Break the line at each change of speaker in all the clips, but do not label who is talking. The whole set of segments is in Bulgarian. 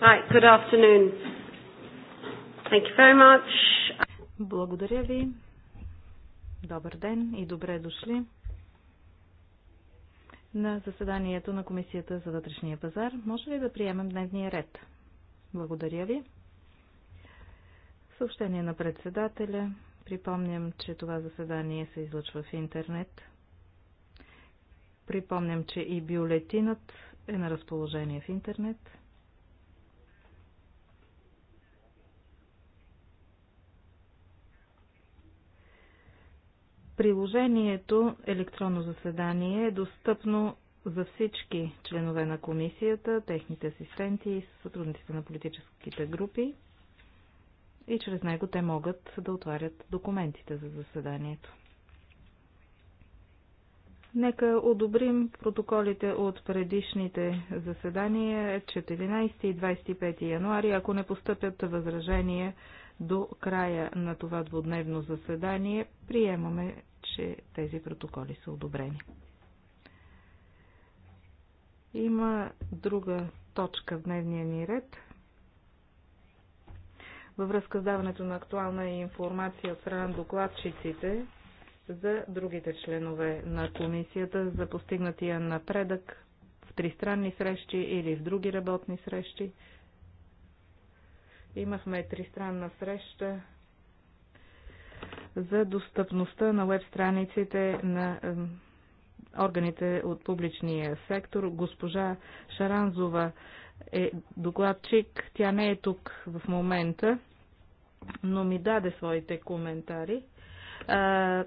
Right, good afternoon.
Thank you very much. Благодаря ви. Добър ден и добре дошли на заседанието на Комисията за вътрешния пазар. Може ли да приемем дневния ред? Благодаря ви. Съобщение на председателя. Припомням, че това заседание се излъчва в интернет. Припомням, че и бюлетинът е на разположение в интернет. Приложението електронно заседание е достъпно за всички членове на комисията, техните асистенти и сътрудниците на политическите групи и чрез него те могат да отварят документите за заседанието. Нека одобрим протоколите от предишните заседания 14 и 25 януари, ако не постъпят възражения до края на това двудневно заседание, приемаме че тези протоколи са одобрени. Има друга точка в дневния ни ред във връзка с даването на актуална информация от страна докладчиците за другите членове на комисията за постигнатия напредък в тристранни срещи или в други работни срещи. Имахме тристранна среща за достъпността на веб страниците на органите от публичния сектор. Госпожа Шаранзова е докладчик. Тя не е тук в момента, но ми даде своите коментари.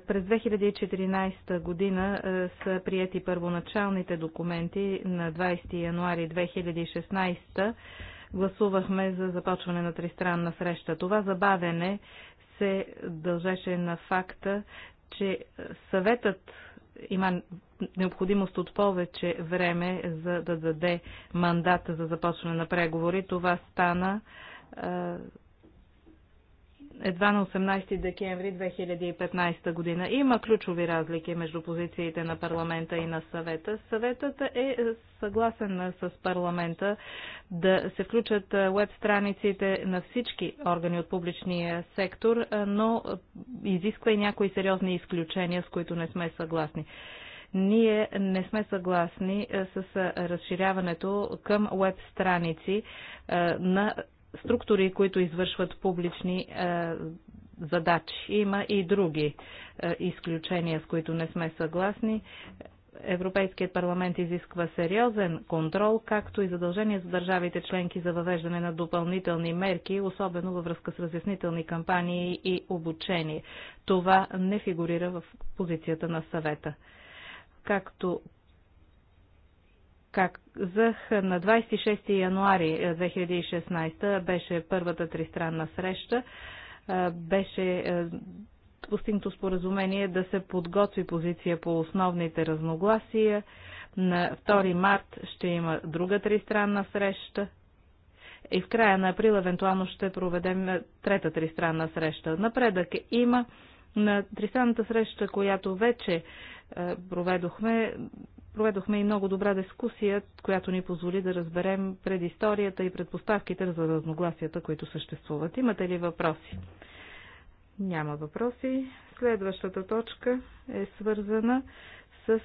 През 2014 година са прияти първоначалните документи на 20 януари 2016 гласувахме за започване на тристранна среща. Това забавене се дължеше на факта, че съветът има необходимост от повече време, за да даде мандата за започване на преговори. Това стана едва на 18 декември 2015 година. Има ключови разлики между позициите на парламента и на съвета. Съветът е съгласен с парламента да се включат веб страниците на всички органи от публичния сектор, но изисква и някои сериозни изключения, с които не сме съгласни ние не сме съгласни с разширяването към веб страници на структури, които извършват публични е, задачи. Има и други е, изключения, с които не сме съгласни. Европейският парламент изисква сериозен контрол, както и задължение за държавите членки за въвеждане на допълнителни мерки, особено във връзка с разяснителни кампании и обучение. Това не фигурира в позицията на съвета. Както как зах на 26 януари 2016 е, беше първата тристранна среща. Е, беше е, постигнато споразумение да се подготви позиция по основните разногласия. На 2 март ще има друга тристранна среща. И в края на април евентуално ще проведем трета тристранна среща. Напредък има на тристранната среща, която вече проведохме, Проведохме и много добра дискусия, която ни позволи да разберем предисторията и предпоставките за разногласията, които съществуват. Имате ли въпроси? Няма въпроси. Следващата точка е свързана с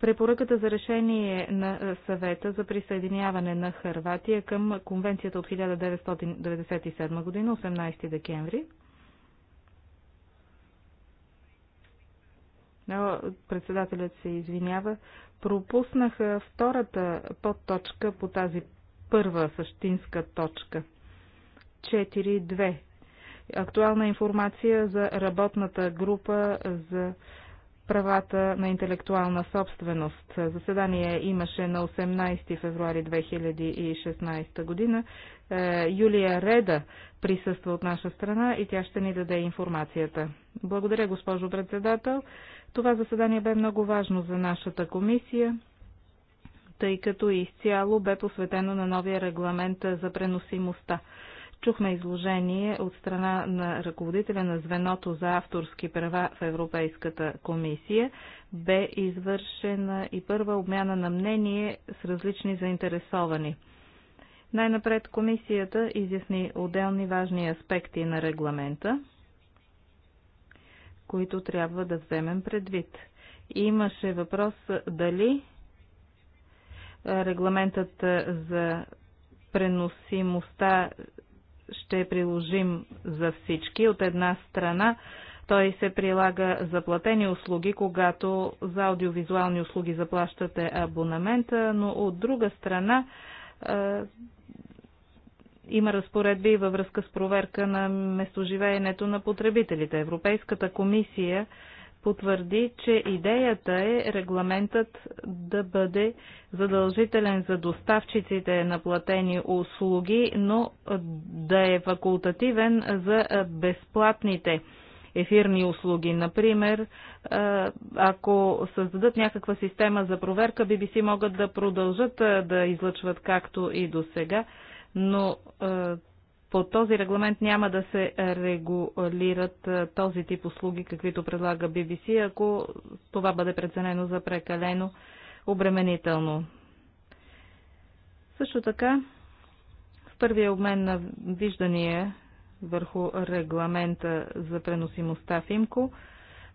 препоръката за решение на съвета за присъединяване на Харватия към конвенцията от 1997 година, 18 декември. Председателят се извинява. Пропуснах втората подточка по тази първа същинска точка. 4.2. Актуална информация за работната група за правата на интелектуална собственост. Заседание имаше на 18 февруари 2016 година. Е, Юлия Реда присъства от наша страна и тя ще ни даде информацията. Благодаря, госпожо председател. Това заседание бе много важно за нашата комисия, тъй като изцяло бе посветено на новия регламент за преносимостта. Чухме изложение от страна на ръководителя на звеното за авторски права в Европейската комисия. Бе извършена и първа обмяна на мнение с различни заинтересовани. Най-напред комисията изясни отделни важни аспекти на регламента които трябва да вземем предвид. Имаше въпрос дали регламентът за преносимостта ще е приложим за всички. От една страна, той се прилага за платени услуги, когато за аудиовизуални услуги заплащате абонамента, но от друга страна има разпоредби във връзка с проверка на местоживеенето на потребителите. Европейската комисия потвърди, че идеята е регламентът да бъде задължителен за доставчиците на платени услуги, но да е факултативен за безплатните ефирни услуги. Например, ако създадат някаква система за проверка, BBC могат да продължат да излъчват както и до сега но е, по този регламент няма да се регулират е, този тип услуги, каквито предлага BBC, ако това бъде преценено за прекалено обременително. Също така, в първия обмен на виждания върху регламента за преносимостта в ИМКО,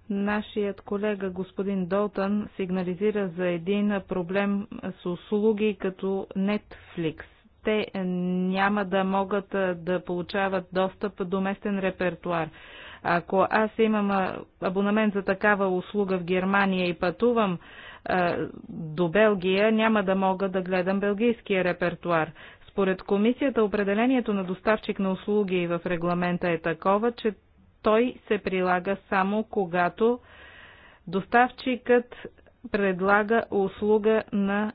нашият колега господин Долтън сигнализира за един проблем с услуги като Netflix – те няма да могат да получават достъп до местен репертуар. Ако аз имам абонамент за такава услуга в Германия и пътувам до Белгия, няма да мога да гледам белгийския репертуар. Според комисията определението на доставчик на услуги в регламента е такова, че той се прилага само когато доставчикът предлага услуга на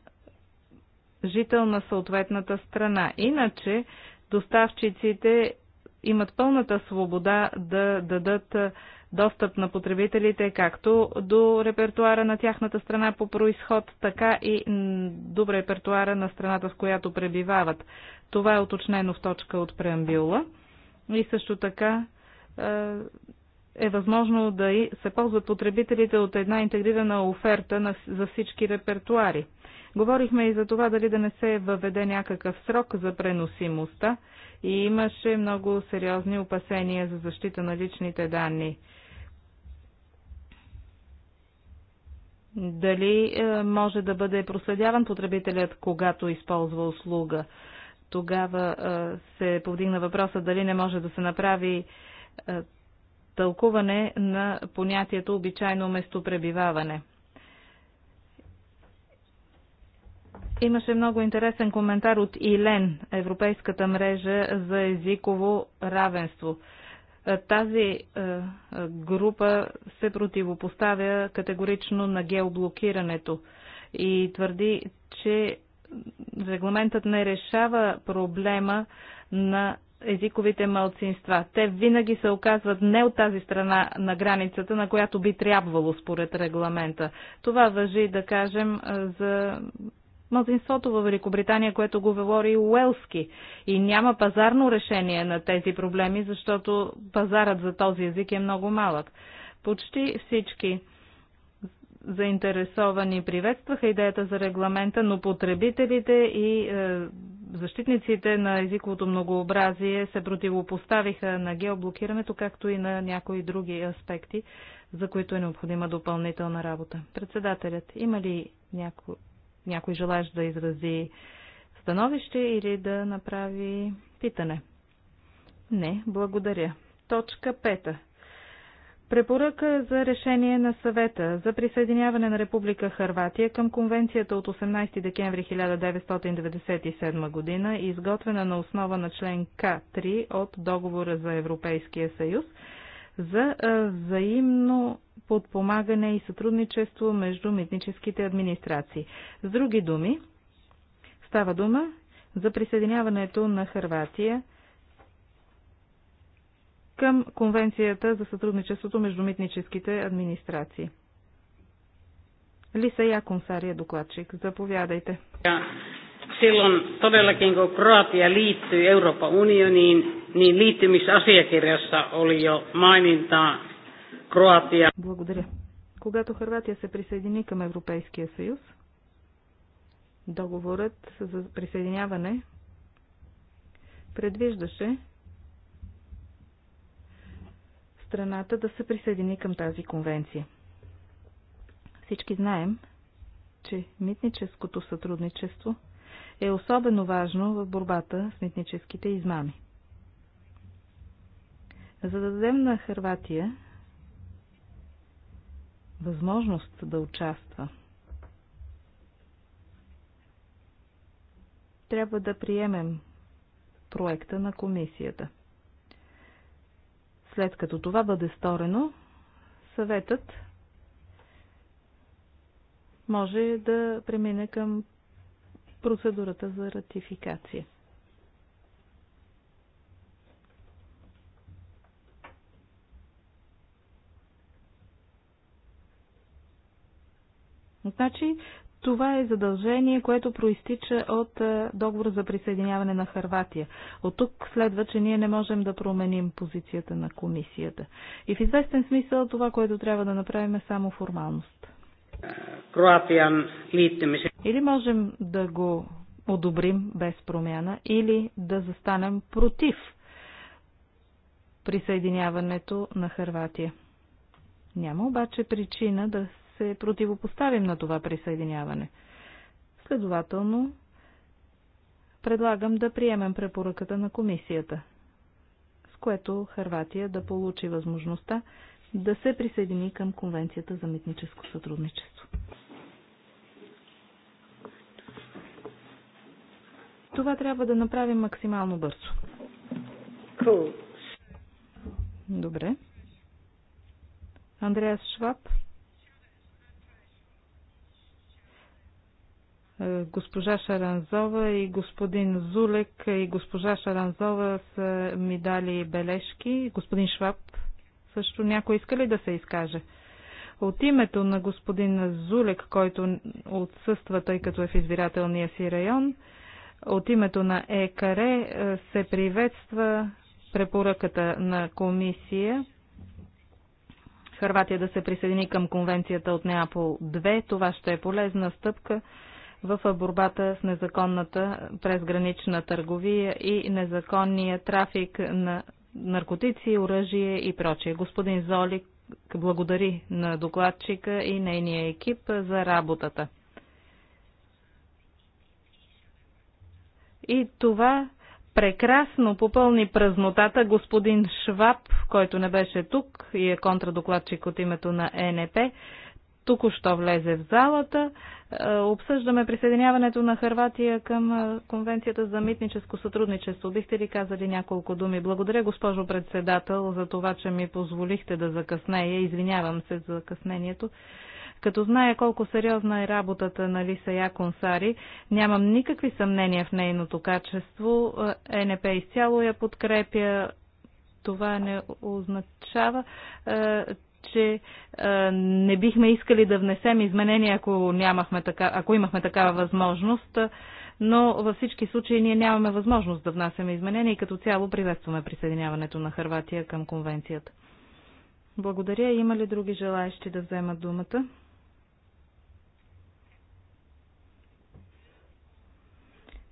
жител на съответната страна. Иначе доставчиците имат пълната свобода да дадат достъп на потребителите както до репертуара на тяхната страна по происход, така и до репертуара на страната, в която пребивават. Това е уточнено в точка от преамбюла. И също така е възможно да се ползват потребителите от една интегрирана оферта за всички репертуари. Говорихме и за това дали да не се въведе някакъв срок за преносимостта и имаше много сериозни опасения за защита на личните данни. Дали е, може да бъде проследяван потребителят, когато използва услуга? Тогава е, се повдигна въпроса дали не може да се направи е, тълкуване на понятието обичайно местопребиваване. Имаше много интересен коментар от ИЛЕН, Европейската мрежа за езиково равенство. Е, тази е, е, група се противопоставя категорично на геоблокирането и твърди, че регламентът не решава проблема на езиковите малцинства. Те винаги се оказват не от тази страна на границата, на която би трябвало според регламента. Това въжи, да кажем, за мълзинството във Великобритания, което го говори уелски. И няма пазарно решение на тези проблеми, защото пазарът за този език е много малък. Почти всички заинтересовани приветстваха идеята за регламента, но потребителите и е, защитниците на езиковото многообразие се противопоставиха на геоблокирането, както и на някои други аспекти, за които е необходима допълнителна работа. Председателят, има ли някой някой желаеш да изрази становище или да направи питане? Не, благодаря. Точка 5. Препоръка за решение на съвета за присъединяване на Република Харватия към конвенцията от 18 декември 1997 година, изготвена на основа на член К3 от Договора за Европейския съюз за взаимно подпомагане и сътрудничество между митническите администрации. С други думи, става дума за присъединяването на Харватия към Конвенцията за сътрудничеството между митническите администрации. Лиса Яконсари е докладчик. Заповядайте. Silloin todellakin, kun Kroatia liittyi Euroopan unioniin, niin liittymisasiakirjassa oli jo mainintaa Кроатия. Благодаря. Когато Харватия се присъедини към Европейския съюз, договорът за присъединяване предвиждаше страната да се присъедини към тази конвенция. Всички знаем, че митническото сътрудничество е особено важно в борбата с митническите измами. За да дадем на Харватия възможност да участва. Трябва да приемем проекта на комисията. След като това бъде сторено, съветът може да премине към процедурата за ратификация. Значи, това е задължение, което проистича от е, договор за присъединяване на Харватия. От тук следва, че ние не можем да променим позицията на комисията. И в известен смисъл това, което трябва да направим е само формалност. Или можем да го одобрим без промяна, или да застанем против присъединяването на Харватия. Няма обаче причина да се противопоставим на това присъединяване. Следователно, предлагам да приемем препоръката на комисията, с което Харватия да получи възможността да се присъедини към Конвенцията за митническо сътрудничество. Това трябва да направим максимално бързо. Добре. Андреас Шваб Е, госпожа Шаранзова и господин Зулек и госпожа Шаранзова са ми дали бележки. Господин Шваб също някой иска ли да се изкаже? От името на господин Зулек, който отсъства, тъй като е в избирателния си район, от името на ЕКР е, се приветства препоръката на комисия Харватия да се присъедини към конвенцията от Неапол 2. Това ще е полезна стъпка в борбата с незаконната презгранична търговия и незаконния трафик на наркотици, оръжие и прочее. Господин Золик благодари на докладчика и нейния екип за работата. И това прекрасно попълни празнотата господин Шваб, който не беше тук и е контрадокладчик от името на е НП, току-що влезе в залата. Е, обсъждаме присъединяването на Харватия към е, Конвенцията за митническо сътрудничество. Бихте ли казали няколко думи? Благодаря, госпожо председател, за това, че ми позволихте да закъснея. Извинявам се за закъснението. Като зная колко сериозна е работата на Лиса Яконсари, нямам никакви съмнения в нейното качество. Е, НП изцяло я подкрепя. Това не означава, че е, не бихме искали да внесем изменения, ако, нямахме така, ако имахме такава възможност, е, но във всички случаи ние нямаме възможност да внасяме изменения и като цяло приветстваме присъединяването на Харватия към конвенцията. Благодаря. Има ли други желаящи да вземат думата?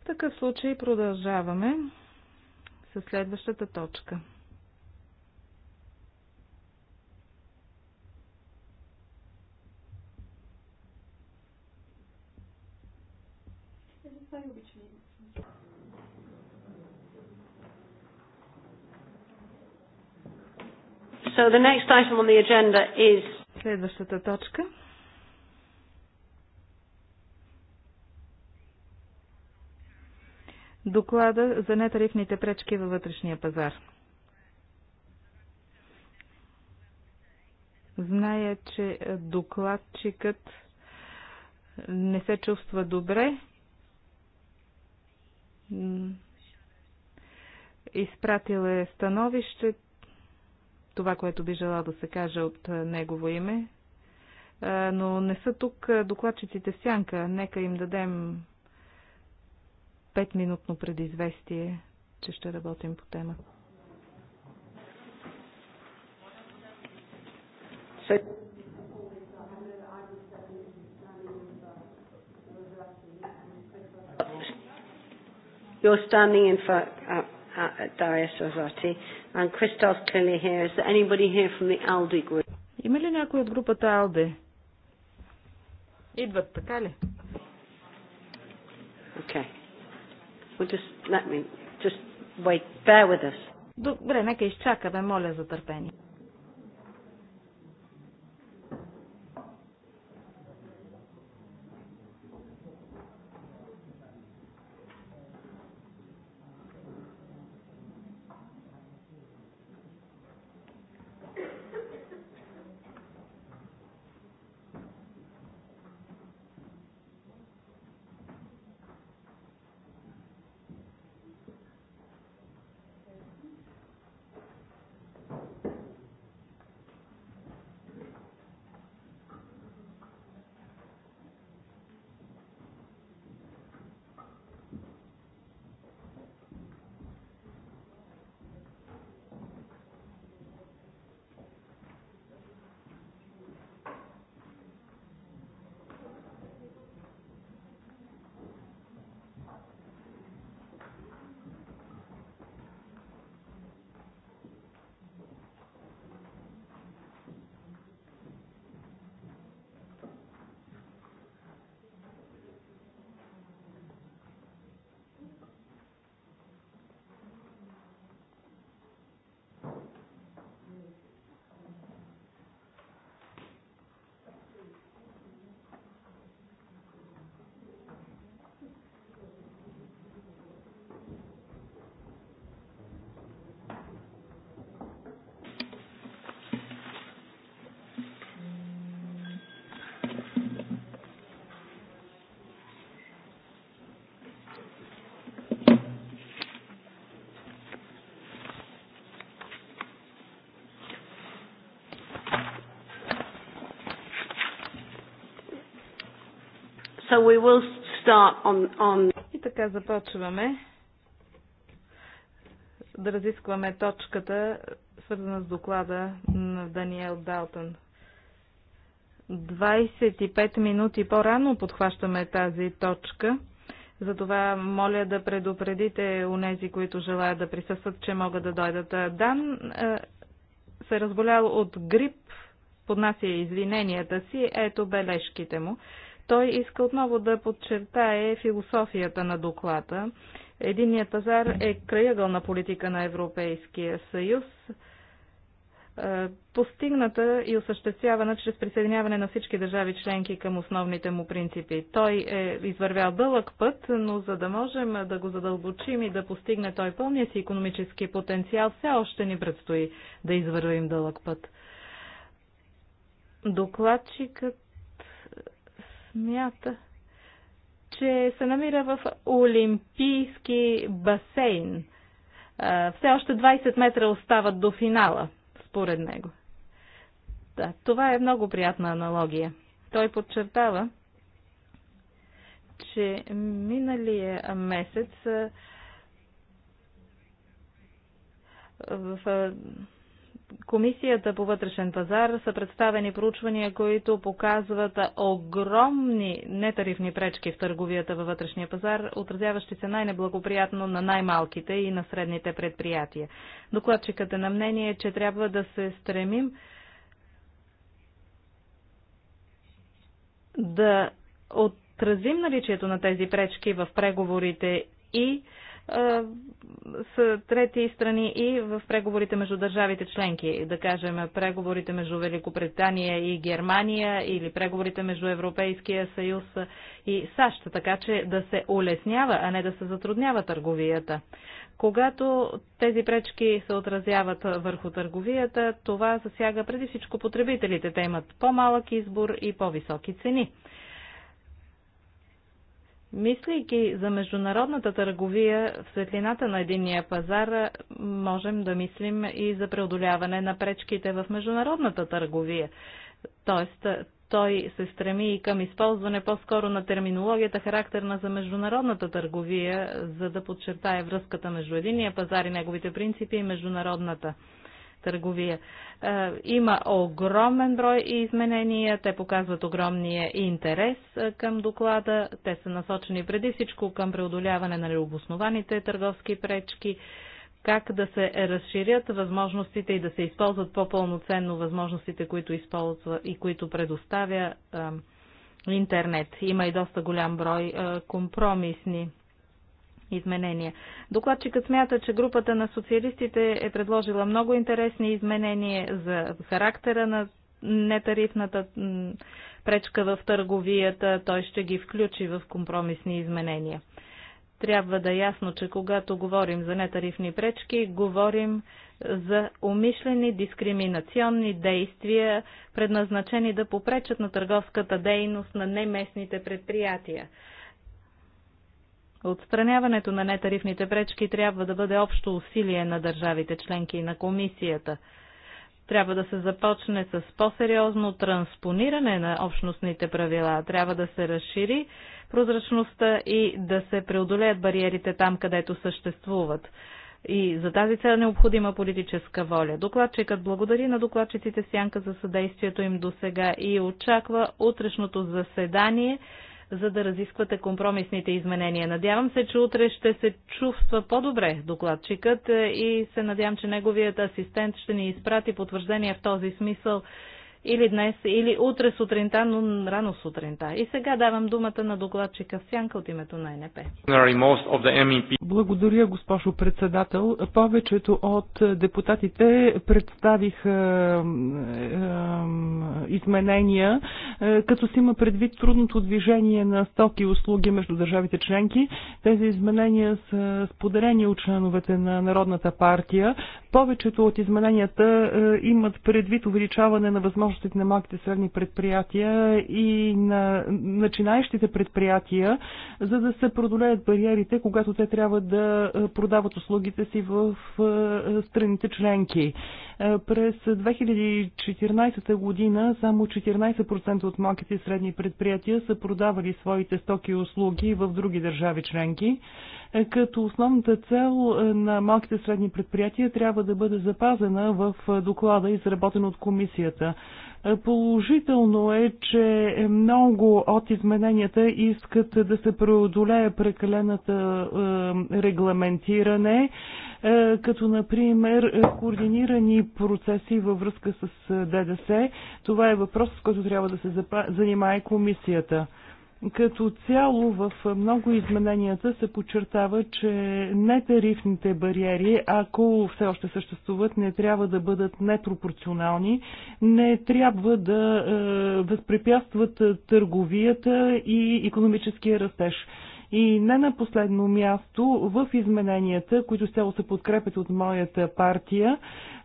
В такъв случай продължаваме с следващата точка.
So the next item on the agenda is
Следващата точка Доклада за нетарифните пречки във вътрешния пазар. Зная, че докладчикът не се чувства добре. Изпратил е становище това, което би желал да се каже от негово име. Но не са тук докладчиците сянка. Нека им дадем петминутно предизвестие, че ще работим по тема.
You're standing in front. Uh, at Darius Rosati. And Christos clearly here. Is there anybody here from the Aldi group? Има ли някой от групата ALDE?
Идват, така ли? Okay.
Well, just let me, just
wait, bear with us. Добре, нека изчакаме, моля за търпение. So we will start on, on... И така започваме да разискваме точката, свързана с доклада на Даниел Далтън. 25 минути по-рано подхващаме тази точка. Затова моля да предупредите у нези, които желаят да присъстват, че могат да дойдат. Дан е, се е разболял от грип, поднася извиненията си, ето бележките му. Той иска отново да подчертае философията на доклада. Единият пазар е краягъл на политика на Европейския съюз, е, постигната и осъществявана чрез присъединяване на всички държави членки към основните му принципи. Той е извървял дълъг път, но за да можем да го задълбочим и да постигне той пълния си економически потенциал, все още ни предстои да извървим дълъг път. Докладчикът смята, че се намира в Олимпийски басейн. Все още 20 метра остават до финала, според него. Да, това е много приятна аналогия. Той подчертава, че миналия месец в Комисията по вътрешен пазар са представени проучвания, които показват огромни нетарифни пречки в търговията във вътрешния пазар, отразяващи се най-неблагоприятно на най-малките и на средните предприятия. Докладчикът е на мнение, че трябва да се стремим да отразим наличието на тези пречки в преговорите и с трети страни и в преговорите между държавите членки, да кажем преговорите между Великобритания и Германия или преговорите между Европейския съюз и САЩ, така че да се улеснява, а не да се затруднява търговията. Когато тези пречки се отразяват върху търговията, това засяга преди всичко потребителите. Те имат по-малък избор и по-високи цени. Мислейки за международната търговия в светлината на единния пазар, можем да мислим и за преодоляване на пречките в международната търговия. Тоест, той се стреми и към използване по-скоро на терминологията характерна за международната търговия, за да подчертае връзката между единния пазар и неговите принципи и международната търговия. Е, има огромен брой изменения, те показват огромния интерес е, към доклада. Те са насочени преди всичко към преодоляване на необоснованите търговски пречки, как да се разширят възможностите и да се използват по-пълноценно възможностите, които използва и които предоставя е, интернет. Има и доста голям брой компромисни изменения. Докладчикът смята, че групата на социалистите е предложила много интересни изменения за характера на нетарифната пречка в търговията. Той ще ги включи в компромисни изменения. Трябва да е ясно, че когато говорим за нетарифни пречки, говорим за умишлени дискриминационни действия, предназначени да попречат на търговската дейност на неместните предприятия. Отстраняването на нетарифните пречки трябва да бъде общо усилие на държавите членки и на комисията. Трябва да се започне с по-сериозно транспониране на общностните правила. Трябва да се разшири прозрачността и да се преодолеят бариерите там, където съществуват. И за тази цел е необходима политическа воля. Докладчикът благодари на докладчиците Сянка за съдействието им до сега и очаква утрешното заседание за да разисквате компромисните изменения. Надявам се, че утре ще се чувства по-добре докладчикът е, и се надявам, че неговият асистент ще ни изпрати потвърждение в този смисъл или днес, или утре сутринта, но рано сутринта. И сега давам думата на докладчика Сянка от името на НП.
E Благодаря, госпожо председател. Повечето от депутатите представиха е, е, изменения, е, като си има предвид трудното движение на стоки и услуги между държавите членки. Тези изменения са споделени от членовете на Народната партия. Повечето от измененията е, имат предвид увеличаване на възможност възможностите на малките средни предприятия и на начинаещите предприятия, за да се продолеят бариерите, когато те трябва да е, продават услугите си в е, страните членки. Е, през 2014 година само 14% от малките и средни предприятия са продавали своите стоки и услуги в други държави членки, като основната цел на малките и средни предприятия трябва да бъде запазена в доклада, изработен от комисията. Положително е, че много от измененията искат да се преодолее прекалената е, регламентиране, е, като например координирани процеси във връзка с е, ДДС. Това е въпрос, с който трябва да се занимае комисията. Като цяло в много измененията се подчертава, че нетарифните бариери, ако все още съществуват, не трябва да бъдат непропорционални, не трябва да е, възпрепятстват търговията и економическия растеж. И не на последно място в измененията, които цяло се подкрепят от моята партия,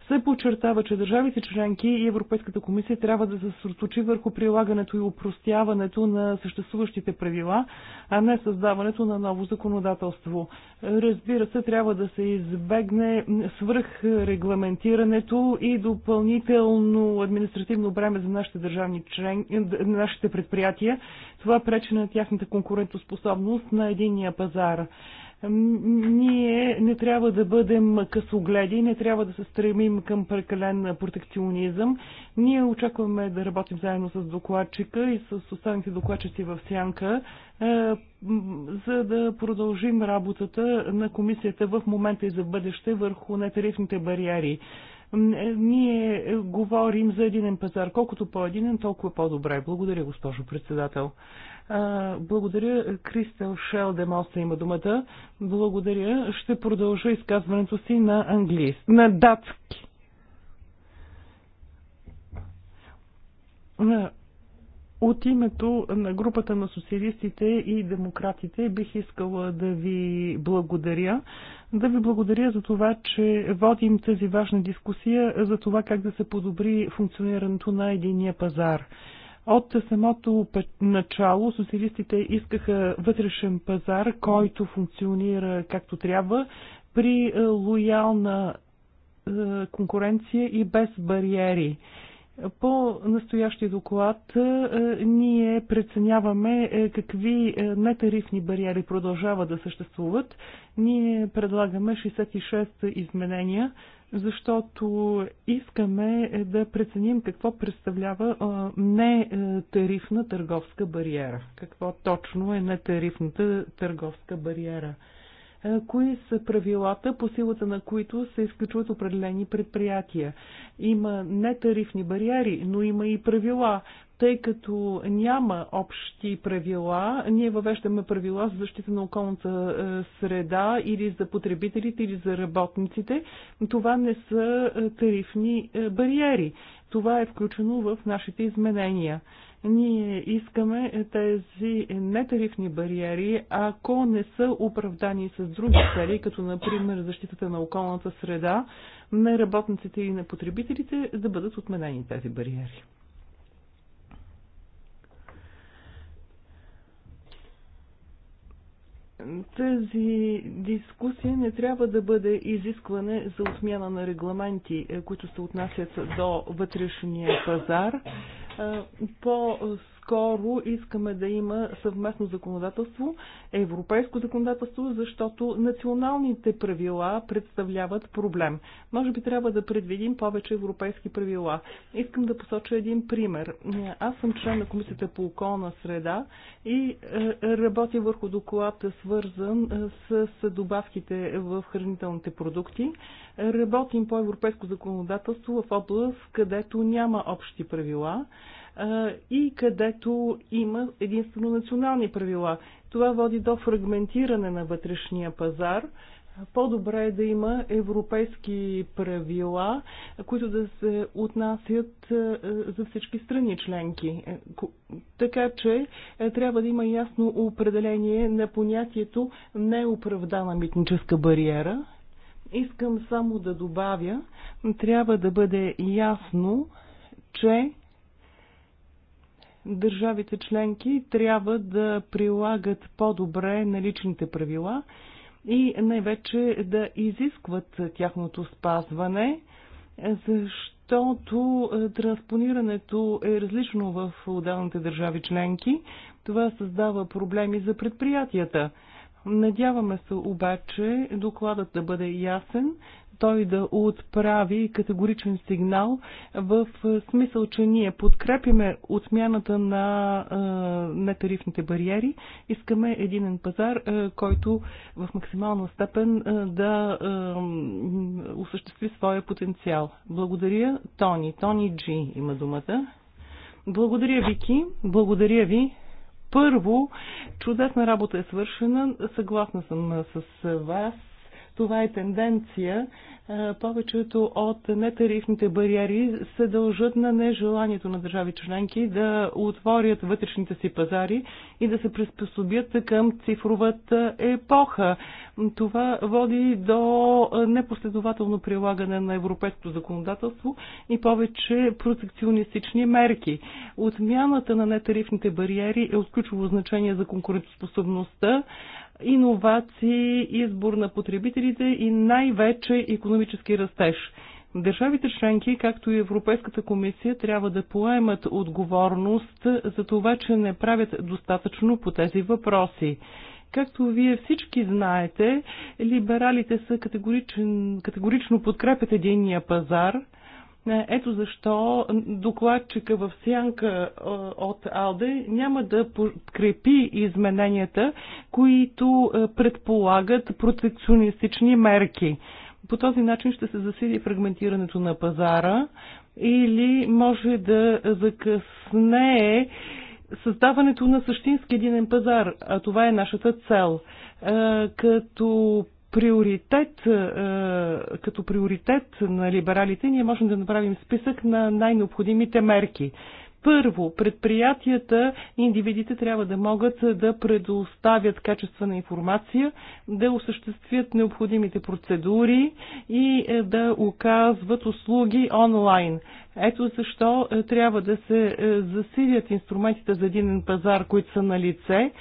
се подчертава, че държавите членки и Европейската комисия трябва да се съсредоточи върху прилагането и упростяването на съществуващите правила, а не създаването на ново законодателство. Разбира се, трябва да се избегне свръхрегламентирането и допълнително административно бреме за нашите държавни член... нашите предприятия. Това пречи на тяхната конкурентоспособност на единния пазар. Ние не трябва да бъдем късогледи, не трябва да се стремим към прекален протекционизъм. Ние очакваме да работим заедно с докладчика и с останалите докладчици в Сянка, е, за да продължим работата на комисията в момента и за бъдеще върху нетарифните бариери. Е, ние говорим за единен пазар. Колкото по-единен, толкова по-добре. Благодаря, госпожо председател. А Благодаря. Кристел Шелдемоса има думата. Благодаря. Ще продължа изказването си на английски. На датски. От името на групата на социалистите и демократите бих искала да ви благодаря. Да ви благодаря за това, че водим тази важна дискусия за това как да се подобри функционирането на единия пазар. От самото начало социалистите искаха вътрешен пазар, който функционира както трябва, при е, лоялна е, конкуренция и без бариери. По настоящия доклад е, ние преценяваме какви нетарифни бариери продължават да съществуват. Ние предлагаме 66 изменения, защото искаме е, да преценим какво представлява нетарифна е, търговска бариера. Какво точно е нетарифната търговска бариера? Е, кои са правилата, по силата на които се изключват определени предприятия. Има нетарифни бариери, но има и правила. Тъй като няма общи правила, ние въвеждаме правила за защита на околната е, среда или за потребителите, или за работниците. Това не са е, тарифни бариери. Това е включено в нашите изменения. Ние искаме тези нетарифни бариери, ако не са оправдани с други цели, като например защитата на околната среда, на работниците и на потребителите, да бъдат отменени тези бариери. Тази дискусия не трябва да бъде изискване за отмяна на регламенти, е, които се отнасят до вътрешния пазар. Е, По скоро искаме да има съвместно законодателство, европейско законодателство, защото националните правила представляват проблем. Може би трябва да предвидим повече европейски правила. Искам да посоча един пример. Аз съм член на Комисията по околна среда и е, работя върху доклад, свързан е, с добавките в хранителните продукти. Работим по европейско законодателство в област, където няма общи правила и където има единствено национални правила. Това води до фрагментиране на вътрешния пазар. По-добре е да има европейски правила, които да се отнасят за всички страни членки. Е, така че е, трябва да има ясно определение на понятието неоправдана митническа бариера. Искам само да добавя, трябва да бъде ясно, че държавите членки трябва да прилагат по-добре наличните правила и най-вече да изискват тяхното спазване, защото е, транспонирането е различно в отделните държави членки. Това създава проблеми за предприятията. Надяваме се обаче докладът да бъде ясен, той да отправи категоричен сигнал в смисъл, че ние подкрепиме отмяната на нетарифните бариери. Искаме единен пазар, който в максимална степен да осъществи своя потенциал. Благодаря, Тони. Тони Джи има думата. Благодаря, Вики. Благодаря ви. Първо, чудесна работа е свършена. Съгласна съм с вас това е тенденция. Е, повечето от нетарифните бариери се дължат на нежеланието на държави членки да отворят вътрешните си пазари и да се приспособят към цифровата епоха. Това води до непоследователно прилагане на европейското законодателство и повече протекционистични мерки. Отмяната на нетарифните бариери е от ключово значение за конкурентоспособността иновации, избор на потребителите и най-вече економически растеж. Държавите членки, както и Европейската комисия, трябва да поемат отговорност за това, че не правят достатъчно по тези въпроси. Както вие всички знаете, либералите са категорично подкрепят единния пазар – е, ето защо докладчика в сянка е, от АЛДЕ няма да подкрепи измененията, които е, предполагат протекционистични мерки. По този начин ще се засили фрагментирането на пазара или може да закъсне създаването на същински единен пазар, а това е нашата цел. Като приоритет, е, като приоритет на либералите ние можем да направим списък на най-необходимите мерки. Първо, предприятията и индивидите трябва да могат да предоставят качествена информация, да осъществят необходимите процедури и е, да оказват услуги онлайн. Ето защо е, трябва да се засилят инструментите за един пазар, които са на лице,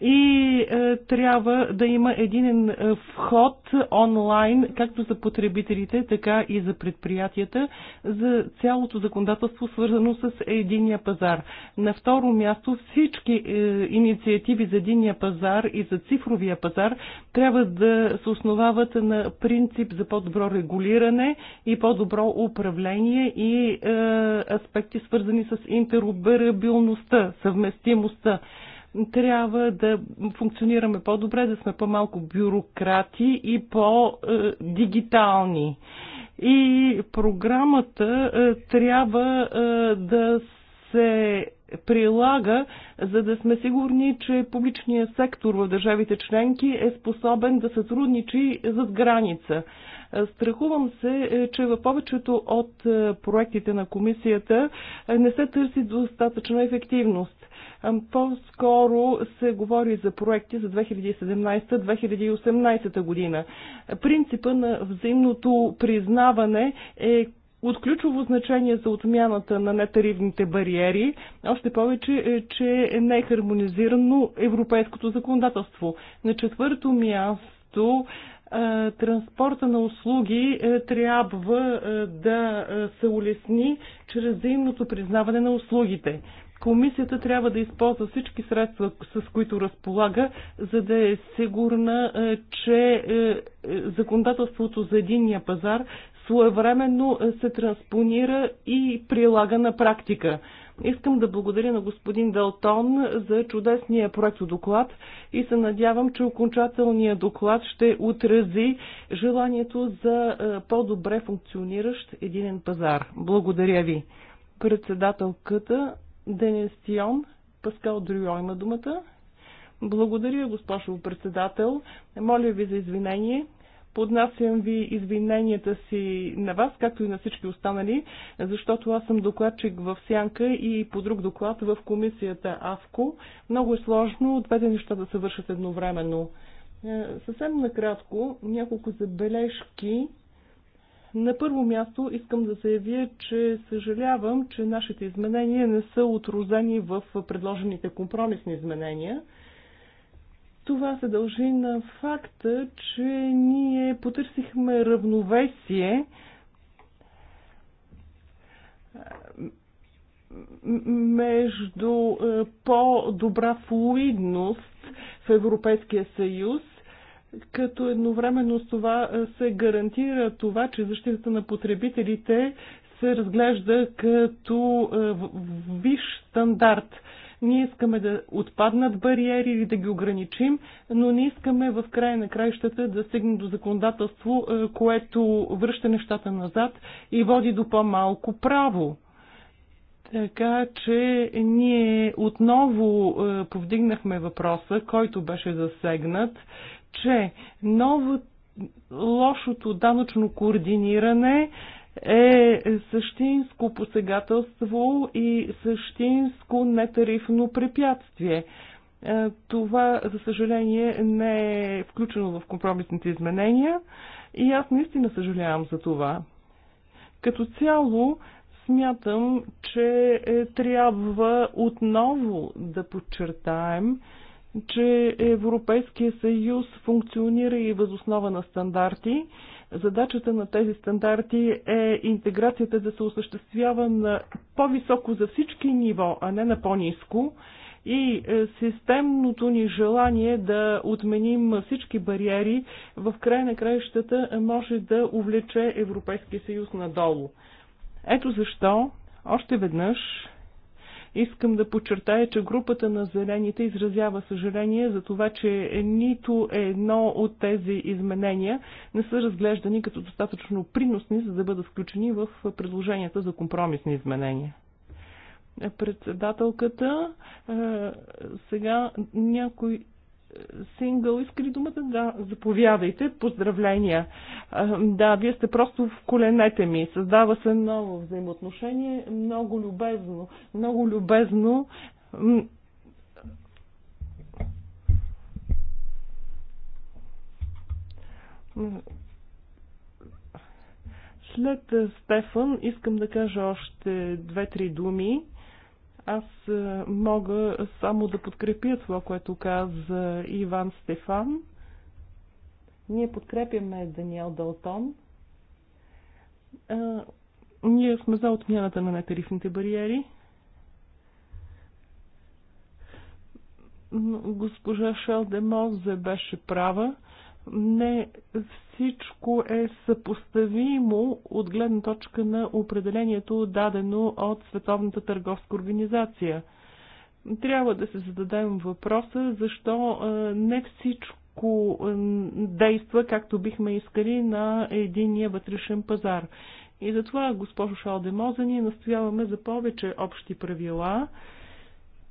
и е, трябва да има един е, вход онлайн, както за потребителите, така и за предприятията, за цялото законодателство, свързано с единия пазар. На второ място всички е, инициативи за единия пазар и за цифровия пазар трябва да се основават на принцип за по-добро регулиране и по-добро управление и е, аспекти свързани с интероперабилността, съвместимостта трябва да функционираме по-добре, да сме по-малко бюрократи и по-дигитални. Е, и програмата е, трябва е, да се прилага, за да сме сигурни, че публичният сектор в държавите членки е способен да сътрудничи зад граница. Страхувам се, че в повечето от проектите на комисията не се търси достатъчна ефективност. По-скоро се говори за проекти за 2017-2018 година. Принципа на взаимното признаване е от ключово значение за отмяната на нетарифните бариери, още повече, е, че не е хармонизирано европейското законодателство. На четвърто място е, транспорта на услуги е, трябва да се улесни чрез взаимното признаване на услугите. Комисията трябва да използва всички средства, с които разполага, за да е сигурна, е, че е, е, законодателството за единния пазар своевременно се транспонира и прилага на практика. Искам да благодаря на господин Далтон за чудесния проект доклад и се надявам, че окончателният доклад ще отрази желанието за по-добре функциониращ единен пазар. Благодаря ви. Председателката Денис Сион, Паскал Дрюо има думата. Благодаря, госпожо председател. Моля ви за извинение. Поднасям ви извиненията си на вас, както и на всички останали, защото аз съм докладчик в Сянка и по друг доклад в комисията АВКО. Много е сложно двете неща да се вършат едновременно. Е, съвсем накратко, няколко забележки на първо място искам да заявя, че съжалявам, че нашите изменения не са отразени в предложените компромисни изменения. Това се дължи на факта, че ние потърсихме равновесие между е, по-добра флуидност в Европейския съюз като едновременно с това се гарантира това, че защитата на потребителите се разглежда като виш стандарт. Ние искаме да отпаднат бариери или да ги ограничим, но не искаме в края на краищата да стигне до законодателство, което връща нещата назад и води до по-малко право. Така че ние отново повдигнахме въпроса, който беше засегнат че ново лошото данъчно координиране е същинско посегателство и същинско нетарифно препятствие. Е, това, за съжаление, не е включено в компромисните изменения и аз наистина съжалявам за това. Като цяло, смятам, че е, трябва отново да подчертаем, че Европейския съюз функционира и възоснова на стандарти. Задачата на тези стандарти е интеграцията да се осъществява на по-високо за всички ниво, а не на по-низко. И е, системното ни желание да отменим всички бариери в край на краищата може да увлече Европейския съюз надолу. Ето защо още веднъж Искам да подчертая, че групата на зелените изразява съжаление за това, че нито едно от тези изменения не са разглеждани като достатъчно приносни, за да бъдат включени в предложенията за компромисни изменения председателката. Е, сега някой Сингъл иска ли думата? Да, заповядайте. Поздравления. Да, вие сте просто в коленете ми. Създава се ново взаимоотношение. Много любезно. Много любезно. След Стефан искам да кажа още две-три думи. Аз е, мога само да подкрепя това, което каза Иван Стефан. Ние подкрепяме Даниел Далтон. Е, ние сме за отмяната на нетарифните бариери. Госпожа Шелдемозе беше права не всичко е съпоставимо от гледна точка на определението дадено от Световната търговска организация. Трябва да се зададем въпроса защо не всичко действа както бихме искали на единия вътрешен пазар. И затова, госпожо Шалдемоза, ние настояваме за повече общи правила,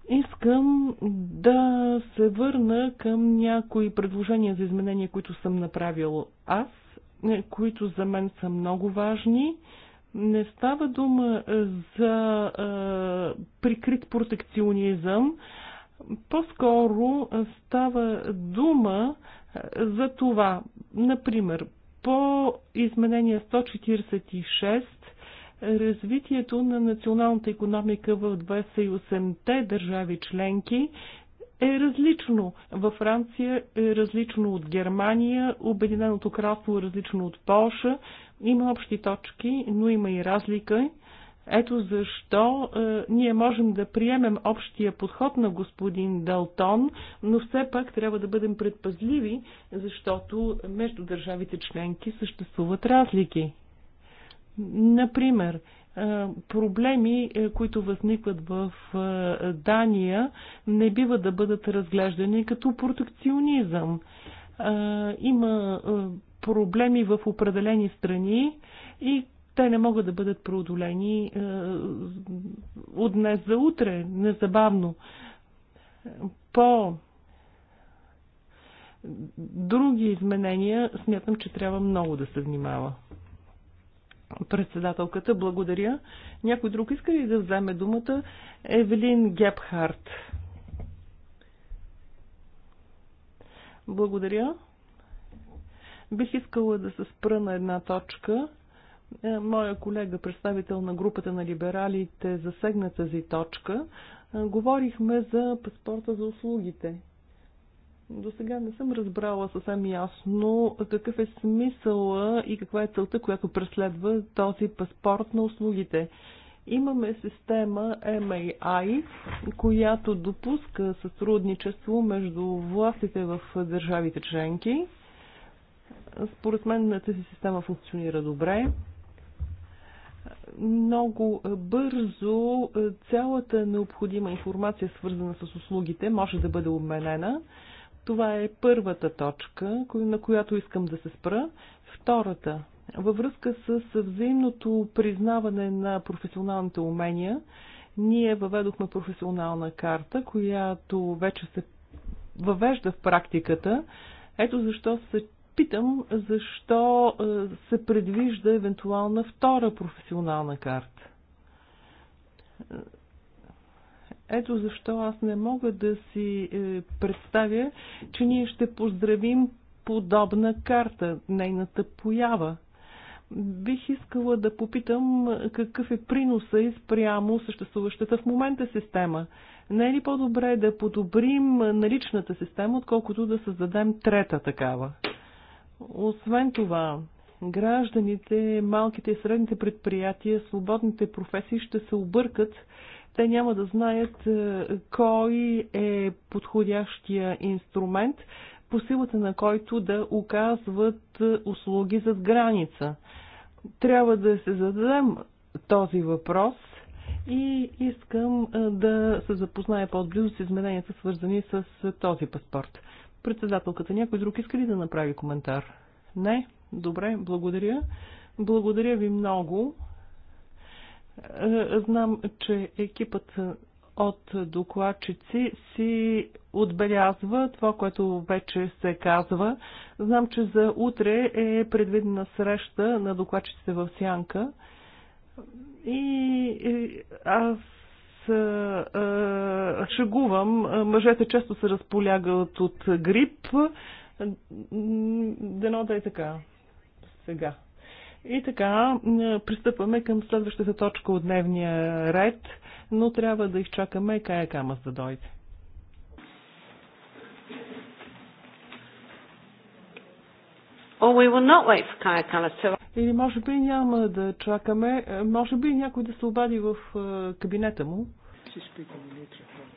Искам да се върна към някои предложения за изменения, които съм направил аз, е, които за мен са много важни. Не става дума за е, прикрит протекционизъм, по-скоро става дума е, за това, например, по изменение 146 развитието на националната економика в 28-те държави членки е различно. Във Франция е различно от Германия, Обединеното кралство е различно от Полша. Има общи точки, но има и разлика. Ето защо е, ние можем да приемем общия подход на господин Далтон, но все пак трябва да бъдем предпазливи, защото между държавите членки съществуват разлики. Например, е, проблеми, е, които възникват в е, Дания, не бива да бъдат разглеждани като протекционизъм. Има проблеми в определени страни и те не могат да бъдат преодолени от днес за утре, незабавно. По други изменения смятам, че трябва много да се внимава. Председателката, благодаря. Някой друг иска ли да вземе думата? Евелин Гепхарт. Благодаря. Бих искала да се спра на една точка. Е, моя колега, представител на групата на либералите, засегна тази точка. Е, говорихме за паспорта за услугите. До сега не съм разбрала съвсем ясно какъв е смисъла и каква е целта, която преследва този паспорт на услугите. Имаме система MAI, която допуска сътрудничество между властите в държавите членки. Според мен тази система функционира добре много бързо цялата необходима информация, свързана с услугите, може да бъде обменена. Това е първата точка, на която искам да се спра. Втората, във връзка с взаимното признаване на професионалните умения, ние въведохме професионална карта, която вече се въвежда в практиката. Ето защо се питам, защо е, се предвижда евентуална втора професионална карта. Ето защо аз не мога да си е, представя, че ние ще поздравим подобна карта, нейната поява. Бих искала да попитам какъв е приноса спрямо съществуващата в момента система. Не е ли по-добре да подобрим наличната система, отколкото да създадем трета такава? Освен това, гражданите, малките и средните предприятия, свободните професии ще се объркат те няма да знаят е, кой е подходящия инструмент, по силата на който да оказват е, услуги зад граница. Трябва да се зададем този въпрос и искам е, да се запозная по-отблизо с измененията, свързани с този паспорт. Председателката, някой друг иска ли да направи коментар? Не? Добре, благодаря. Благодаря ви много е, знам, че екипът от докладчици си отбелязва това, което вече се казва. Знам, че за утре е предвидена среща на докладчиците в Сянка. И аз е, е, шегувам. Мъжете често се разполягат от грип. Дено да е така. Сега. И така, пристъпваме към следващата точка от дневния ред, но трябва да изчакаме Кая Камас да дойде. Or we will not wait for Kaya Или може би няма да чакаме, може би някой да се обади в е, кабинета му.
She's speaking in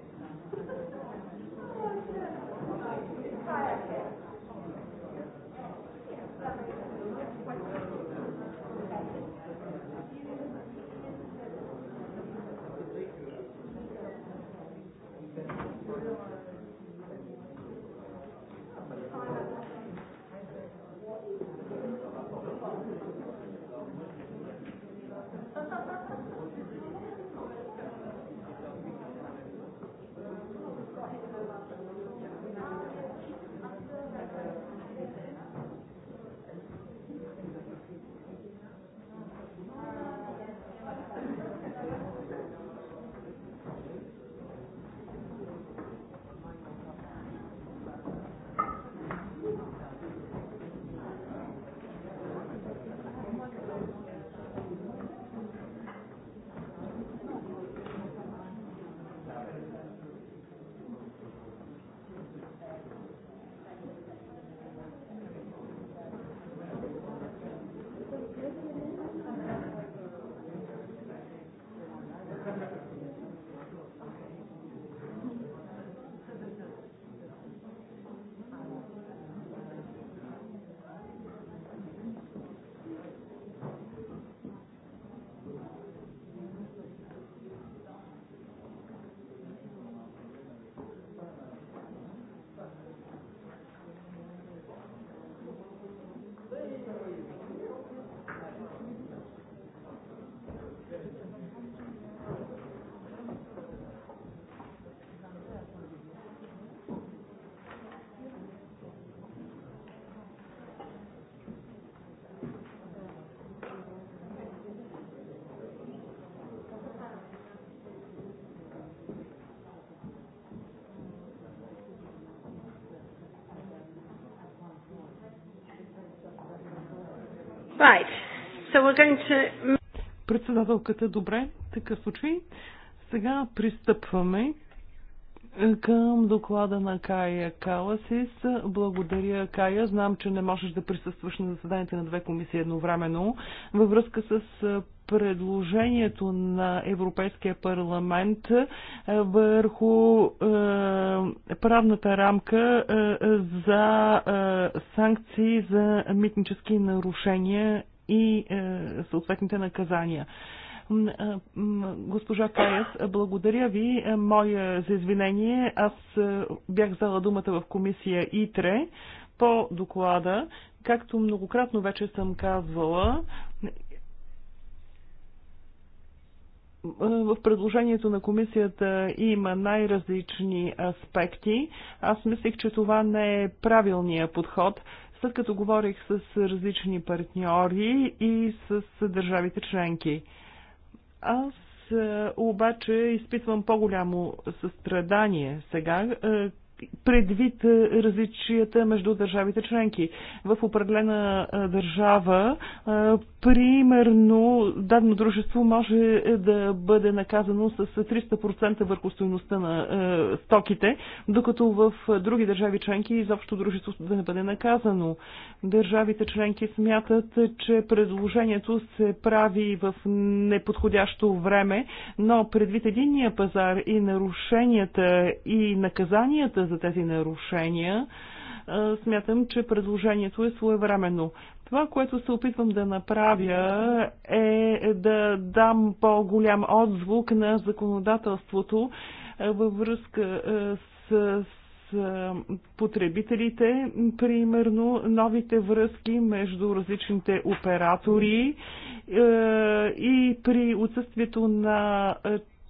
Председателката, добре, такъв случай. Сега пристъпваме е, към доклада на Кая Каласис. Благодаря, Кая. Знам, че не можеш да присъстваш на заседанието на две комисии едновременно. Във връзка с е, предложението на Европейския парламент е, върху правната рамка е, е, за е, санкции за митнически нарушения и съответните наказания. Госпожа Каяс, благодаря ви. Моя за извинение. Аз бях взела думата в комисия ИТРЕ по доклада. Както многократно вече съм казвала, в предложението на комисията има най-различни аспекти. Аз мислих, че това не е правилният подход, след като говорих с различни партньори и с държавите членки. Аз е, обаче изпитвам по-голямо състрадание сега, е, предвид е, различията между държавите членки. В определена държава Примерно, дадено дружество може да бъде наказано с 300% върху стоеността на е, стоките, докато в други държави членки изобщо дружеството да не бъде наказано. Държавите членки смятат, че предложението се прави в неподходящо време, но предвид единния пазар и нарушенията и наказанията за тези нарушения, е, смятам, че предложението е своевременно. Това, което се опитвам да направя е да дам по-голям отзвук на законодателството е, във връзка е, с, с е, потребителите, примерно новите връзки между различните оператори и при отсъствието на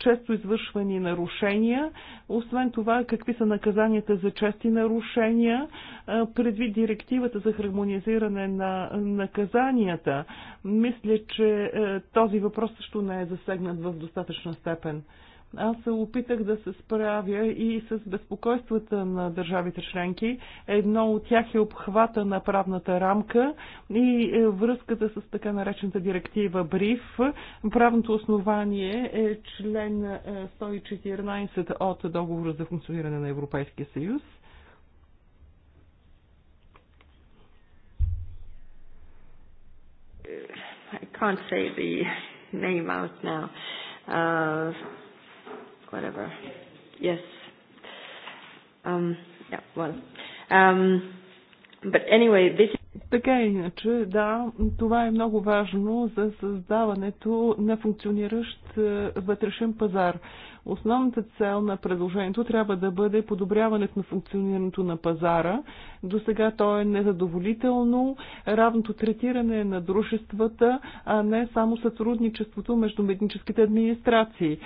често извършвани нарушения. Освен това, какви са наказанията за чести нарушения предвид директивата за хармонизиране на наказанията. Мисля, че този въпрос също не е засегнат в достатъчна степен. Аз се опитах да се справя и с безпокойствата на държавите членки. Едно от тях е обхвата на правната рамка и е, връзката с така наречената директива БРИФ. Правното основание е член 114 е, от договора за функциониране на Европейския съюз. I
can't say the name out now. Uh, whatever. Yes. Um, yeah, well. Um,
but anyway, this така иначе, да, това е много важно за създаването на функциониращ е, вътрешен пазар. Основната цел на предложението трябва да бъде подобряването на функционирането на пазара, до сега то е незадоволително. Равното третиране на дружествата, а не само сътрудничеството между медническите администрации.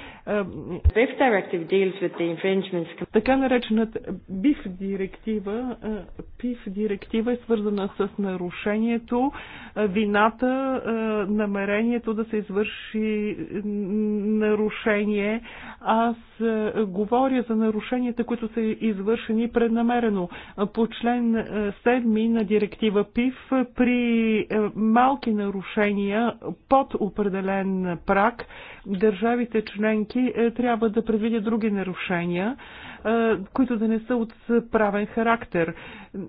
Така наречената БИФ директива, ПИФ директива е свързана с нарушението, вината, намерението да се извърши нарушение. Аз говоря за нарушенията, които са извършени преднамерено по член член 7 е, на директива ПИВ е, при е, малки нарушения под определен прак държавите членки трябва да предвидят други нарушения, които да не са от правен характер.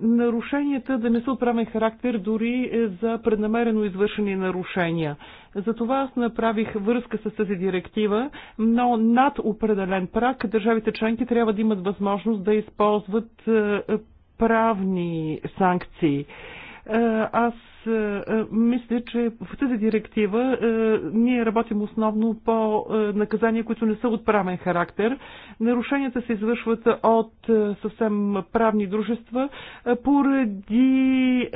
Нарушенията да не са от правен характер дори за преднамерено извършени нарушения. Затова аз направих връзка с тази директива, но над определен прак държавите членки трябва да имат възможност да използват правни санкции. Е, аз е, е, мисля, че в тази директива е, ние работим основно по наказания, които не са от правен характер. Нарушенията се извършват от съвсем правни дружества поради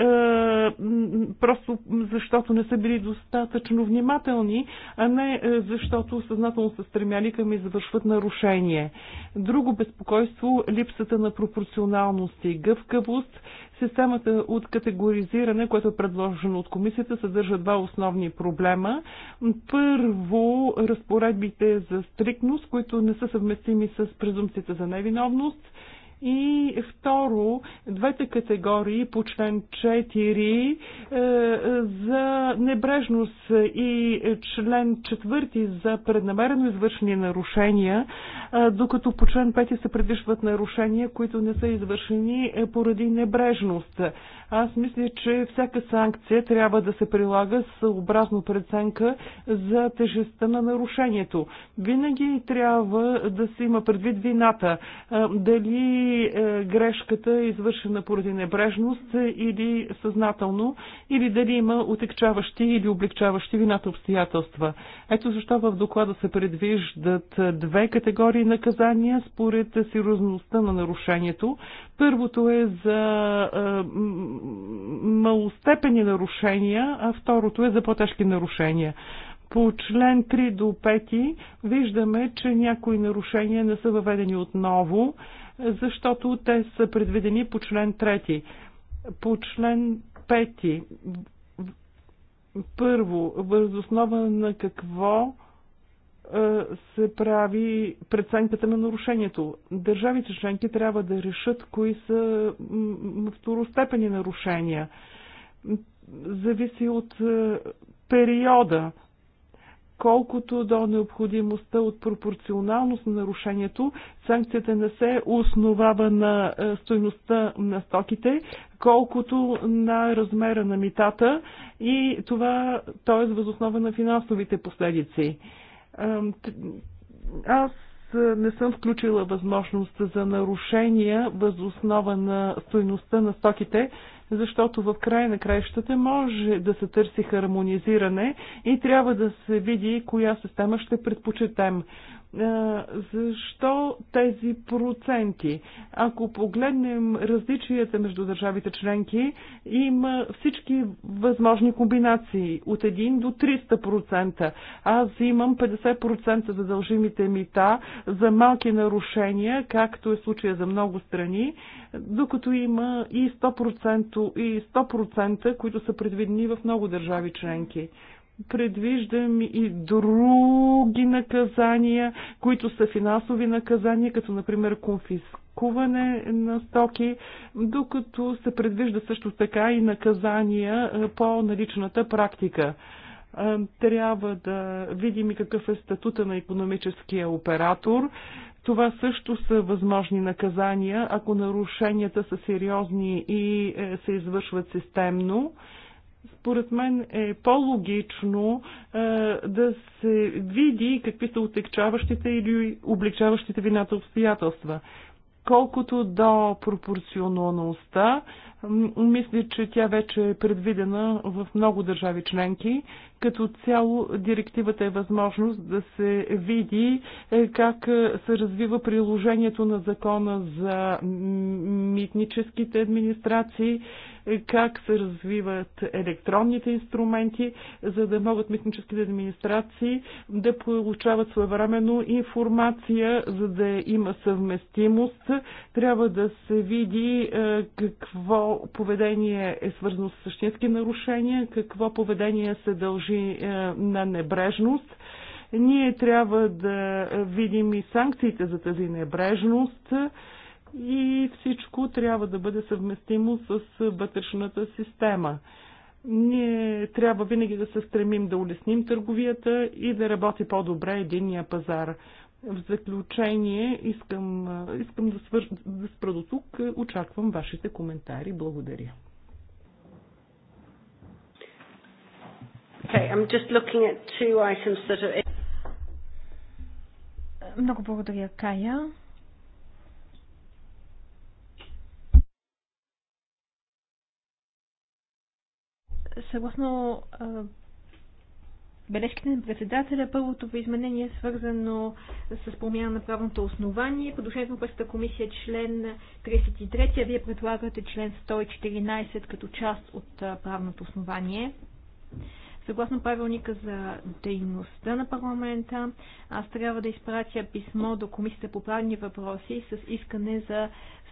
просто защото не са били достатъчно внимателни, а не защото съзнателно са стремяли към извършват нарушение. Друго безпокойство липсата на пропорционалност и гъвкавост, системата от категоризиране, което предлага предложено от комисията, съдържа два основни проблема. Първо, разпоредбите за стрикност, които не са съвместими с презумцията за невиновност. И второ, двете категории по член 4 е, за небрежност и член 4 за преднамерено извършени нарушения, е, докато по член 5 се предвиждат нарушения, които не са извършени е, поради небрежност. Аз мисля, че всяка санкция трябва да се прилага съобразно преценка за тежестта на нарушението. Винаги трябва да се има предвид вината. Е, дали е, грешката е извършена поради небрежност или съзнателно, или дали има отекчаващи или облегчаващи вината обстоятелства. Ето защо в доклада се предвиждат две категории наказания според сериозността на нарушението. Първото е за е, малостепени нарушения, а второто е за по-тежки нарушения. По член 3 до 5 виждаме, че някои нарушения не са въведени отново, защото те са предвидени по член 3. По член 5 първо, възоснова на какво е, се прави преценката на нарушението. Държавите членки трябва да решат кои са второстепени нарушения. Зависи от е, периода. Колкото до необходимостта от пропорционалност на нарушението, санкцията не се основава на е, стойността на стоките, колкото на размера на митата и това, т.е. възоснова на финансовите последици аз не съм включила възможност за нарушения въз основа на стоеността на стоките, защото в края на краищата може да се търси хармонизиране и трябва да се види коя система ще предпочетем. Е, защо тези проценти? Ако погледнем различията между държавите членки, има всички възможни комбинации от 1 до 300%. Аз имам 50% за дължимите мита за малки нарушения, както е случая за много страни, докато има и 100%, и 100% които са предвидени в много държави членки. Предвиждам и други наказания, които са финансови наказания, като например конфискуване на стоки, докато се предвижда също така и наказания по наличната практика трябва да видим и какъв е статута на економическия оператор. Това също са възможни наказания, ако нарушенията са сериозни и е, се извършват системно. Според мен е по-логично е, да се види какви са отекчаващите или облегчаващите вината обстоятелства. Колкото до пропорционалността, мисля, че тя вече е предвидена в много държави членки. Като цяло директивата е възможност да се види е, как е, се развива приложението на закона за митническите администрации, е, как се развиват електронните инструменти, за да могат митническите администрации да получават своевременно информация, за да има съвместимост. Трябва да се види какво поведение е свързано с същински нарушения, какво поведение се дължи е, на небрежност. Ние трябва да видим и санкциите за тази небрежност и всичко трябва да бъде съвместимо с вътрешната система. Ние трябва винаги да се стремим да улесним търговията и да работи по-добре единния пазар. В заключение искам, искам да, свър... да спра до тук. Очаквам вашите коментари. Благодаря. Okay, I'm just
looking at two items that are... Много благодаря, Кая.
Съгласно бележките на председателя. Първото изменение е свързано с промяна на правното основание. Подушението на Пъстата комисия е член 33, а вие предлагате член 114 като част от правното основание. Съгласно правилника за дейността на парламента, аз трябва да изпратя писмо до Комисията по правни въпроси с искане за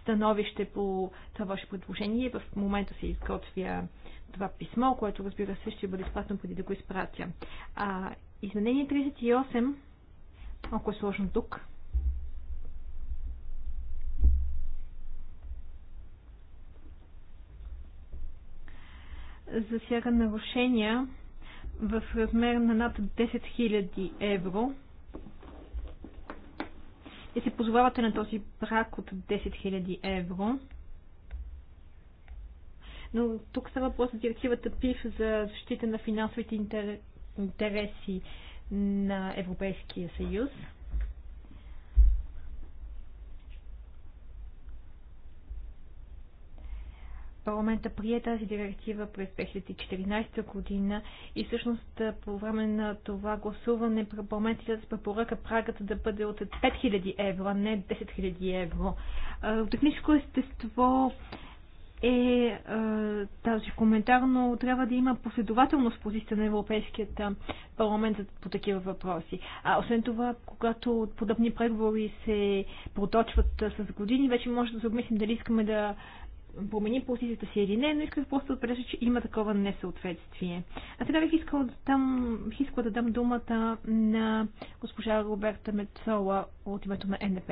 становище по това ваше предложение. В момента се изготвя това писмо, което разбира се ще бъде изплатно, преди да го изпратя. А, изменение 38, малко е сложно тук, засяга нарушения в размер на над 10 000 евро и се позовавате на този брак от 10 000 евро. Но тук става въпрос за директивата ПИФ за защита на финансовите интереси на Европейския съюз. парламента прие тази директива през 2014 година и всъщност по време на това гласуване парламентът с препоръка прагът да бъде от 5000 евро, а не 10 000 евро. От техническо естество е тази коментар, но трябва да има последователност позиция на Европейският парламент по такива въпроси. А освен това, когато подобни преговори се проточват с години, вече може да се обмислим дали искаме да промени позицията си или не, но исках просто да отбележа, че има такова несъответствие. А сега бих искала да дам, бих искала да дам думата на госпожа Роберта Мецола от името на НДП.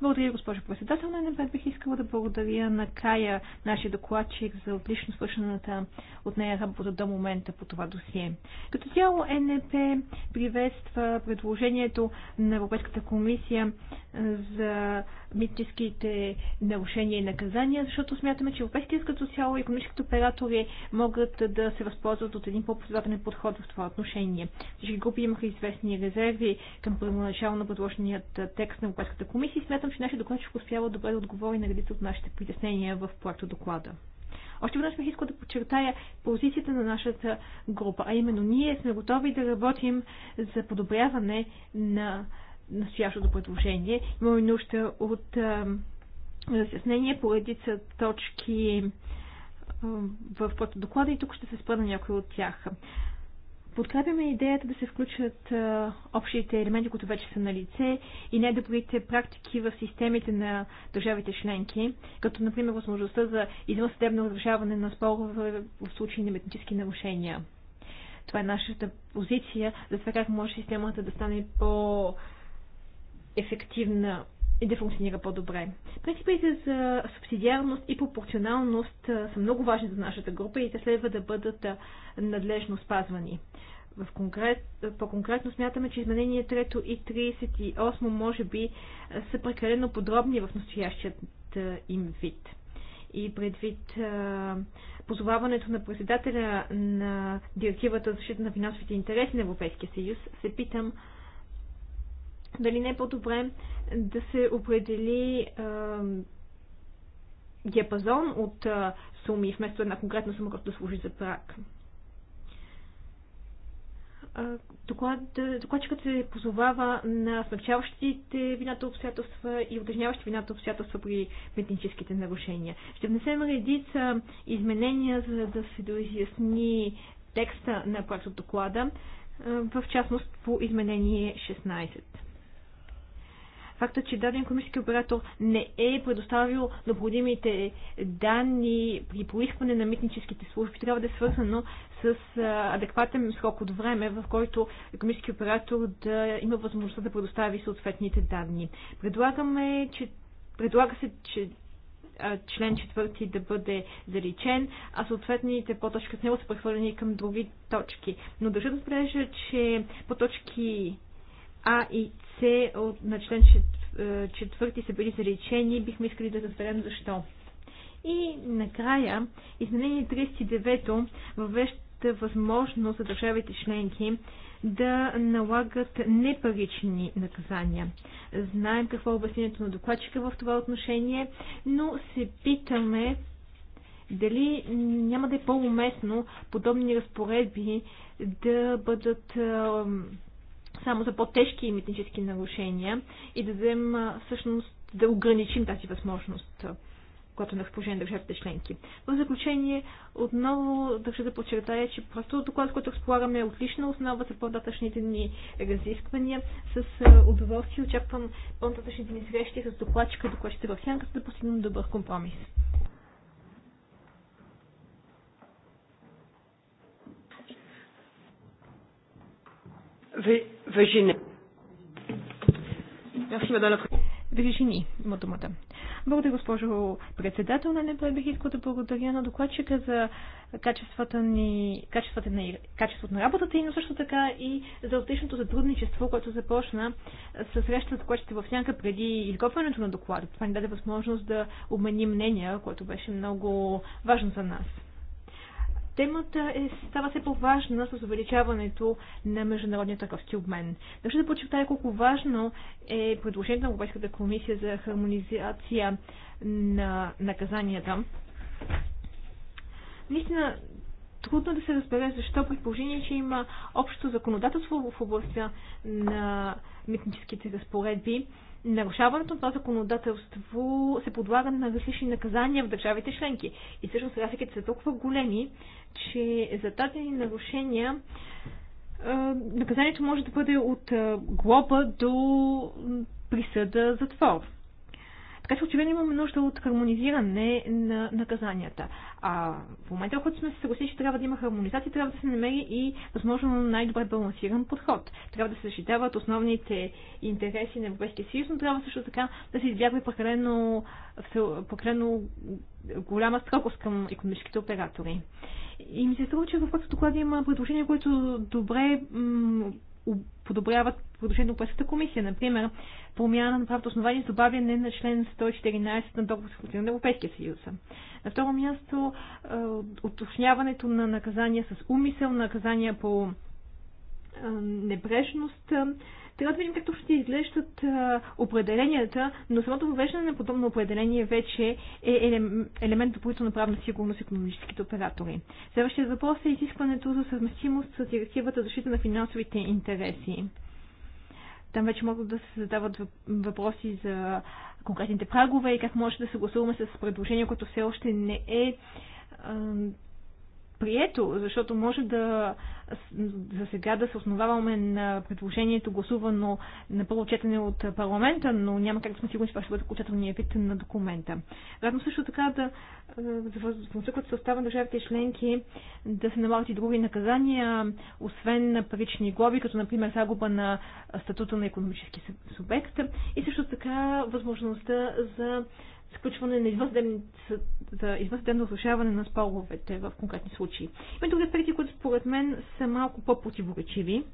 Благодаря, госпожо председател на НДП. Бих искала да благодаря на Кая, нашия докладчик, за отлично свършената от нея работа до момента по това досие. Като цяло НДП приветства предложението на Европейската комисия за митническите нарушения и наказания, защото смятаме, че европейският като цяло и економическите оператори могат да се възползват от един по позволен подход в това отношение. Всички групи имаха известни резерви към първоначално на предложеният текст на Европейската комисия и смятам, че нашия ще успява добре да отговори на редица от нашите притеснения в проекта доклада. Още веднъж бих искал да подчертая позицията на нашата група, а именно ние сме готови да работим за подобряване на настоящото предложение. Имаме нужда от разяснение по редица точки в доклада и тук ще се спъна някои от тях. Подкрепяме идеята да се включат а, общите елементи, които вече са на лице и най-добрите практики в системите на държавите членки, като например възможността за извънсъдебно разрешаване на спорове в случай на метнически нарушения. Това е нашата позиция за това как може системата да стане по- ефективна и да функционира по-добре. Принципите за субсидиарност и пропорционалност са много важни за нашата група и те следва да бъдат надлежно спазвани. В конкрет, по-конкретно смятаме, че изменение 3 и 38 може би са прекалено подробни в настоящият им вид. И предвид позоваването на председателя на директивата за защита на финансовите интереси на Европейския съюз, се питам дали не е по-добре да се определи а, диапазон от а, суми, вместо една конкретна сума, която да служи за прак. докладчикът се позовава на смягчаващите вината обстоятелства и утежняващи вината обстоятелства при митническите нарушения. Ще внесем редица изменения, за да се доизясни текста на проект от доклада, в частност по изменение 16 факта, че даден комически оператор не е предоставил необходимите данни при поискване на митническите служби, трябва да е свързано с адекватен срок от време, в който комически оператор да има възможността да предостави съответните данни. Предлагаме, че Предлага се, че член четвърти да бъде заличен, а съответните поточки с него са прехвърлени към други точки. Но държа да отбележа, че поточки. А и С от, на член е, четвърти са били заречени, Бихме искали да разберем защо. И накрая, изменение 39 то въвежда възможност за държавите членки да налагат непарични наказания. Знаем какво е обяснението на докладчика в това отношение, но се питаме дали няма да е по-уместно подобни разпоредби да бъдат само за по-тежки митнически нарушения и да дадем всъщност да ограничим тази възможност, която е на разположение на държавите членки. В заключение, отново държа да подчертая, че просто доклад, който разполагаме е отлична основа за по-нататъчните ни разисквания. С удоволствие очаквам по-нататъчните ни срещи с докладчика докладчите в сянката, да постигнем добър компромис. Вежине. Виржини има думата. Благодаря, госпожо председател. На небе бих искал да благодаря на докладчика за качествата ни, качествата на, качеството на работата и, но също така и за отличното сътрудничество, което започна с срещата която докладчите в сянка преди изготвянето на доклада. Това ни даде възможност да обменим мнения, което беше много важно за нас. Темата е, става все по-важна с увеличаването на международния търговски обмен. Държа да подчертая колко важно е предложението на Европейската комисия за хармонизация на наказанията. Наистина, трудно да се разбере защо при положение, че има общо законодателство в областта на митническите разпоредби, нарушаването на това законодателство се подлага на различни наказания в държавите членки. И всъщност разликите са толкова големи, че за тази нарушения наказанието може да бъде от глоба до присъда затвор. Така че очевидно имаме нужда от хармонизиране на наказанията. А в момента, който сме се съгласили, че трябва да има хармонизация, трябва да се намери и възможно най-добре балансиран подход. Трябва да се защитават основните интереси на Европейския съюз, но трябва също така да се избягва прекалено, прекалено голяма строгост към економическите оператори. И ми се струва, че в проекта доклада има предложение, което добре подобряват продължение на Опресната комисия. Например, промяна на правото основание с добавяне на член 114 на договор с на Европейския съюз. На второ място, уточняването на наказания с умисъл, наказания по небрежност, трябва да видим как ще изглеждат определенията, но самото въвеждане на подобно определение вече е елемент допълнително правна сигурност економическите оператори. Следващия въпрос е изискването за съвместимост с директивата за защита на финансовите интереси. Там вече могат да се задават въпроси за конкретните прагове и как може да се гласуваме с предложение, което все още не е прието, защото може да за сега да се основаваме на предложението гласувано на първо четене от парламента, но няма как да сме сигурни, че това ще бъде окончателният вид на документа. Радно също така да за е, възможността, която се остава на държавите членки, да се налагат и други наказания, освен на парични глоби, като например загуба на статута на економически субект и също така възможността за сключване на извънсъдебно разрушаване на споровете в конкретни случаи. Има други аспекти, които според мен са малко по-противоречиви.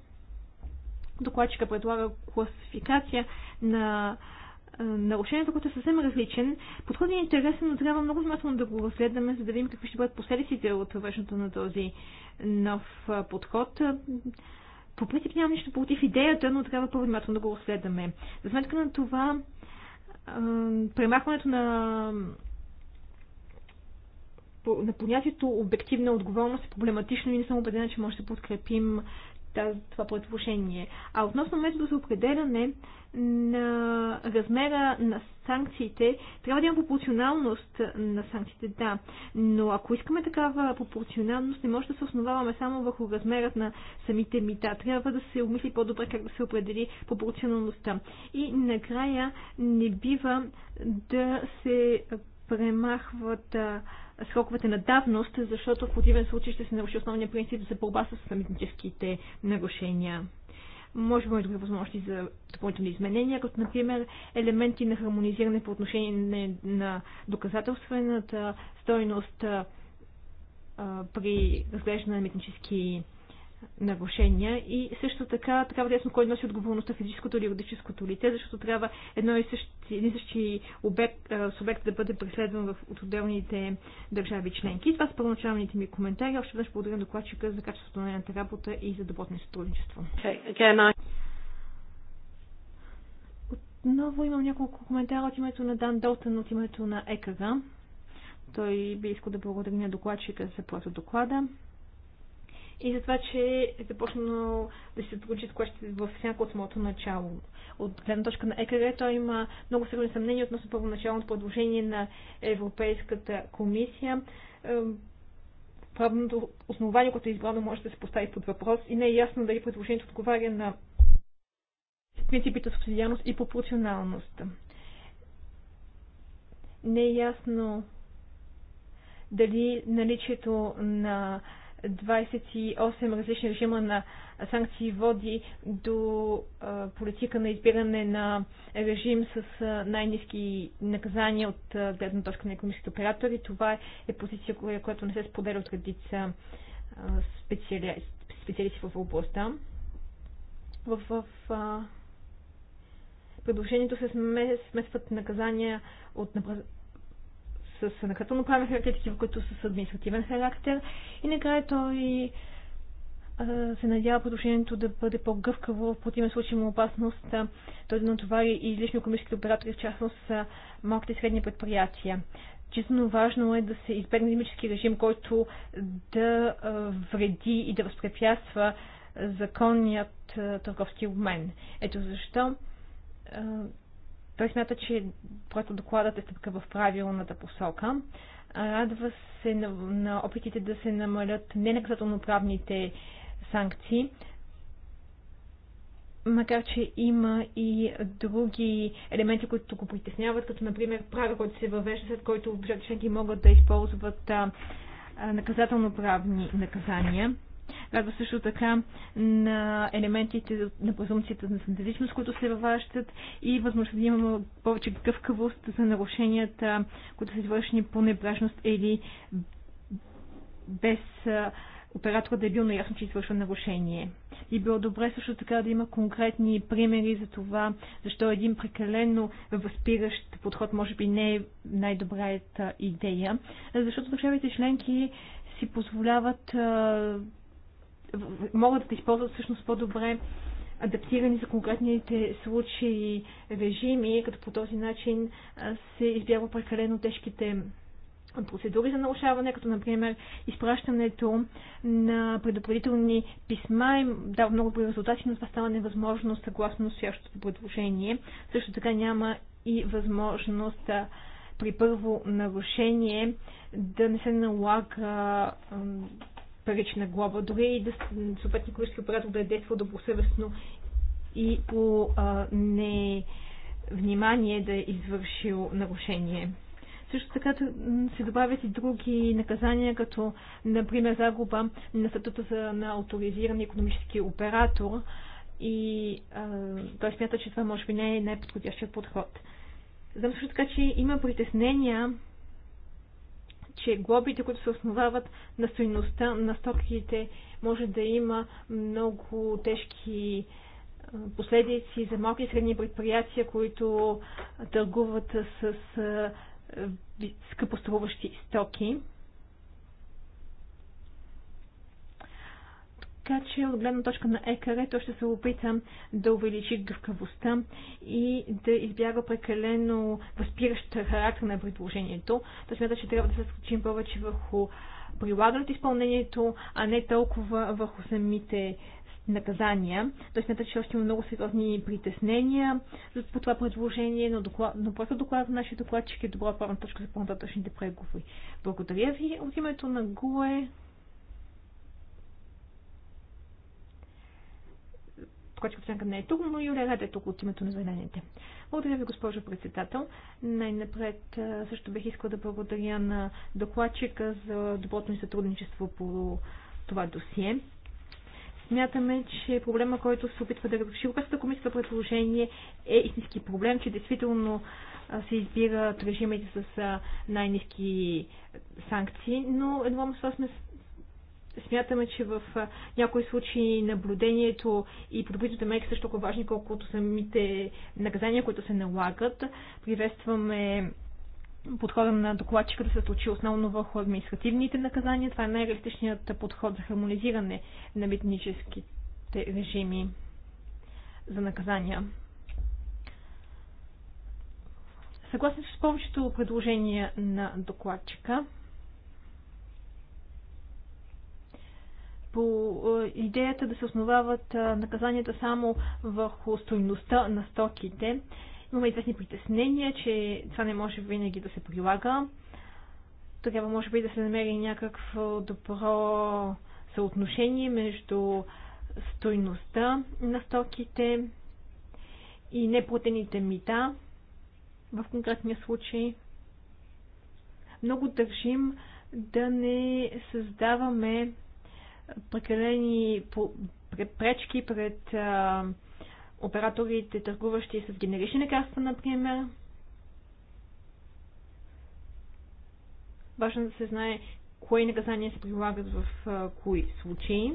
Докладчика предлага класификация на нарушението, което е съвсем различен. Подходът е интересен, но трябва много внимателно да го разгледаме, за да видим какви ще бъдат последиците от вършното на този нов подход. По принцип нямам нищо против идеята, но трябва по-внимателно да го разгледаме. За сметка на това, премахването на на понятието обективна отговорност е проблематично и не съм убедена, че може да подкрепим това предложение. А относно метода за определяне на размера на санкциите, трябва да има пропорционалност на санкциите, да. Но ако искаме такава пропорционалност, не може да се основаваме само върху размерът на самите мита. Трябва да се обмисли по-добре как да се определи пропорционалността. И накрая не бива да се премахват сроковете на давност, защото в противен случай ще се наруши основния принцип за борба с митническите нарушения. Може да има и други възможности за допълнителни изменения, като например елементи на хармонизиране по отношение на доказателствената стойност при разглеждане на митнически нарушения нарушения и също така трябва да е ясно кой носи отговорността физическото или юридическото лице, защото трябва едно и същи, един същи обект, субект да бъде преследван в, от отделните държави членки. Това са първоначалните ми коментари. Още веднъж благодаря на докладчика за качеството на нейната работа и за добротно сътрудничество.
Okay,
Отново имам няколко коментара от името на Дан Долтън, от името на ЕКАГА. Той би искал да благодаря на докладчика за проекта доклада и за това, че е започнало да се случи с което в всяко от самото начало. От гледна точка на ЕКР, той има много сериозни съмнения относно първоначалното предложение на Европейската комисия. Правното основание, което е избрано, може да се постави под въпрос и не е ясно дали предложението отговаря на принципите субсидиарност и пропорционалност. Не е ясно дали наличието на 28 различни режима на санкции води до политика на избиране на режим с най-низки наказания от гледна точка на економическите оператори. Това е позиция, която не се споделя от редица специали... специалисти в областта. В, в, в предложението се смесват наказания от с наказателно правен характер, такива, които са с административен характер. И накрая той се надява продължението да бъде по-гъвкаво, в противен случай има опасност той да натовари и лични економическите оператори, в частност малките и средни предприятия. Чисто важно е да се избегне динамически режим, който да вреди и да възпрепятства законният търговски обмен. Ето защо той смята, че просто докладът е стъпка в правилната посока. Радва се на, на опитите да се намалят ненаказателно-правните санкции, макар че има и други елементи, които го притесняват, като например правил, който се въвежда, след който бюджетченки могат да използват наказателно-правни наказания. Радва също така на елементите на презумцията на независимост, които се въващат и възможност да имаме повече гъвкавост за нарушенията, които са извършени по небрежност или без оператора да е бил наясно, че извършва нарушение. И било добре също така да има конкретни примери за това, защо един прекалено възпиращ подход може би не е най-добрата идея, защото държавите членки си позволяват могат да използват всъщност по-добре адаптирани за конкретните случаи режими, като по този начин се избягва прекалено тежките процедури за нарушаване, като например изпращането на предупредителни писма им дава много добри резултати, но това става невъзможно съгласно настоящото предложение. Също така няма и възможност при първо нарушение да не се налага парична глоба, дори и да съответно колишки оператор да е действал добросъвестно и по невнимание да е извършил нарушение. Също така се добавят и други наказания, като например загуба на статута за, на авторизиран економически оператор и а, той смята, че това може би не е най-подходящият подход. Знам също така, че има притеснения че глобите, които се основават на стоеността на стоките, може да има много тежки последици за малки и средни предприятия, които търгуват с скъпоструващи стоки. Така че от гледна точка на ЕКР то ще се опитам да увеличи гъвкавостта и да избяга прекалено възпиращ характер на предложението. Той смята, че трябва да се скачим повече върху прилагането изпълнението, а не толкова върху самите наказания. Той смята, че още има много сериозни притеснения по това предложение, но, доклад, но просто доклад на нашия докладчик е добра правна точка за по-нататъчните преговори. Благодаря ви. От името на ГУЕ докладчик оценка не е тук, но Юлия Рада е тук от името на Зелените. Благодаря ви, госпожо председател. Най-напред също бих искала да благодаря на докладчика за доброто ни сътрудничество по това досие. Смятаме, че проблема, който се опитва да разреши Украсната комисия предложение е истински проблем, че действително се избират режимите с най-низки санкции, но едно с това сме смятаме, че в някои случаи наблюдението и подобрителните мерки също толкова важни, колкото самите наказания, които се налагат. Приветстваме подхода на докладчика да се случи основно върху административните наказания. Това е най-реалистичният подход за хармонизиране на митническите режими за наказания. Съгласен с повечето предложения на докладчика, по е, идеята да се основават е, наказанията само върху стойността на стоките. Имаме известни притеснения, че това не може винаги да се прилага. Тогава може би да се намери някакво добро съотношение между стойността на стоките и неплатените мита в конкретния случай. Много държим да не създаваме прекалени пречки пред а, операторите, търгуващи с генерични лекарства, например. Важно да се знае кои наказания се прилагат в а, кои случаи.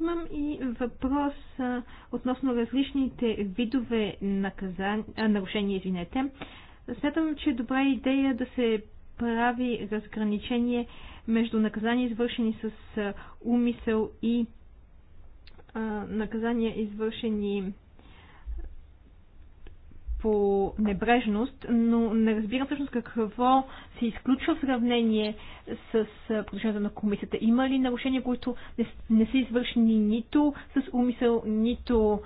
Имам и въпрос а, относно различните видове наказан... а, нарушения. Извинете. Смятам, че е добра идея да се прави разграничение между наказания, извършени с умисъл и а, наказания, извършени по небрежност, но не разбирам всъщност какво се изключва в сравнение с продължението на комисията. Има ли нарушения, които не, не са извършени нито с умисъл, нито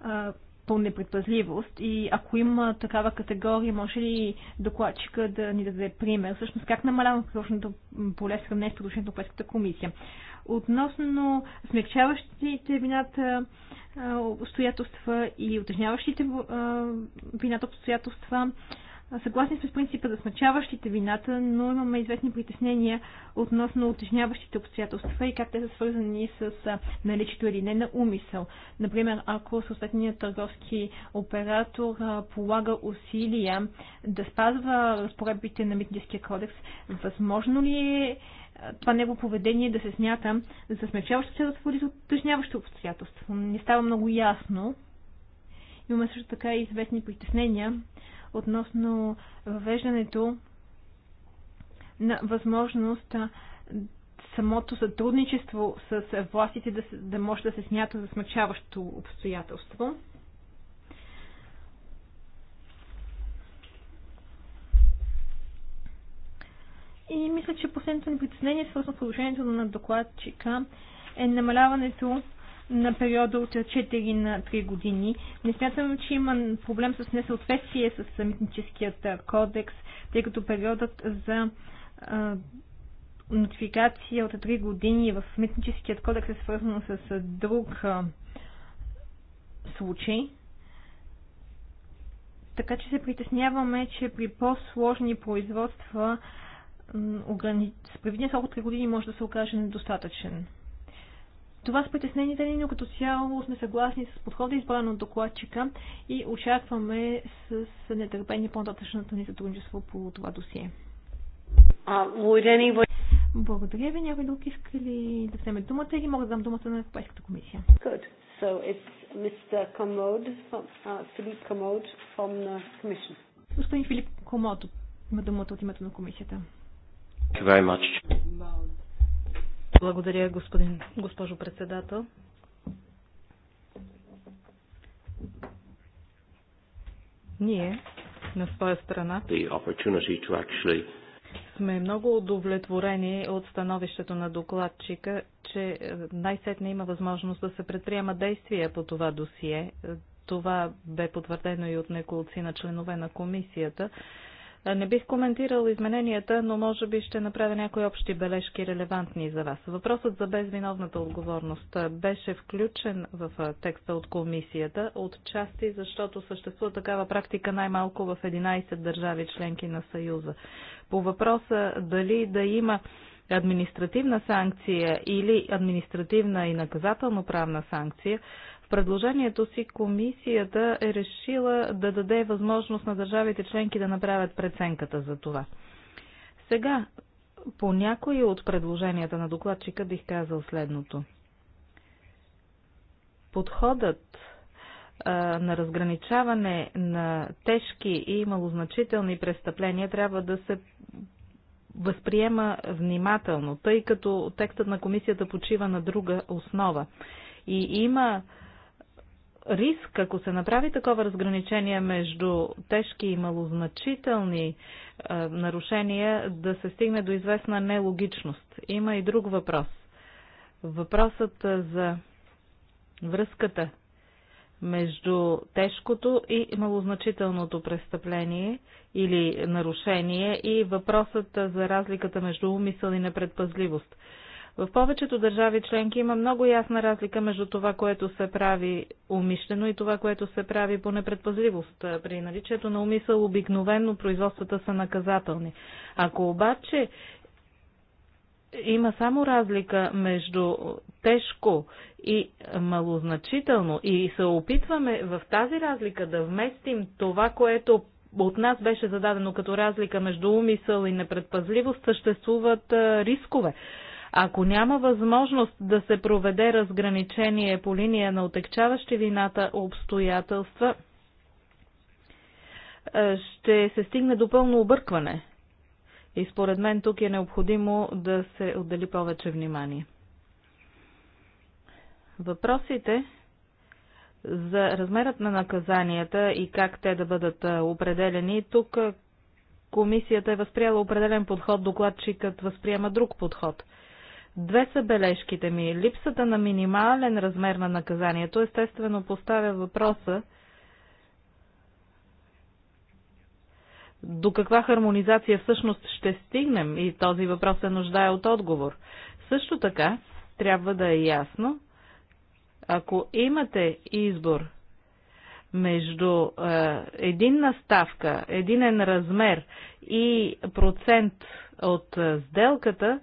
а, по непредпазливост и ако има такава категория, може ли докладчика да ни даде пример? Всъщност как намалява приложното поле в сравнение с на Европейската комисия? Относно смягчаващите вината обстоятелства и утежняващите вината обстоятелства, Съгласни сме с принципа за смачаващите вината, но имаме известни притеснения относно утежняващите обстоятелства и как те са свързани с наличието или не на умисъл. Например, ако съответният търговски оператор полага усилия да спазва разпоредбите на Митническия кодекс, възможно ли е това негово поведение да се смята за смечаващо обстоятелство или за утежняващо обстоятелство? Не става много ясно. Имаме също така и известни притеснения относно въвеждането на възможност самото сътрудничество с властите да, да може да се смята за смъчаващо обстоятелство. И мисля, че последното ни притеснение, свързано с положението на докладчика, е намаляването на периода от 4 на 3 години. Не смятам, че има проблем с несъответствие с митническият кодекс, тъй като периодът за а, нотификация от 3 години в митническият кодекс е свързан с друг а, случай. Така че се притесняваме, че при по-сложни производства ограни... с предвидния срок от 3 години може да се окаже недостатъчен. Това с притесненията ни, но като цяло сме съгласни с подхода, избран от докладчика и очакваме с нетърпение по-нататъчното ни сътрудничество по това досие. благодаря ви. Някой друг иска ли да вземе думата или мога да дам думата на Европейската комисия? Good.
So it's Mr. Commode from uh, the Commission. Господин Филип
Комод има думата от името на комисията.
Thank you very much.
Благодаря, господин, госпожо председател. Ние на своя страна
actually...
сме много удовлетворени от становището на докладчика, че е, най-сетне има възможност да се предприема действия по това досие. Е, това бе потвърдено и от неколци на членове на комисията. Е, не бих коментирал измененията, но може би ще направя някои общи бележки, релевантни за вас. Въпросът за безвиновната отговорност е, беше включен в е, текста от комисията от части, защото съществува такава практика най-малко в 11 държави членки на Съюза. По въпроса дали да има административна санкция или административна и наказателно-правна санкция, в предложението си комисията е решила да даде възможност на държавите членки да направят преценката за това. Сега, по някои от предложенията на докладчика бих казал следното. Подходът на разграничаване на тежки и малозначителни престъпления трябва да се възприема внимателно, тъй като текстът на комисията почива на друга основа. И има риск, ако се направи такова разграничение между тежки и малозначителни е, нарушения, да се стигне до известна нелогичност. Има и друг въпрос. Въпросът е, за връзката между тежкото и малозначителното престъпление или нарушение и въпросът е, за разликата между умисъл и непредпазливост. В повечето държави членки има много ясна разлика между това, което се прави умишлено и това, което се прави по непредпазливост. При наличието на умисъл обикновенно производствата са наказателни. Ако обаче има само разлика между тежко и малозначително и се опитваме в тази разлика да вместим това, което от нас беше зададено като разлика между умисъл и непредпазливост, съществуват рискове. Ако няма възможност да се проведе разграничение по линия на отекчаващи вината обстоятелства, е, ще се стигне до пълно объркване. И според мен тук е необходимо да се отдели повече внимание. Въпросите за размерът на наказанията и как те да бъдат е, определени, тук е, комисията е възприела определен подход, докладчикът възприема друг подход – Две са бележките ми. Липсата на минимален размер на наказанието естествено поставя въпроса до каква хармонизация всъщност ще стигнем и този въпрос се нуждае от отговор. Също така трябва да е ясно, ако имате избор между е, единна ставка, единен размер и процент от е, сделката,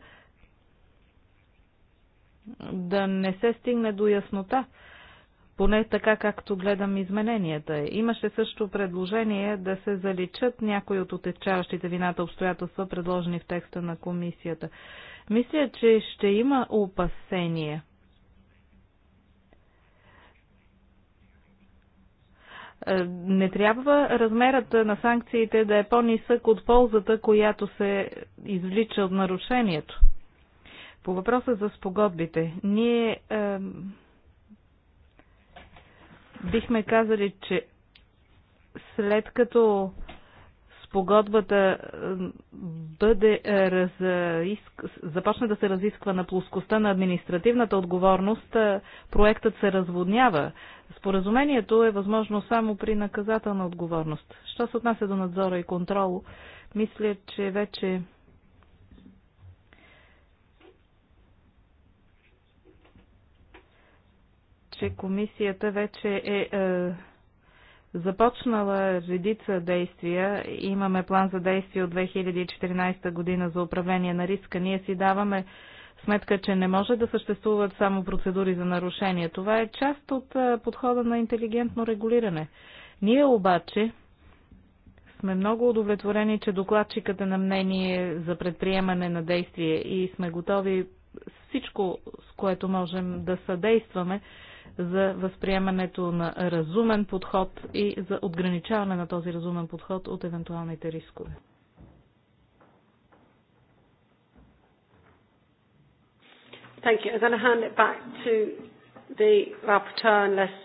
да не се стигне до яснота, поне така както гледам измененията. Имаше също предложение да се заличат някои от отечаващите вината обстоятелства, предложени в текста на комисията. Мисля, че ще има опасение. Е, не трябва размерът на санкциите да е по-нисък от ползата, която се извлича от нарушението. По въпроса за спогодбите, ние е, бихме казали, че след като спогодбата бъде е, разиск... започне да се разисква на плоскостта на административната отговорност, е, проектът се разводнява. Споразумението е възможно само при наказателна отговорност. Що се отнася до надзора и контрол, мисля, че вече че комисията вече е, е започнала редица действия. Имаме план за действие от 2014 година за управление на риска. Ние си даваме сметка, че не може да съществуват само процедури за нарушение. Това е част от е, подхода на интелигентно регулиране. Ние обаче сме много удовлетворени, че докладчикът е на мнение за предприемане на действие и сме готови всичко, с което можем да съдействаме, за възприемането на разумен подход и за отграничаване на този разумен подход от евентуалните рискове.
Thank you. I'm going to hand it back to the rapporteur unless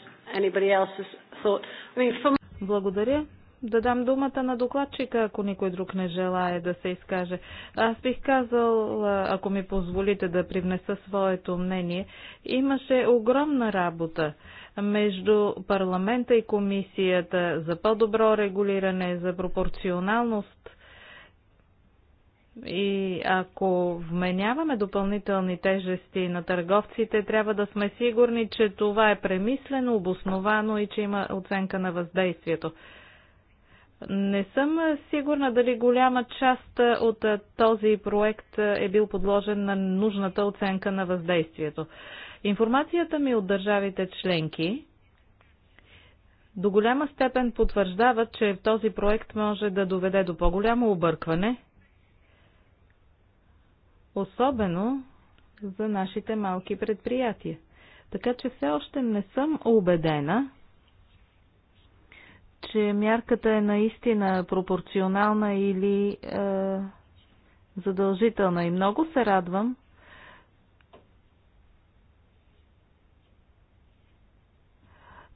anybody else has thought. I mean, from... Благодаря да дам думата на докладчика, ако никой друг не желая да се изкаже. Аз бих казал, ако ми позволите да привнеса своето мнение, имаше огромна работа между парламента и комисията за по-добро регулиране, за пропорционалност. И ако вменяваме допълнителни тежести на търговците, трябва да сме сигурни, че това е премислено, обосновано и че има оценка на въздействието. Не съм сигурна дали голяма част от този проект е бил подложен на нужната оценка на въздействието. Информацията ми от държавите членки до голяма степен потвърждава, че този проект може да доведе до по-голямо объркване, особено за нашите малки предприятия. Така че все още не съм убедена, че мярката е наистина пропорционална или е, задължителна. И много се радвам,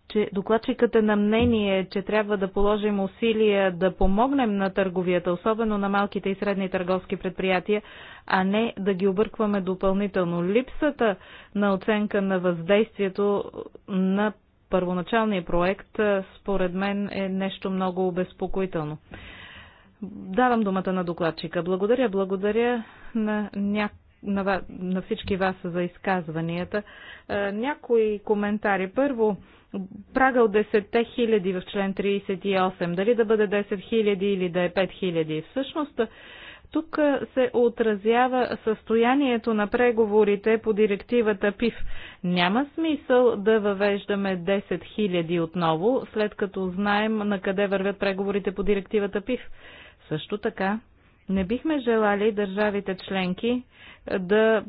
че докладчикът е на мнение, че трябва да положим усилия да помогнем на търговията, особено на малките и средни търговски предприятия, а не да ги объркваме допълнително. Липсата на оценка на въздействието на първоначалния проект, според мен е нещо много обезпокоително. Давам думата на докладчика. Благодаря, благодаря на, ня... на, на всички вас за изказванията. Някои коментари. Първо, прага от 10 хиляди в член 38. Дали да бъде 10 хиляди или да е 5 хиляди? Всъщност, тук се отразява състоянието на преговорите по директивата ПИФ. Няма смисъл да въвеждаме 10 000 отново, след като знаем на къде вървят преговорите по директивата ПИФ. Също така, не бихме желали държавите членки да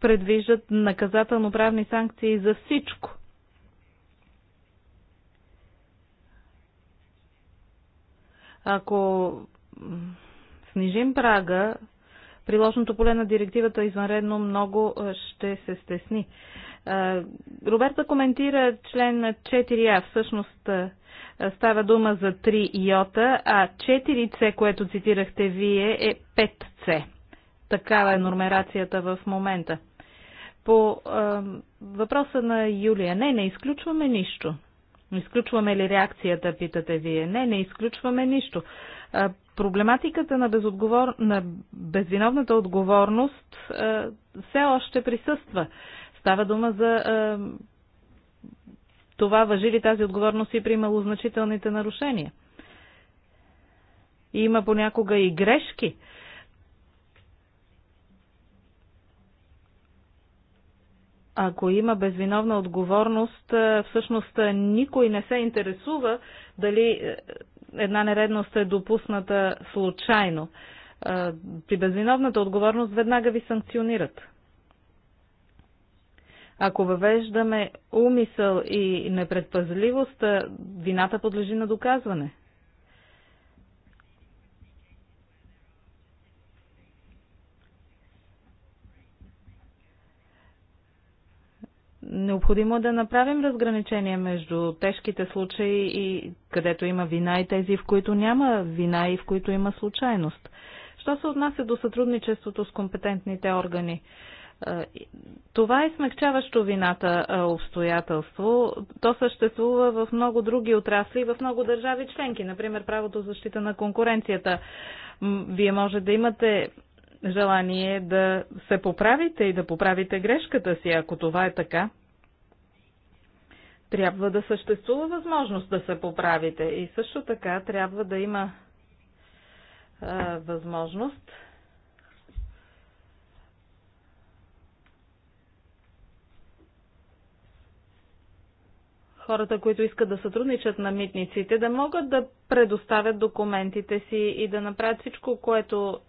предвиждат наказателно-правни санкции за всичко. Ако снижим прага, приложното поле на директивата извънредно много е, ще се стесни. Е, Роберта коментира член 4А. Всъщност е, става дума за 3 йота, а 4C, което цитирахте вие, е 5C. Такава е нормерацията в момента. По е, въпроса на Юлия. Не, не изключваме нищо. Но изключваме ли реакцията, питате вие? Не, не изключваме нищо. Проблематиката на, безотговор... на безвиновната отговорност все още присъства. Става дума за това въжи ли тази отговорност и при малозначителните нарушения. Има понякога и грешки, Ако има безвиновна отговорност, е, всъщност е, никой не се интересува е, дали една нередност е допусната случайно. При безвиновната отговорност веднага ви санкционират. Ако въвеждаме умисъл и непредпазливост, вината подлежи на доказване. необходимо е да направим разграничение между тежките случаи и където има вина и тези, в които няма вина и в които има случайност. Що се отнася до сътрудничеството с компетентните органи? Това е смягчаващо вината обстоятелство. То съществува в много други отрасли и в много държави членки. Например, правото защита на конкуренцията. Вие може да имате желание да се поправите и да поправите грешката си. Ако това е така, трябва да съществува възможност да се поправите и също така трябва да има а, възможност хората, които искат да сътрудничат на митниците, да могат да предоставят документите си и да направят всичко, което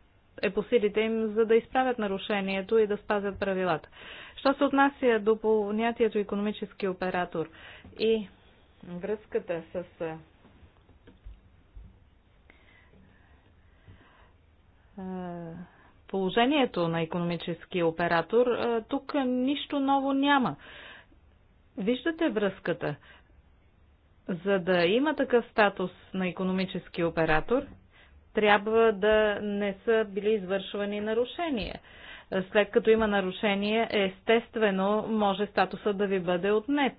е по силите им, за да изправят нарушението и да спазят правилата. Що се отнася до понятието економически оператор и връзката с положението на економически оператор, тук нищо ново няма. Виждате връзката. За да има такъв статус на економически оператор, трябва да не са били извършвани нарушения. След като има нарушение, естествено може статуса да ви бъде отнет.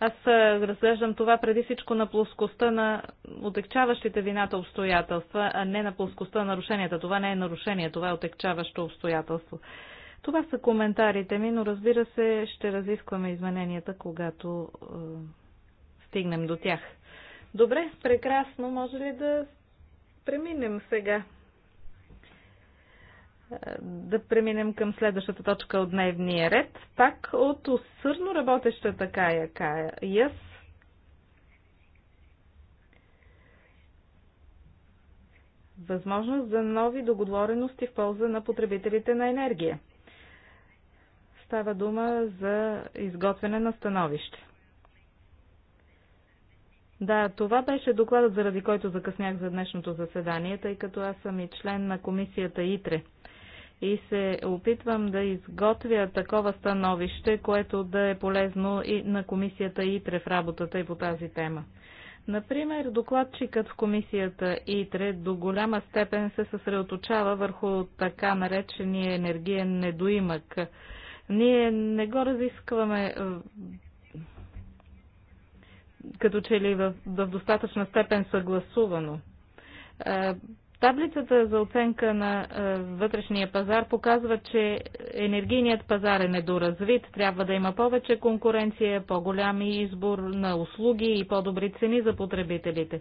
Аз разглеждам това преди всичко на плоскостта на отекчаващите вината обстоятелства, а не на плоскостта на нарушенията. Това не е нарушение, това е отекчаващо обстоятелство. Това са коментарите ми, но разбира се, ще разискваме измененията, когато е, стигнем до тях. Добре, прекрасно. Може ли да преминем сега да преминем към следващата точка от дневния ред. Пак от усърдно работещата Кая Каяс. Възможност за нови договорености в полза на потребителите на енергия. Става дума за изготвяне на становище. Да, това беше докладът, заради който закъснях за днешното заседание, тъй като аз съм и член на комисията ИТРЕ. И се опитвам да изготвя такова становище, което да е полезно и на комисията ИТРЕ в работата и по тази тема. Например, докладчикът в комисията ИТРЕ до голяма степен се съсредоточава върху така наречения енергиен недоимък. Ние не го разискваме като че ли в, в достатъчна степен съгласувано. Е, таблицата за оценка на е, вътрешния пазар показва, че енергийният пазар е недоразвит, трябва да има повече конкуренция, по-голям избор на услуги и по-добри цени за потребителите.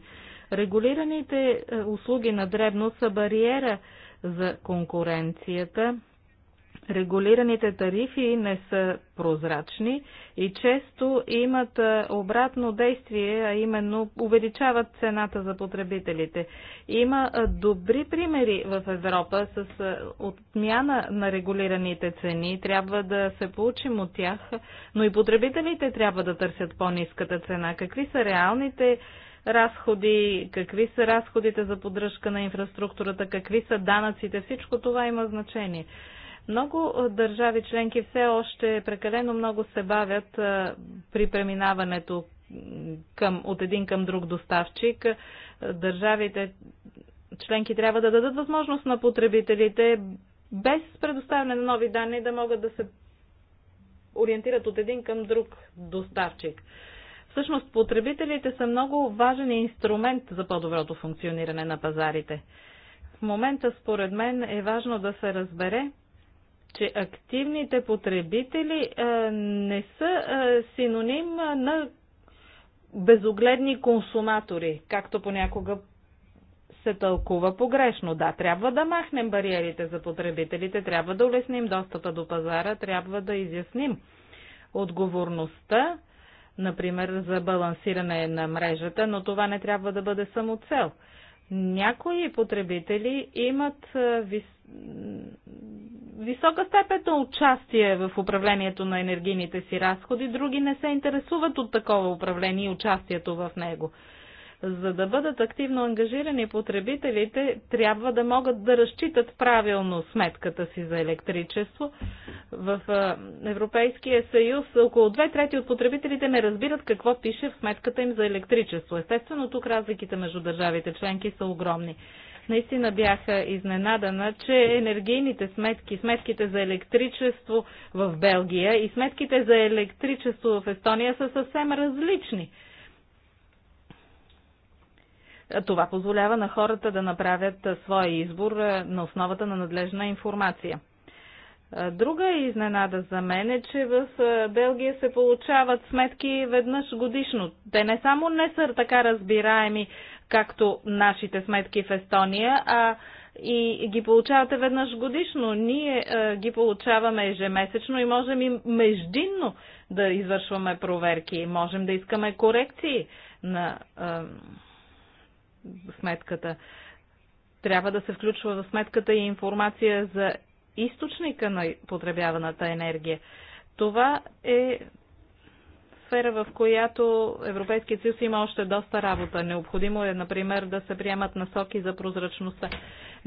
Регулираните е, услуги на дребно са бариера за конкуренцията регулираните тарифи не са прозрачни и често имат обратно действие, а именно увеличават цената за потребителите. Има добри примери в Европа с отмяна на регулираните цени. Трябва да се получим от тях, но и потребителите трябва да търсят по-низката цена. Какви са реалните разходи, какви са разходите за поддръжка на инфраструктурата, какви са данъците, всичко това има значение. Много държави членки все още прекалено много се бавят при преминаването към, от един към друг доставчик. Държавите членки трябва да дадат възможност на потребителите без предоставяне на нови данни да могат да се ориентират от един към друг доставчик. Всъщност потребителите са много важен инструмент за по-доброто функциониране на пазарите. В момента, според мен, е важно да се разбере, че активните потребители е, не са е, синоним на безогледни консуматори, както понякога се тълкува погрешно. Да, трябва да махнем бариерите за потребителите, трябва да улесним достъпа до пазара, трябва да изясним отговорността, например, за балансиране на мрежата, но това не трябва да бъде само цел. Някои потребители имат вис... висока степен на участие в управлението на енергийните си разходи, други не се интересуват от такова управление и участието в него. За да бъдат активно ангажирани потребителите, трябва да могат да разчитат правилно сметката си за електричество. В Европейския съюз около две трети от потребителите не разбират какво пише в сметката им за електричество. Естествено, тук разликите между държавите членки са огромни наистина бях изненадана, че енергийните сметки, сметките за електричество в Белгия и сметките за електричество в Естония са съвсем различни. Това позволява на хората да направят своя избор на основата на надлежна информация. Друга изненада за мен е, че в Белгия се получават сметки веднъж годишно. Те не само не са така разбираеми, както нашите сметки в Естония, а и ги получавате веднъж годишно. Ние а, ги получаваме ежемесечно и можем и междинно да извършваме проверки. Можем да искаме корекции на А, сметката. Трябва да се включва в сметката и информация за източника на потребяваната енергия. Това е сфера, в която Европейският съюз има още доста работа. Необходимо е, например, да се приемат насоки за прозрачността.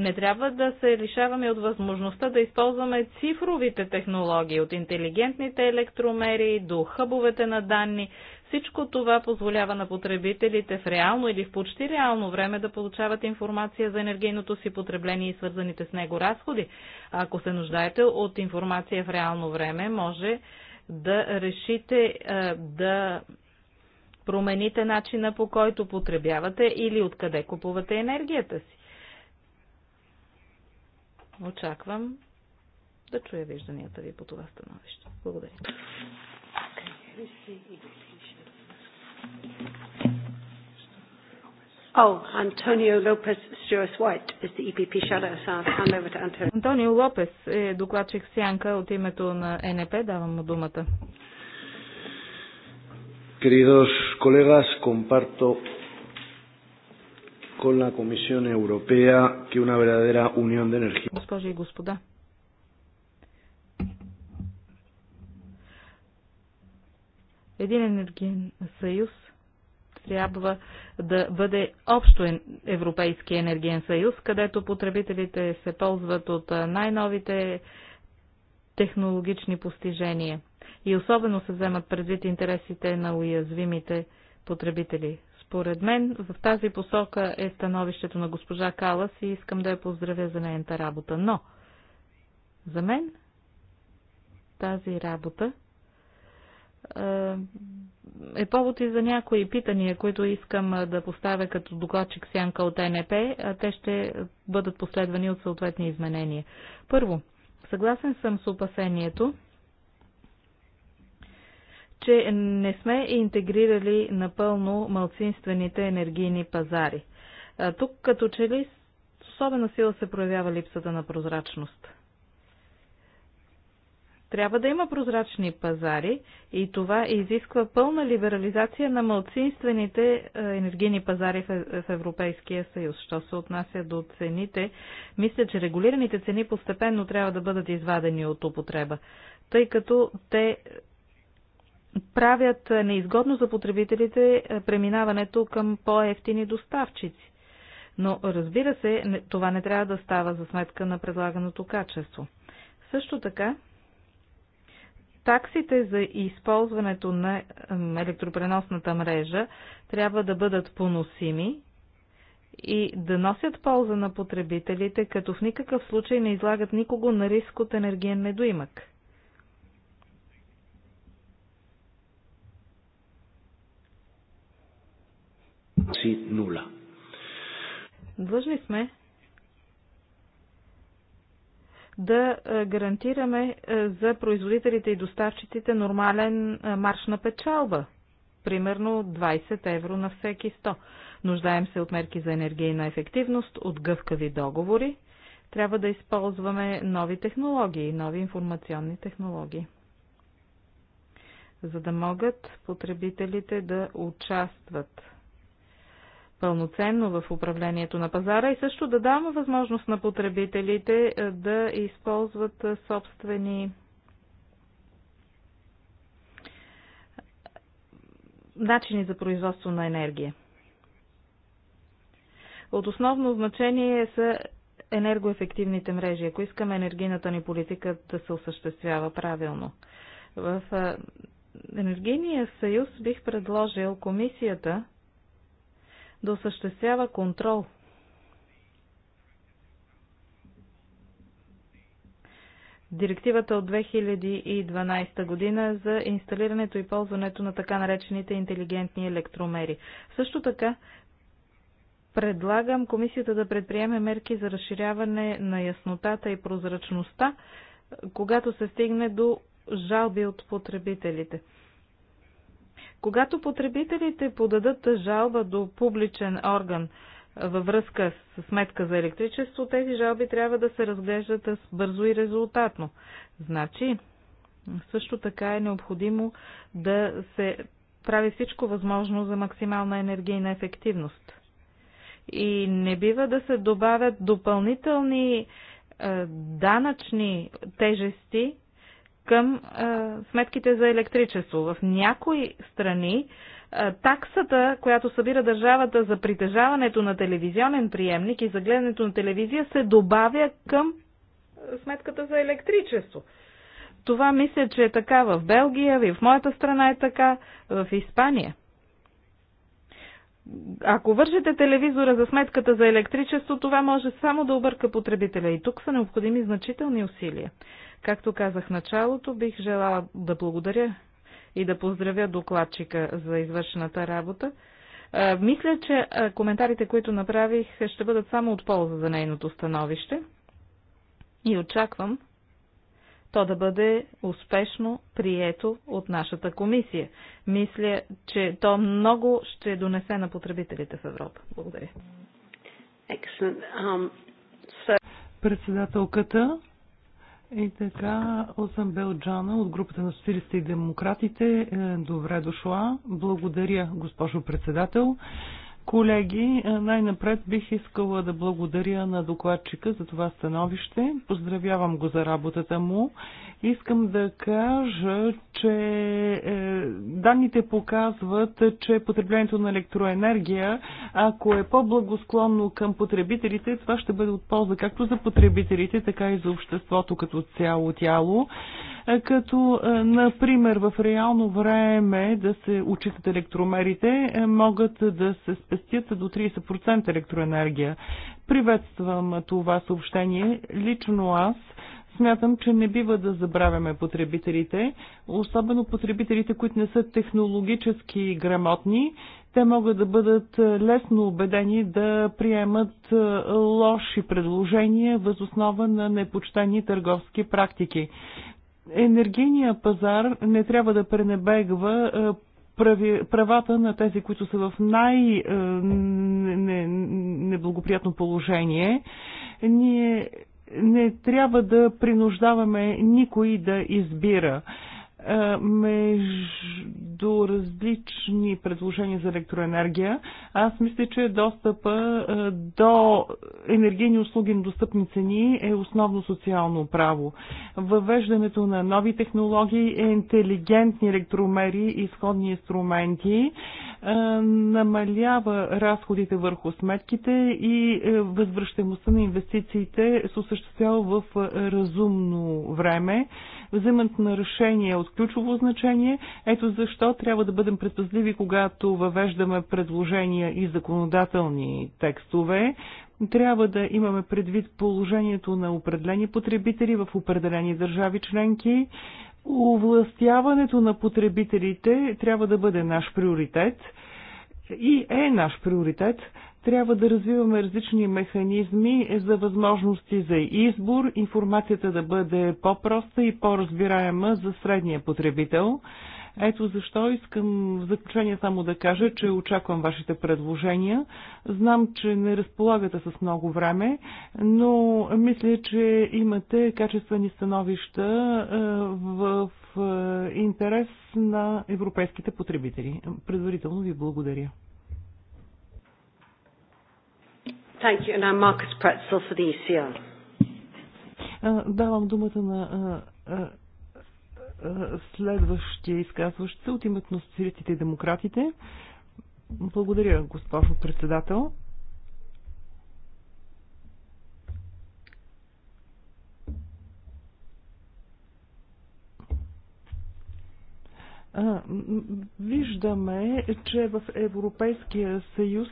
Не трябва да се лишаваме от възможността да използваме цифровите технологии, от интелигентните електромери до хъбовете на данни. Всичко това позволява на потребителите в реално или в почти реално време да получават информация за енергийното си потребление и свързаните с него разходи. А ако се нуждаете от информация в реално време, може да решите да промените начина по който потребявате или откъде купувате енергията си очаквам да чуя вижданията ви по това становище. Благодаря.
Антонио oh,
Лопес e е докладчик Сянка от името на НП. Давам му думата.
Queridos colegas,
comparto con la Comisión Europea que una verdadera unión de energía.
Госпожи и господа, един енергиен съюз трябва да бъде общо европейски енергиен съюз, където потребителите се ползват от най-новите технологични постижения и особено се вземат предвид интересите на уязвимите потребители. Според мен в тази посока е становището на госпожа Калас и искам да я поздравя за нейната работа. Но за мен тази работа е повод и за някои питания, които искам да поставя като докладчик сянка от НП, а те ще бъдат последвани от съответни изменения. Първо, съгласен съм с опасението, че не сме интегрирали напълно малцинствените енергийни пазари. Тук като че ли особена сила се проявява липсата на прозрачност. Трябва да има прозрачни пазари и това изисква пълна либерализация на малцинствените енергийни пазари в Европейския съюз. Що се отнася до цените, мисля, че регулираните цени постепенно трябва да бъдат извадени от употреба, тъй като те правят неизгодно за потребителите е, преминаването към по-ефтини доставчици. Но разбира се, това не трябва да става за сметка на предлаганото качество. Също така, таксите за използването на електропреносната мрежа трябва да бъдат поносими и да носят полза на потребителите, като в никакъв случай не излагат никого на риск от енергиен недоимък.
си нула.
Длъжни сме да е, гарантираме е, за производителите и доставчиците нормален е, марш на печалба. Примерно 20 евро на всеки 100. Нуждаем се от мерки за енергийна ефективност, от гъвкави договори. Трябва да използваме нови технологии, нови информационни технологии, за да могат потребителите да участват пълноценно в управлението на пазара и също да дам възможност на потребителите е, да използват е, собствени е, начини за производство на енергия. От основно значение са енергоефективните мрежи, ако искаме енергийната ни политика да се осъществява правилно. В Енергийния съюз бих предложил комисията да осъществява контрол. Директивата от 2012 година за инсталирането и ползването на така наречените интелигентни електромери. Също така предлагам комисията да предприеме мерки за разширяване на яснотата и прозрачността, когато се стигне до жалби от потребителите. Когато потребителите подадат жалба до публичен орган във връзка с сметка за електричество, тези жалби трябва да се разглеждат бързо и резултатно. Значи, също така е необходимо да се прави всичко възможно за максимална енергийна ефективност. И не бива да се добавят допълнителни данъчни тежести към е, сметките за електричество. В някои страни е, таксата, която събира държавата за притежаването на телевизионен приемник и за гледането на телевизия, се добавя към е, сметката за електричество. Това мисля, че е така в Белгия, и в моята страна е така, в Испания ако вържете телевизора за сметката за електричество, това може само да обърка потребителя. И тук са необходими значителни усилия. Както казах в началото, бих желала да благодаря и да поздравя докладчика за извършената работа. Мисля, че коментарите, които направих, ще бъдат само от полза за нейното становище. И очаквам то да бъде успешно прието от нашата комисия. Мисля, че то много ще донесе
на потребителите в Европа. Благодаря. Um, Председателката и така, Осъм Белджана от групата на социалистите и демократите, е, добре дошла. Благодаря, госпожо председател. Колеги, е, най-напред бих искала да благодаря на докладчика за това становище. Поздравявам го за работата му. Искам да кажа, че е, данните показват, че потреблението на електроенергия, ако е по-благосклонно към потребителите, това ще бъде от полза както за потребителите, така и за обществото като цяло тяло. Е, като е, например в реално време да се учитат електромерите, е, могат да се спестят до 30% електроенергия. Приветствам това съобщение. Лично аз смятам, че не бива да забравяме потребителите, особено потребителите, които не са технологически грамотни. Те могат да бъдат лесно убедени да приемат лоши предложения възоснова на непочтени търговски практики енергийния пазар не трябва да пренебегва е, правата на тези, които са в най-неблагоприятно е, положение. Ние не трябва да принуждаваме никой да избира. Е, между различни предложения за електроенергия. Аз мисля, че достъпа е, до енергийни услуги на достъпни цени е основно социално право. Въвеждането на нови технологии, интелигентни електромери и изходни инструменти намалява разходите върху сметките и е, възвръщаемостта на инвестициите се осъществява в е, разумно време. Вземането на решение е от ключово значение. Ето защо трябва да бъдем предпазливи, когато въвеждаме предложения и законодателни текстове, трябва да имаме предвид положението на определени потребители в определени държави членки. Овластяването на потребителите трябва да бъде наш приоритет и е наш приоритет. Трябва да развиваме различни механизми за възможности за избор, информацията да бъде по-проста и по-разбираема за средния потребител. Ето защо искам в заключение само да кажа, че очаквам вашите предложения. Знам, че не разполагате с много време, но мисля, че имате качествени становища е, в е, интерес на европейските потребители. Предварително ви благодаря.
Thank you. And I'm Marcus Pretzel for the ECR.
Е, давам думата на Следващия изказващ се от името на социалистите и демократите. Благодаря, госпожо председател. Виждаме, че в Европейския съюз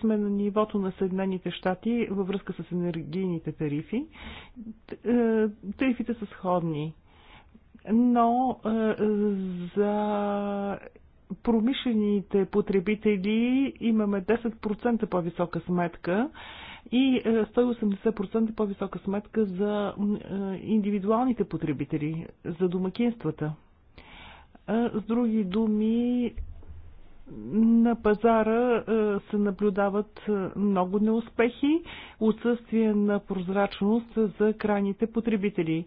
сме на нивото на Съединените щати във връзка с енергийните тарифи. Тарифите са сходни но е, за промишлените потребители имаме 10% по-висока сметка и 180% е, по-висока сметка за е, индивидуалните потребители, за домакинствата. С други думи, на пазара се наблюдават много неуспехи, отсъствие на прозрачност за крайните потребители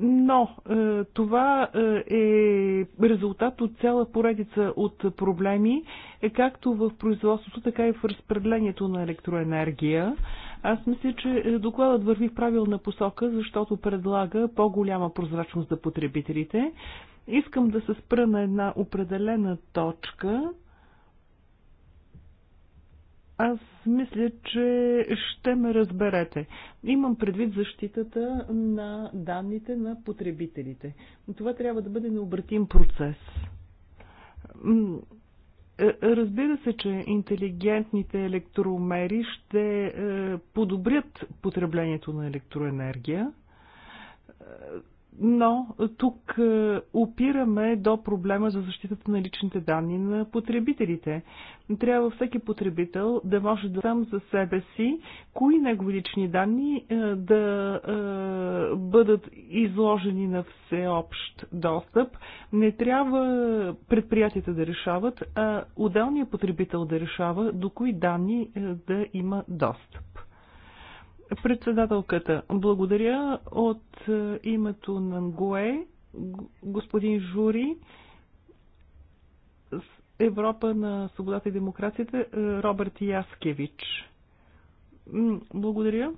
но е, това е, е резултат от цяла поредица от проблеми, е както в производството, така и в разпределението на електроенергия. Аз мисля, че докладът върви в правилна посока, защото предлага по-голяма прозрачност за потребителите. Искам да се спра на една определена точка аз мисля, че ще ме разберете. Имам предвид защитата на данните на потребителите. Това трябва да бъде необратим процес. Е, разбира се, че интелигентните електромери ще е, подобрят потреблението на електроенергия. Е, но тук е, опираме до проблема за защитата на личните данни на потребителите. Трябва всеки потребител да може да сам за себе си, кои негови лични данни е, да е, бъдат изложени на всеобщ достъп. Не трябва предприятията да решават, а отделният потребител да решава до кои данни да има достъп. Председателката, благодаря от е, името на НГОЕ, господин Жури, Европа на свободата и демокрацията, е, Робърт Яскевич. Благодаря.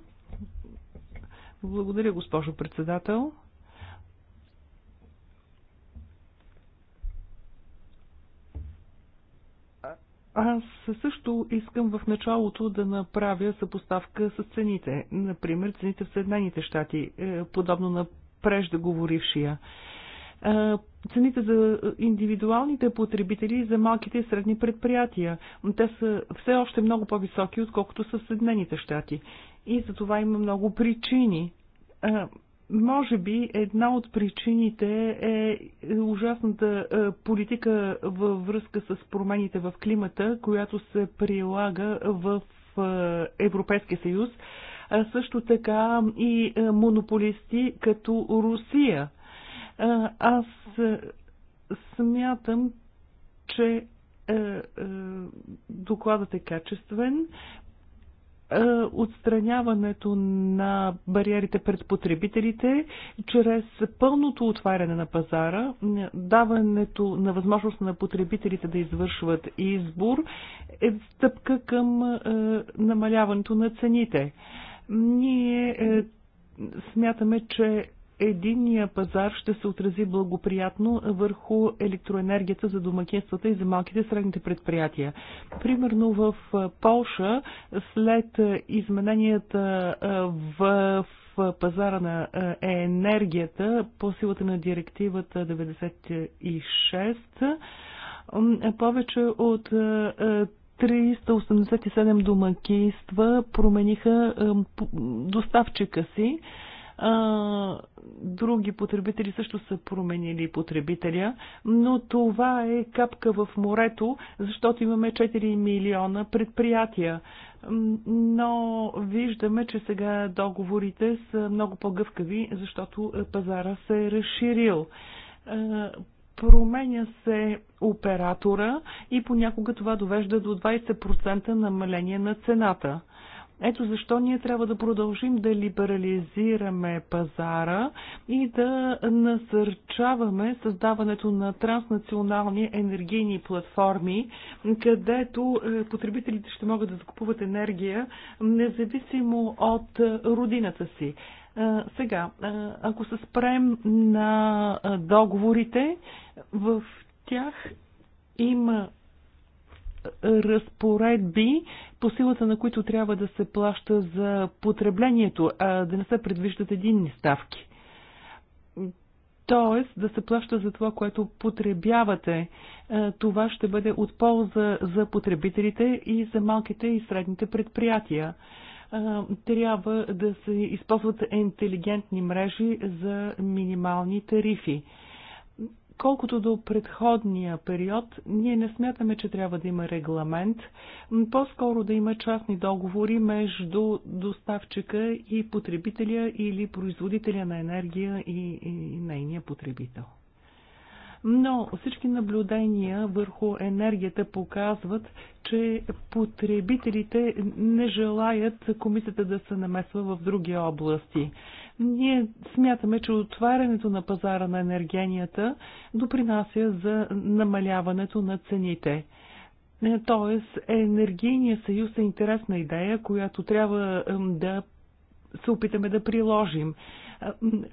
Благодаря, госпожо председател. Аз също искам в началото да направя съпоставка с цените. Например, цените в Съединените щати, е, подобно на преждеговорившия. Е, цените за индивидуалните потребители и за малките и средни предприятия. Те са все още много по-високи, отколкото са в Съединените щати. И за това има много причини е, може би една от причините е ужасната е, политика във връзка с промените в климата, която се прилага в е, Европейския съюз, а също така и е, монополисти като Русия. Аз смятам, че докладът е качествен, е, отстраняването на бариерите пред потребителите чрез пълното отваряне на пазара, даването на възможност на потребителите да извършват избор е стъпка към е, намаляването на цените. Ние е, смятаме, че единния пазар ще се отрази благоприятно върху електроенергията за домакинствата и за малките и средните предприятия. Примерно в Полша след измененията в пазара на енергията по силата на директивата 96 повече от 387 домакинства промениха доставчика си а, други потребители също са променили потребителя, но това е капка в морето, защото имаме 4 милиона предприятия. Но виждаме, че сега договорите са много по-гъвкави, защото е, пазара се е разширил е, променя се оператора и понякога това довежда до 20% намаление на цената. Ето защо ние трябва да продължим да либерализираме пазара и да насърчаваме създаването на транснационални енергийни платформи, където е, потребителите ще могат да закупуват енергия независимо от родината си. Е, сега, е, ако се спрем на договорите, в тях има разпоредби, по силата на които трябва да се плаща за потреблението, а да не се предвиждат единни ставки. Тоест да се плаща за това, което потребявате. Това ще бъде от полза за потребителите и за малките и средните предприятия трябва да се използват интелигентни мрежи за минимални тарифи. Колкото до предходния период, ние не смятаме, че трябва да има регламент, по-скоро да има частни договори между доставчика и потребителя или производителя на енергия и, и, и нейния потребител. Но всички наблюдения върху енергията показват, че потребителите не желаят комисията да се намесва в други области. Ние смятаме, че отварянето на пазара на енергенията допринася за намаляването на цените. Е, тоест, енергийният съюз е интересна идея, която трябва да се опитаме да приложим. Е,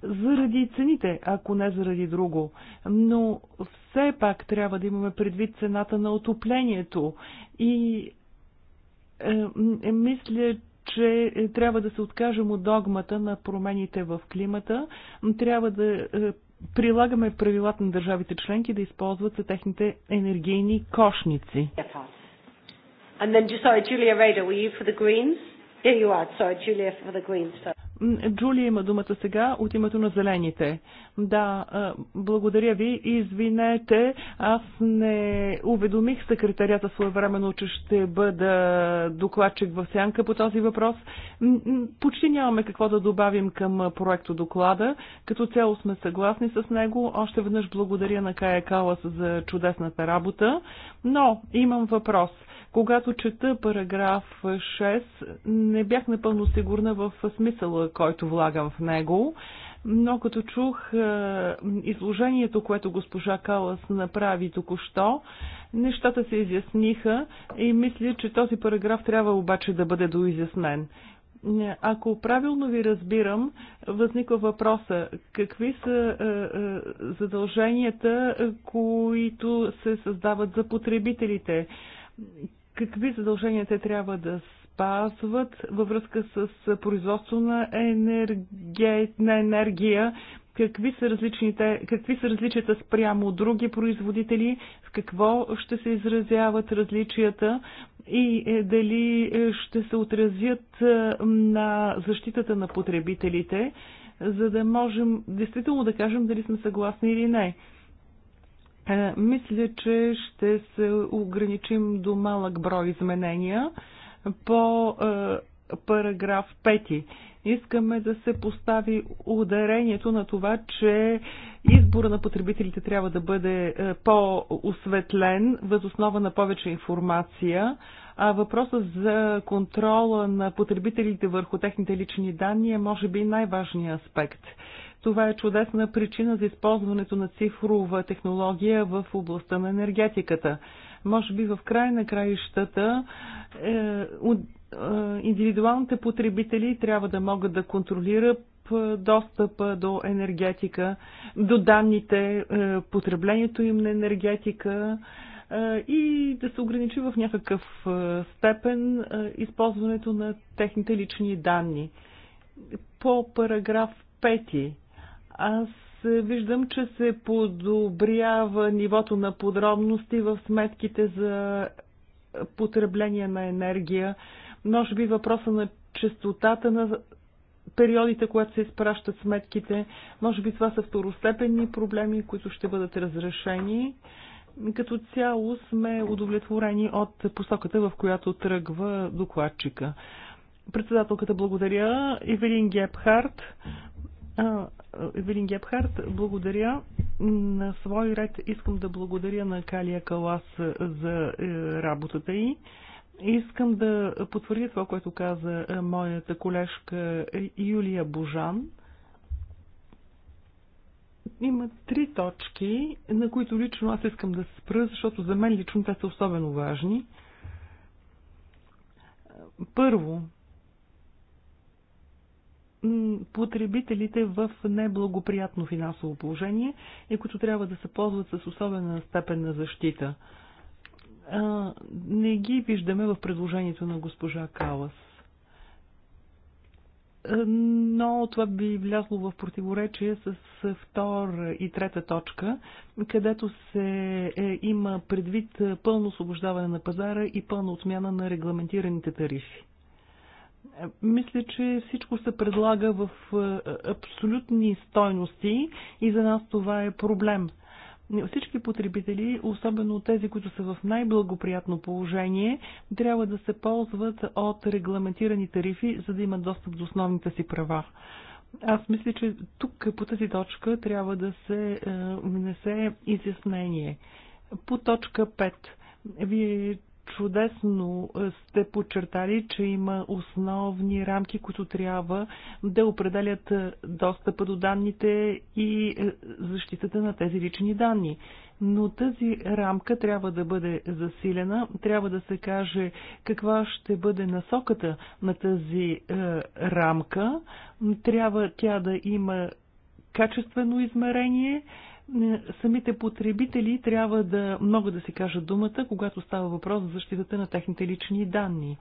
заради цените, ако не заради друго. Но все пак трябва да имаме предвид цената на отоплението. И е, мисля, че трябва да се откажем от догмата на промените в климата, трябва да е, прилагаме правилата на държавите членки да използват за техните енергийни кошници.
And then, sorry, Julia Rader, were you for the Greens? Here you are, sorry, Julia for the
Greens. First. Джулия има думата сега от името на зелените. Да, благодаря ви. Извинете, аз не уведомих секретарята своевременно, че ще бъда докладчик в сянка по този въпрос. Почти нямаме какво да добавим към проекто доклада. Като цяло сме съгласни с него. Още веднъж благодаря на Кая Калас за чудесната работа. Но имам въпрос. Когато чета параграф 6, не бях напълно сигурна в смисъла който влагам в него. Но като чух е, изложението, което госпожа Калас направи току-що, нещата се изясниха и мисля, че този параграф трябва обаче да бъде доизяснен. Е, ако правилно ви разбирам, възниква въпроса какви са е, задълженията, които се създават за потребителите? Какви задължения те трябва да спазват във връзка с производство на, енергия, на енергия, какви са, различните, какви са различията спрямо други производители, в какво ще се изразяват различията и е, дали е, ще се отразят е, на защитата на потребителите, за да можем действително да кажем дали сме съгласни или не. Мисля, че ще се ограничим до малък брой изменения по е, параграф 5. Искаме да се постави ударението на това, че избора на потребителите трябва да бъде е, по-осветлен, възоснова на повече информация. А въпросът за контрола на потребителите върху техните лични данни е може би най-важният аспект. Това е чудесна причина за използването на цифрова технология в областта на енергетиката. Може би в край на краищата е, от, е, индивидуалните потребители трябва да могат да контролират е, достъпа до енергетика, до данните, е, потреблението им на енергетика е, и да се ограничи в някакъв е, степен използването на техните лични данни. По параграф 5 аз виждам, че се подобрява нивото на подробности в сметките за потребление на енергия. Може би въпроса на частотата на периодите, когато се изпращат сметките. Може би това са второстепенни проблеми, които ще бъдат разрешени. Като цяло сме удовлетворени от посоката, в която тръгва докладчика. Председателката благодаря. Евелин Гепхарт. Евелин Гепхарт, благодаря. На свой ред искам да благодаря на Калия Калас за е, работата й. Искам да потвърдя това, което каза е, моята колежка е, Юлия Божан. Има три точки, на които лично аз искам да се спра, защото за мен лично те са особено важни. Първо, потребителите в неблагоприятно финансово положение и които трябва да се ползват с особена степен на защита. Не ги виждаме в предложението на госпожа Калас. Но това би влязло в противоречие с втора и трета точка, където се е, има предвид пълно освобождаване на пазара и пълна отмяна на регламентираните тарифи. Мисля, че всичко се предлага в е, абсолютни стойности и за нас това е проблем. Всички потребители, особено тези, които са в най-благоприятно положение, трябва да се ползват от регламентирани тарифи, за да имат достъп до основните си права. Аз мисля, че тук по тази точка трябва да се е, внесе изяснение. По точка 5. Вие чудесно е, сте подчертали, че има основни рамки, които трябва да определят е, достъпа до данните и е, защитата на тези лични данни. Но тази рамка трябва да бъде засилена, трябва да се каже каква ще бъде насоката на тази е, рамка, трябва тя да има качествено измерение, самите потребители трябва да много да си кажат думата, когато става въпрос за защитата на техните лични данни.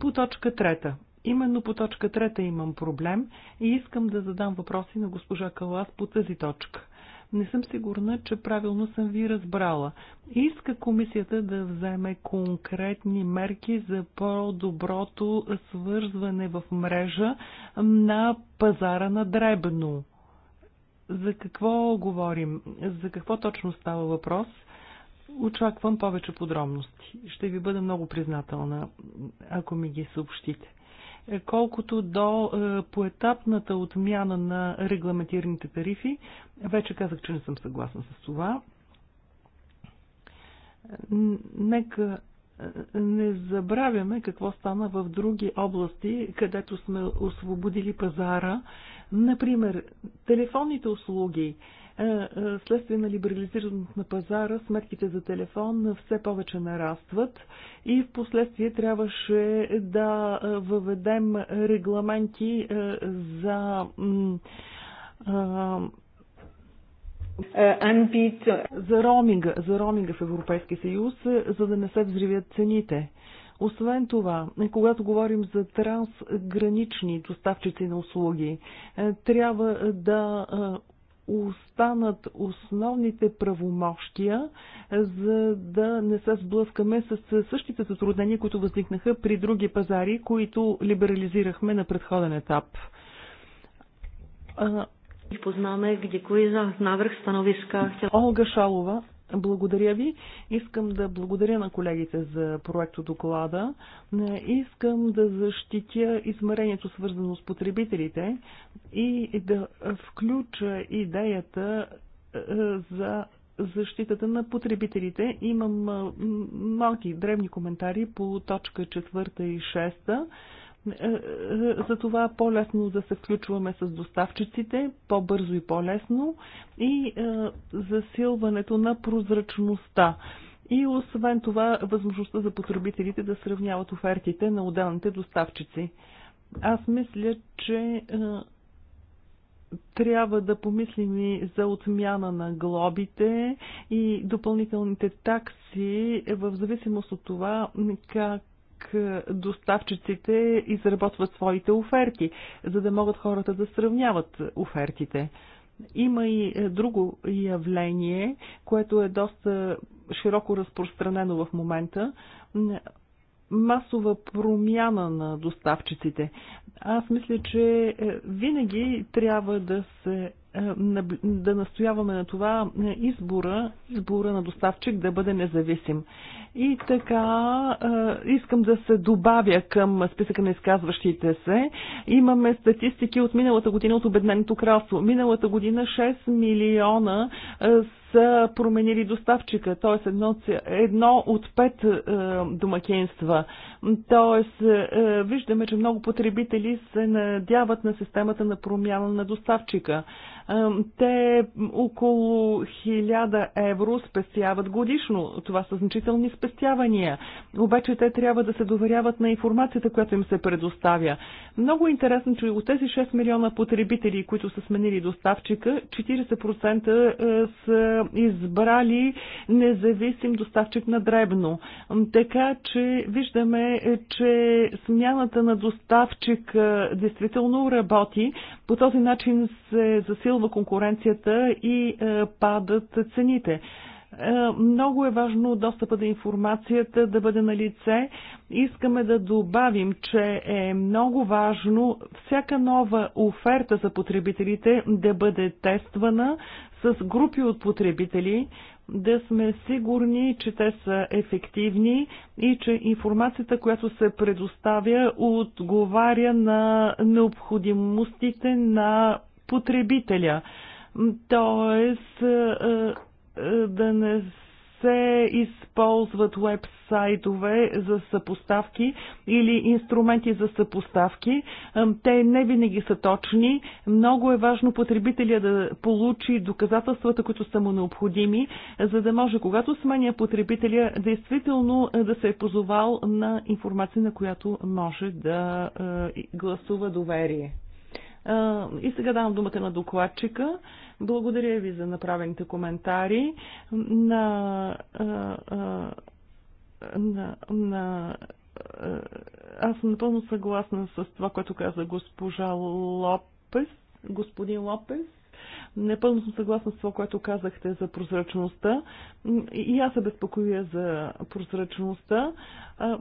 По точка трета. Именно по точка трета имам проблем и искам да задам въпроси на госпожа Калас по тази точка. Не съм сигурна, че правилно съм ви разбрала. Иска комисията да вземе конкретни мерки за по-доброто свързване в мрежа на пазара на дребно за какво говорим, за какво точно става въпрос. Очаквам повече подробности. Ще ви бъда много признателна, ако ми ги съобщите. Е, колкото до е, поетапната отмяна на регламентираните тарифи, вече казах, че не съм съгласна с това. Нека е, не забравяме какво стана в други области, където сме освободили пазара Например, телефонните услуги. Е, е, следствие на либерализирането на пазара, сметките за телефон все повече нарастват и в последствие трябваше да е, въведем регламенти за за роминга, за роминга в Европейския съюз, за да не се взривят цените. Освен това, когато говорим за трансгранични доставчици на услуги, е, трябва да е, останат основните правомощия, е, за да не се сблъскаме с същите затруднения, които възникнаха при други пазари, които либерализирахме на предходен етап. Познаме, кои за навръх становиска. Олга Шалова, благодаря ви. Искам да благодаря на колегите за проекто доклада. Искам да защитя измерението свързано с потребителите и да включа идеята е, за защитата на потребителите. Имам малки древни коментари по точка 4 и 6. Е, е, за това по-лесно да се включваме с доставчиците, по-бързо и по-лесно и е, засилването на прозрачността. И освен това, възможността за потребителите да сравняват офертите на отделните доставчици. Аз мисля, че трябва да помислим и за отмяна на глобите и допълнителните такси, в зависимост от това как доставчиците изработват своите оферти, за да могат хората да сравняват офертите. Има и е, друго явление, което е доста широко разпространено в момента масова промяна на доставчиците. Аз мисля, че е, винаги трябва да се е, да настояваме на това е, избора, избора на доставчик да бъде независим. И така, е, искам да се добавя към списъка на изказващите се. Имаме статистики от миналата година от Обедненото кралство. Миналата година 6 милиона са променили доставчика, т.е. Едно, едно от пет е, домакинства. Тоест, е, е, виждаме, че много потребители се надяват на системата на промяна на доставчика. Е, те около 1000 евро спестяват годишно. Това са значителни спестявания. Обаче те трябва да се доверяват на информацията, която им се предоставя. Много е интересно, че от тези 6 милиона потребители, които са сменили доставчика, 40% са избрали независим доставчик на дребно. Така че виждаме е, че смяната на доставчик действително работи. По този начин се засилва конкуренцията и е, падат цените. Е, много е важно достъпа до информацията да бъде на лице. Искаме да добавим, че е много важно всяка нова оферта за потребителите да бъде тествана с групи от потребители, да сме сигурни, че те са ефективни и че информацията, която се предоставя, отговаря на необходимостите на потребителя. Тоест, е, е, да не се използват вебсайтове за съпоставки или инструменти за съпоставки. Те не винаги са точни. Много е важно потребителя да получи доказателствата, които са му необходими, за да може, когато сменя потребителя, действително да се е позовал на информация, на която може да гласува доверие. И сега давам думата на докладчика. Благодаря ви за направените коментари. На, на, на аз съм напълно съгласна с това, което каза госпожа Лопес, господин Лопес. Непълно съм съгласна с това, което казахте за прозрачността. И аз се безпокоя за прозрачността.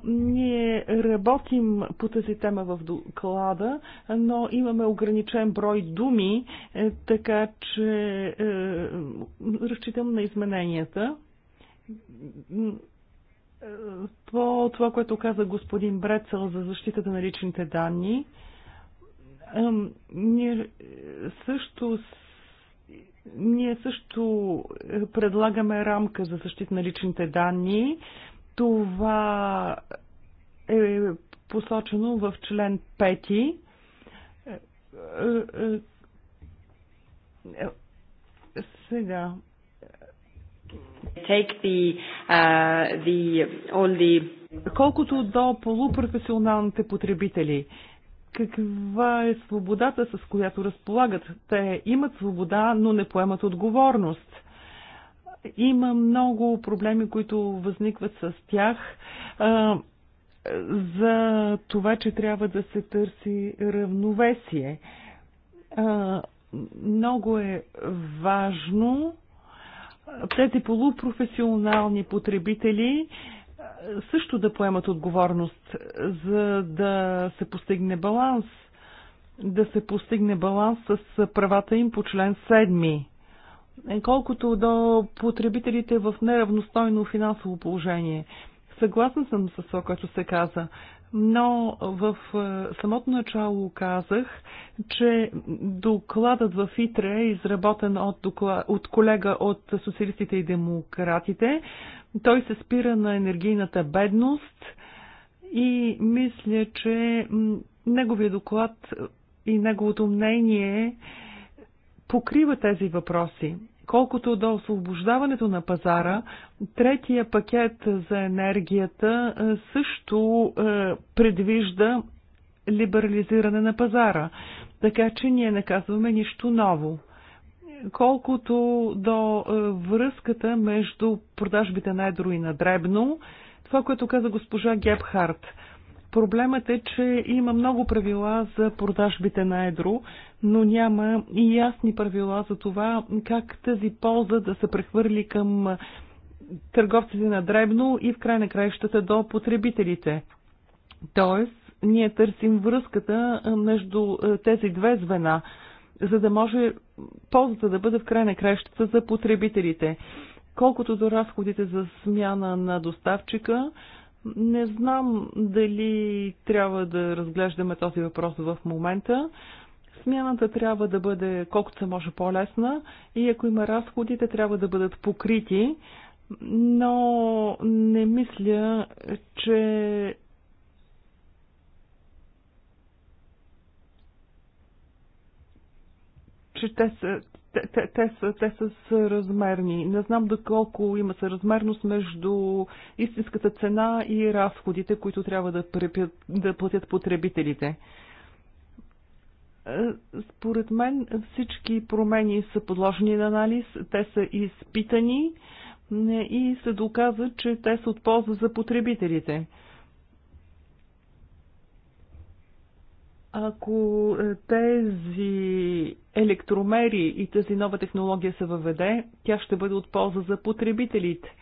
Ние работим по тази тема в доклада, но имаме ограничен брой думи, е, така че е, разчитам на измененията по това, което каза господин Брецел за защитата на личните данни, ние също ние също е, предлагаме рамка за защита на личните данни. Това е посочено в член 5 е, е, сега. Take the, uh, the, all the... Колкото до полупрофесионалните потребители, каква е свободата, с която разполагат. Те имат свобода, но не поемат отговорност. Има много проблеми, които възникват с тях за това, че трябва да се търси равновесие. Много е важно тези полупрофесионални потребители също да поемат отговорност, за да се постигне баланс, да се постигне баланс с правата им по член 7. Колкото до потребителите в неравностойно финансово положение. Съгласна съм с това, което се каза, но в е, самото начало казах, че докладът в ИТРЕ е изработен от, доклад, от колега от социалистите и демократите. Той се спира на енергийната бедност и мисля, че неговия доклад и неговото мнение покрива тези въпроси. Колкото до освобождаването на пазара, третия пакет за енергията е, също е, предвижда либерализиране на пазара, така че ние не казваме нищо ново. Колкото до е, връзката между продажбите на едро и на дребно, това, което каза госпожа Гебхарт, проблемът е, че има много правила за продажбите на едро, но няма и ясни правила за това как тази полза да се прехвърли към е, търговците на дребно и в край на краищата до потребителите. Тоест, ние търсим връзката е, между тези две звена – за да може ползата да бъде в край на краищата за потребителите. Колкото до разходите за смяна на доставчика, не знам дали трябва да разглеждаме този въпрос в момента. Смяната трябва да бъде колкото се може по-лесна и ако има разходите, трябва да бъдат покрити, но не мисля, че че те са, те, те, те, са, те са съразмерни. Не знам доколко има съразмерност между истинската цена и разходите, които трябва да, препят, да платят потребителите. Е, според мен всички промени са подложени на анализ, те са изпитани е, и се доказва, че те са от полза за потребителите. Ако е, тези електромери и тази нова технология се въведе, тя ще бъде от полза за потребителите.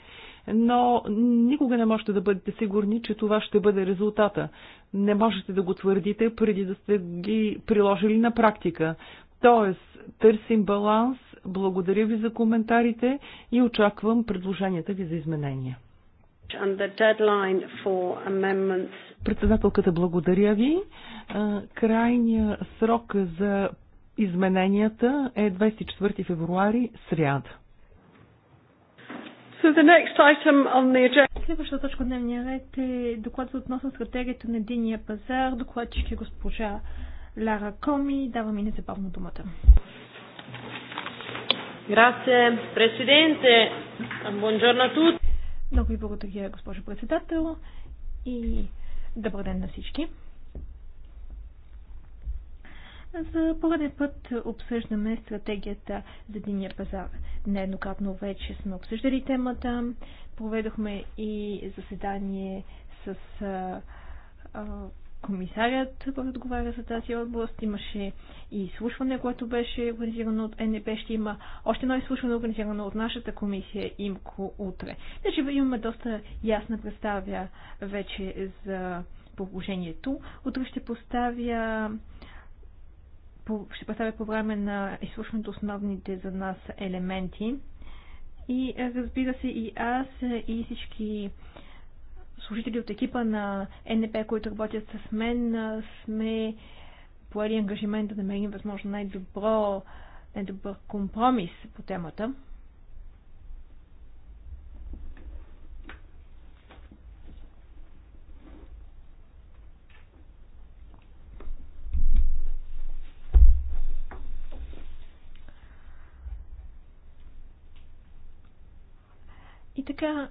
Но никога не можете да бъдете сигурни, че това ще бъде резултата. Не можете да го твърдите преди да сте ги приложили на практика. Тоест, търсим баланс. Благодаря ви за коментарите и очаквам предложенията ви за изменения. Председателката, благодаря ви. Крайният срок за измененията е 24 февруари, сряда. Следващата точка от дневния ред е
доклад относно стратегията на единия пазар. Докладчик е госпожа Лара Коми. Давам и незабавно думата. Grazie
президенте.
buongiorno тут.
Много ви благодаря, госпожо председател и добър ден на всички. За пореден път обсъждаме стратегията за единия пазар. Нееднократно вече сме обсъждали темата. Проведохме и заседание с а, а, комисарят отговаря за тази област. Имаше и изслушване, което беше организирано от НП. Ще има още едно изслушване, организирано от нашата комисия ИМКО утре. Значи имаме доста ясна представя вече за положението. Утре ще поставя ще представя по време на изслушването основните за нас елементи. И разбира се и аз и всички служители от екипа на НП, които работят с мен, сме поели ангажимент да намерим възможно най-добро, най-добър компромис по темата. И така,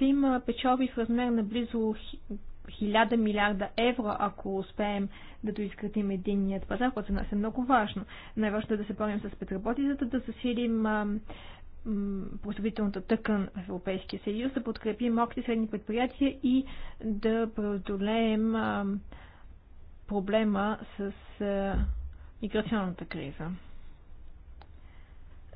ще има печалби в размер на близо 1000 милиарда евро, ако успеем да доизградим единният пазар, което за нас е много важно. Най-важно е да се борим с петработицата, да засилим производителната тъкан в Европейския съюз, да подкрепим малките средни предприятия и да преодолеем проблема с миграционната криза.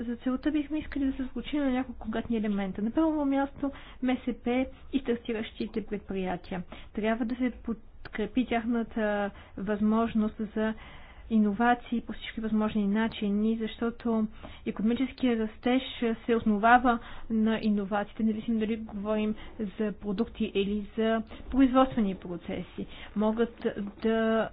За целта бихме искали да се случи на няколко конкретни елемента. На първо място МСП и стартиращите предприятия. Трябва да се подкрепи тяхната възможност за иновации по всички възможни начини, защото економическия растеж се основава на иновациите, независимо дали говорим за продукти или за производствени процеси. Могат да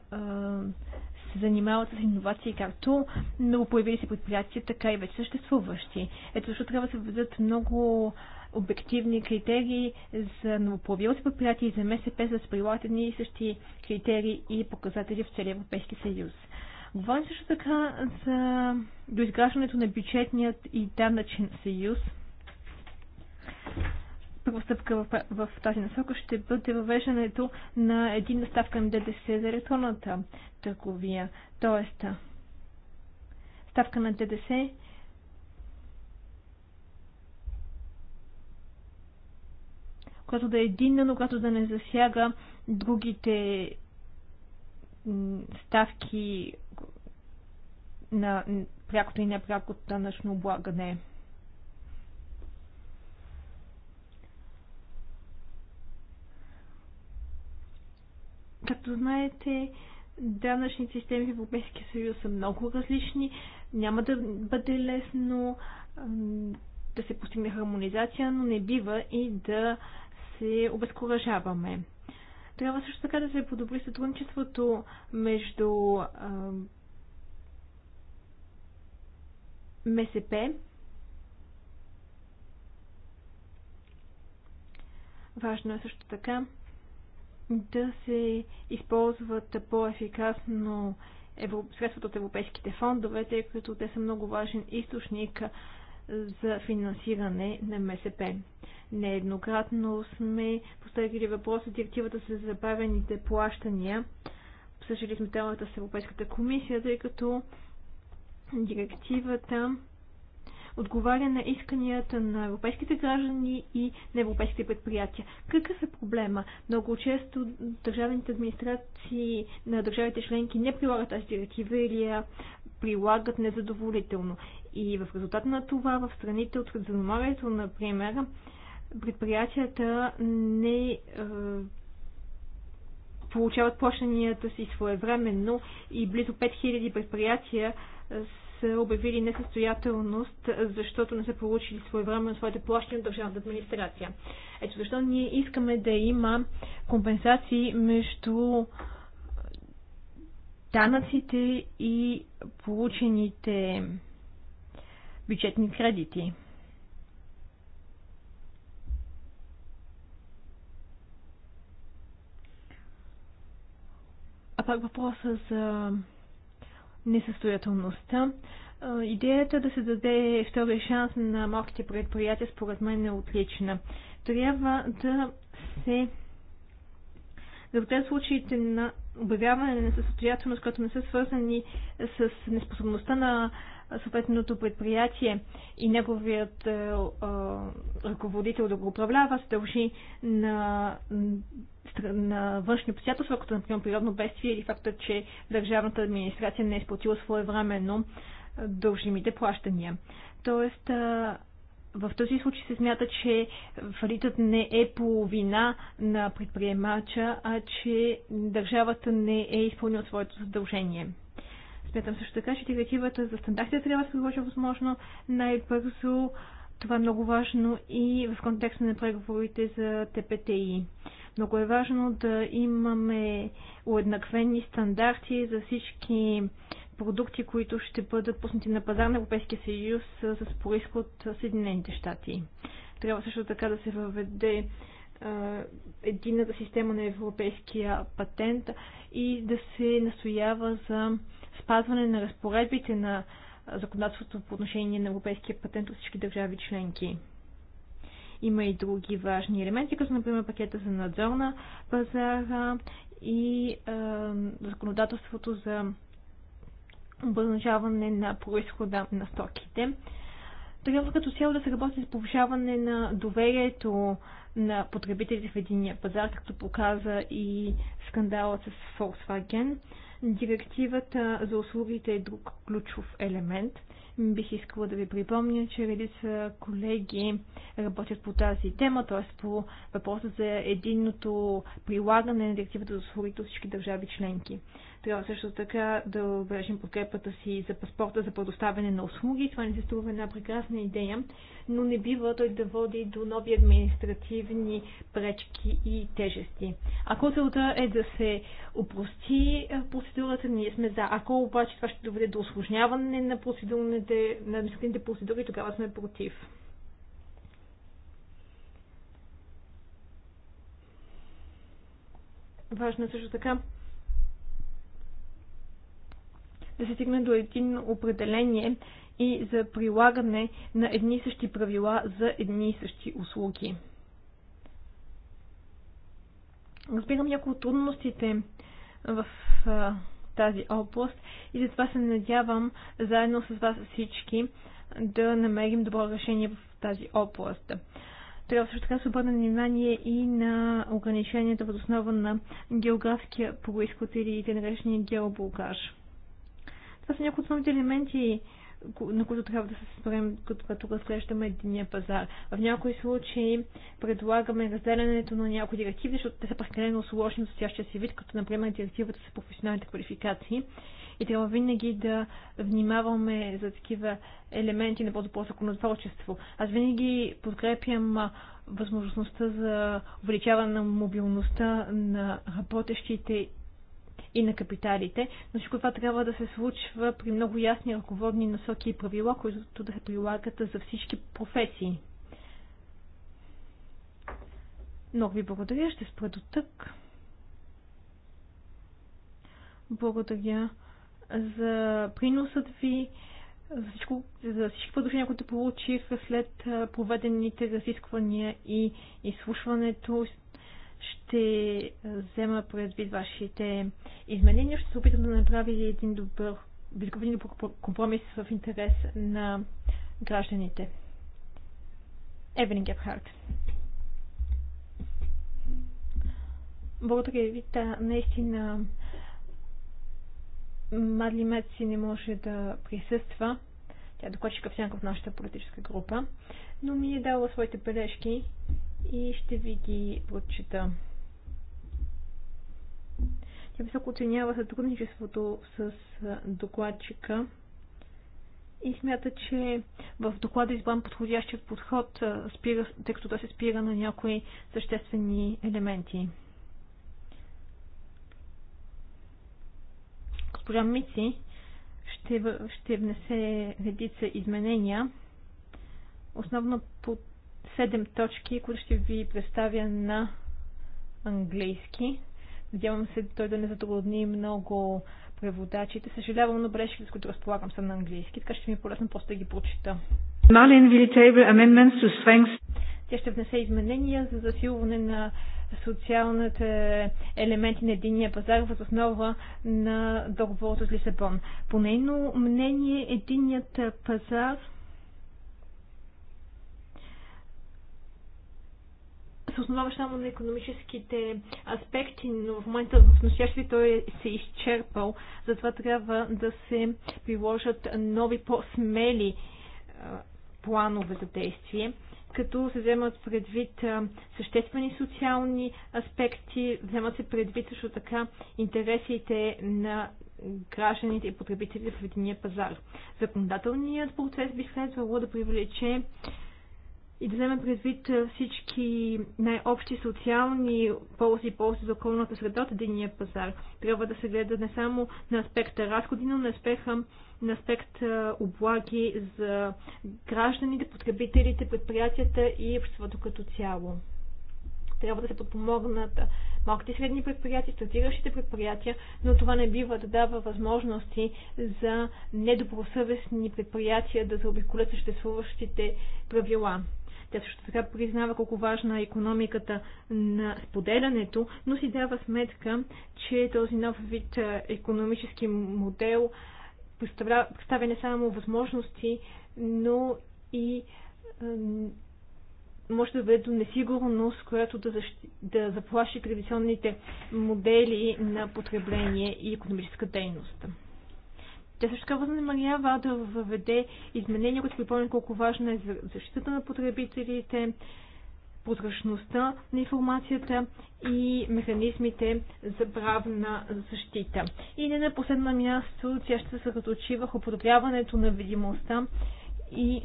се занимават с иновации както новопоявили се предприятия, така и вече съществуващи. Ето защо трябва да се въведат много обективни критерии за новоплавило се предприятия и за МСП, за да се прилагат едни и същи критерии и показатели в целия Европейски съюз. Говорим също така за доизграждането на бюджетният и данъчен съюз първа стъпка в, в тази насока ще бъде въвеждането на един ставка на ДДС за електронната търговия. Тоест, ставка на ДДС която да е единна, но която да не засяга другите ставки на прякото и непрякото данъчно облагане. Като знаете, данъчните системи в Европейския съюз са много различни. Няма да бъде лесно да се постигне хармонизация, но не бива и да се обезкуражаваме. Трябва също така да се подобри сътрудничеството между МСП. Важно е също така да се използват по-ефикасно средствата от европейските фондове, тъй като те са много важен източник за финансиране на МСП. Нееднократно сме поставили въпроса директивата за забавените плащания. Обсъждали сме темата с Европейската комисия, тъй като директивата отговаря на исканията на европейските граждани и на европейските предприятия. Какъв е проблема? Много често държавните администрации на държавите членки не прилагат тази директива или я прилагат незадоволително. И в резултат на това в страните от Средиземноморието, например, предприятията не е, получават плащанията си своевременно и близо 5000 предприятия са обявили несъстоятелност, защото не са получили своевременно своите плащания от държавната администрация. Ето защо ние искаме да има компенсации между данъците и получените бюджетни кредити. А пак въпроса за несъстоятелността. Идеята да се даде втория шанс на малките предприятия според мен е отлична. Трябва да се въведем случаите на обявяване на състоятелност, които не са свързани с неспособността на съответното предприятие и неговият е, ръководител да го управлява, се дължи на, на външни обстоятелства, като например природно бедствие или факта, че държавната администрация не е изплатила своевременно дължимите плащания. Тоест, в този случай се смята, че фалитът не е половина на предприемача, а че държавата не е изпълнила своето задължение. Смятам също така, че директивата за стандартите трябва да се приложи възможно най-бързо. Това е много важно и в контекста на преговорите за ТПТИ. Много е важно да имаме уеднаквени стандарти за всички продукти, които ще бъдат пуснати на пазар на Европейския съюз с происход Съединените щати. Трябва също така да се въведе единната система на европейския патент и да се настоява за спазване на разпоредбите на законодателството по отношение на европейския патент от всички държави членки. Има и други важни елементи, като например пакета за надзор на пазара и е, законодателството за обозначаване на происхода на стоките. Трябва като цяло да се работи с повишаване на доверието на потребителите в единия пазар, както показа и скандалът с Volkswagen. Директивата за услугите е друг ключов елемент. Бих искала да ви припомня, че редица колеги работят по тази тема, т.е. по въпроса за единното прилагане на директивата за услугите от всички държави членки. Трябва също така да обрежем подкрепата си за паспорта за предоставяне на услуги. Това не се струва една прекрасна идея, но не бива той да води до нови административни пречки и тежести. Ако целта е да се опрости е, процедурата, ние сме за. Ако обаче това ще доведе до осложняване на, процедурните, на административните процедури, тогава сме против. Важно е също така да се стигне до един определение и за прилагане на едни и същи правила за едни и същи услуги. Разбирам няколко трудностите в а, тази област и затова се надявам заедно с вас всички да намерим добро решение в тази област. Трябва също така да се обърна внимание и на ограниченията в основа на географския происход или те наречения геоблокаж. Това са някои основните елементи, на които трябва да се спрем, като разглеждаме единия пазар. В някои случаи предлагаме разделянето на някои директиви, защото те са прекалено сложни за стоящия си вид, като например директивата с професионалните квалификации. И трябва винаги да внимаваме за такива елементи на по-добро законотворчество. Аз винаги подкрепям възможността за увеличаване на мобилността на работещите и на капиталите, но всичко това трябва да се случва при много ясни ръководни насоки и правила, които да се прилагат за всички професии. Много ви благодаря, ще спра до тък. Благодаря за приносът ви, за, всичко, за всички предложения, които получих след проведените разисквания и изслушването ще взема предвид вашите изменения. Ще се опитам да направя един добър, един компромис в интерес на гражданите. Евелин Гепхарт. Благодаря ви. Та, наистина Мадли Меци не може да присъства. Тя е докладчика в някаква в нашата политическа група, но ми е дала своите бележки и ще ви ги прочита. Тя високо оценява сътрудничеството с докладчика и смята, че в доклада е избран подходящият подход, спира, тъй като той се спира на някои съществени елементи. Госпожа Мици ще, ще внесе редица изменения, основно под седем точки, които ще ви представя на английски. Надявам се той да не затрудни много преводачите. Съжалявам, но брешките, с които разполагам, са на английски, така ще ми е полезно просто да ги прочита. Тя ще внесе изменения за засилване на социалните елементи на единия пазар въз основа на договорът от Лисабон. По нейно мнение, единият пазар основаваш основава само на економическите аспекти, но в момента в настоящи той е, се е изчерпал, затова трябва да се приложат нови, по-смели планове за действие, като се вземат предвид съществени социални аспекти, вземат се предвид също така интересите на гражданите и потребителите в единия пазар. Законодателният процес би следвало да привлече и да вземем предвид всички най-общи социални ползи и ползи за околната среда от единия пазар. Трябва да се гледа не само на аспекта разходи, но на, аспекта, на аспекта облаги за гражданите, потребителите, предприятията и обществото като цяло. Трябва да се подпомогнат малките и средни предприятия, стартиращите предприятия, но това не бива да дава възможности за недобросъвестни предприятия да заобиколят съществуващите правила. Тя също така признава колко важна е економиката на споделянето, но си дава сметка, че този нов вид економически модел представя не само възможности, но и е, може да доведе до несигурност, която да, защи, да заплаши традиционните модели на потребление и економическа дейност. Тя също така възнамерява да въведе изменения, които припомня колко важна е за защитата на потребителите, прозрачността на информацията и механизмите за правна защита. И не на последно място тя ще се разочи върху подобряването на видимостта и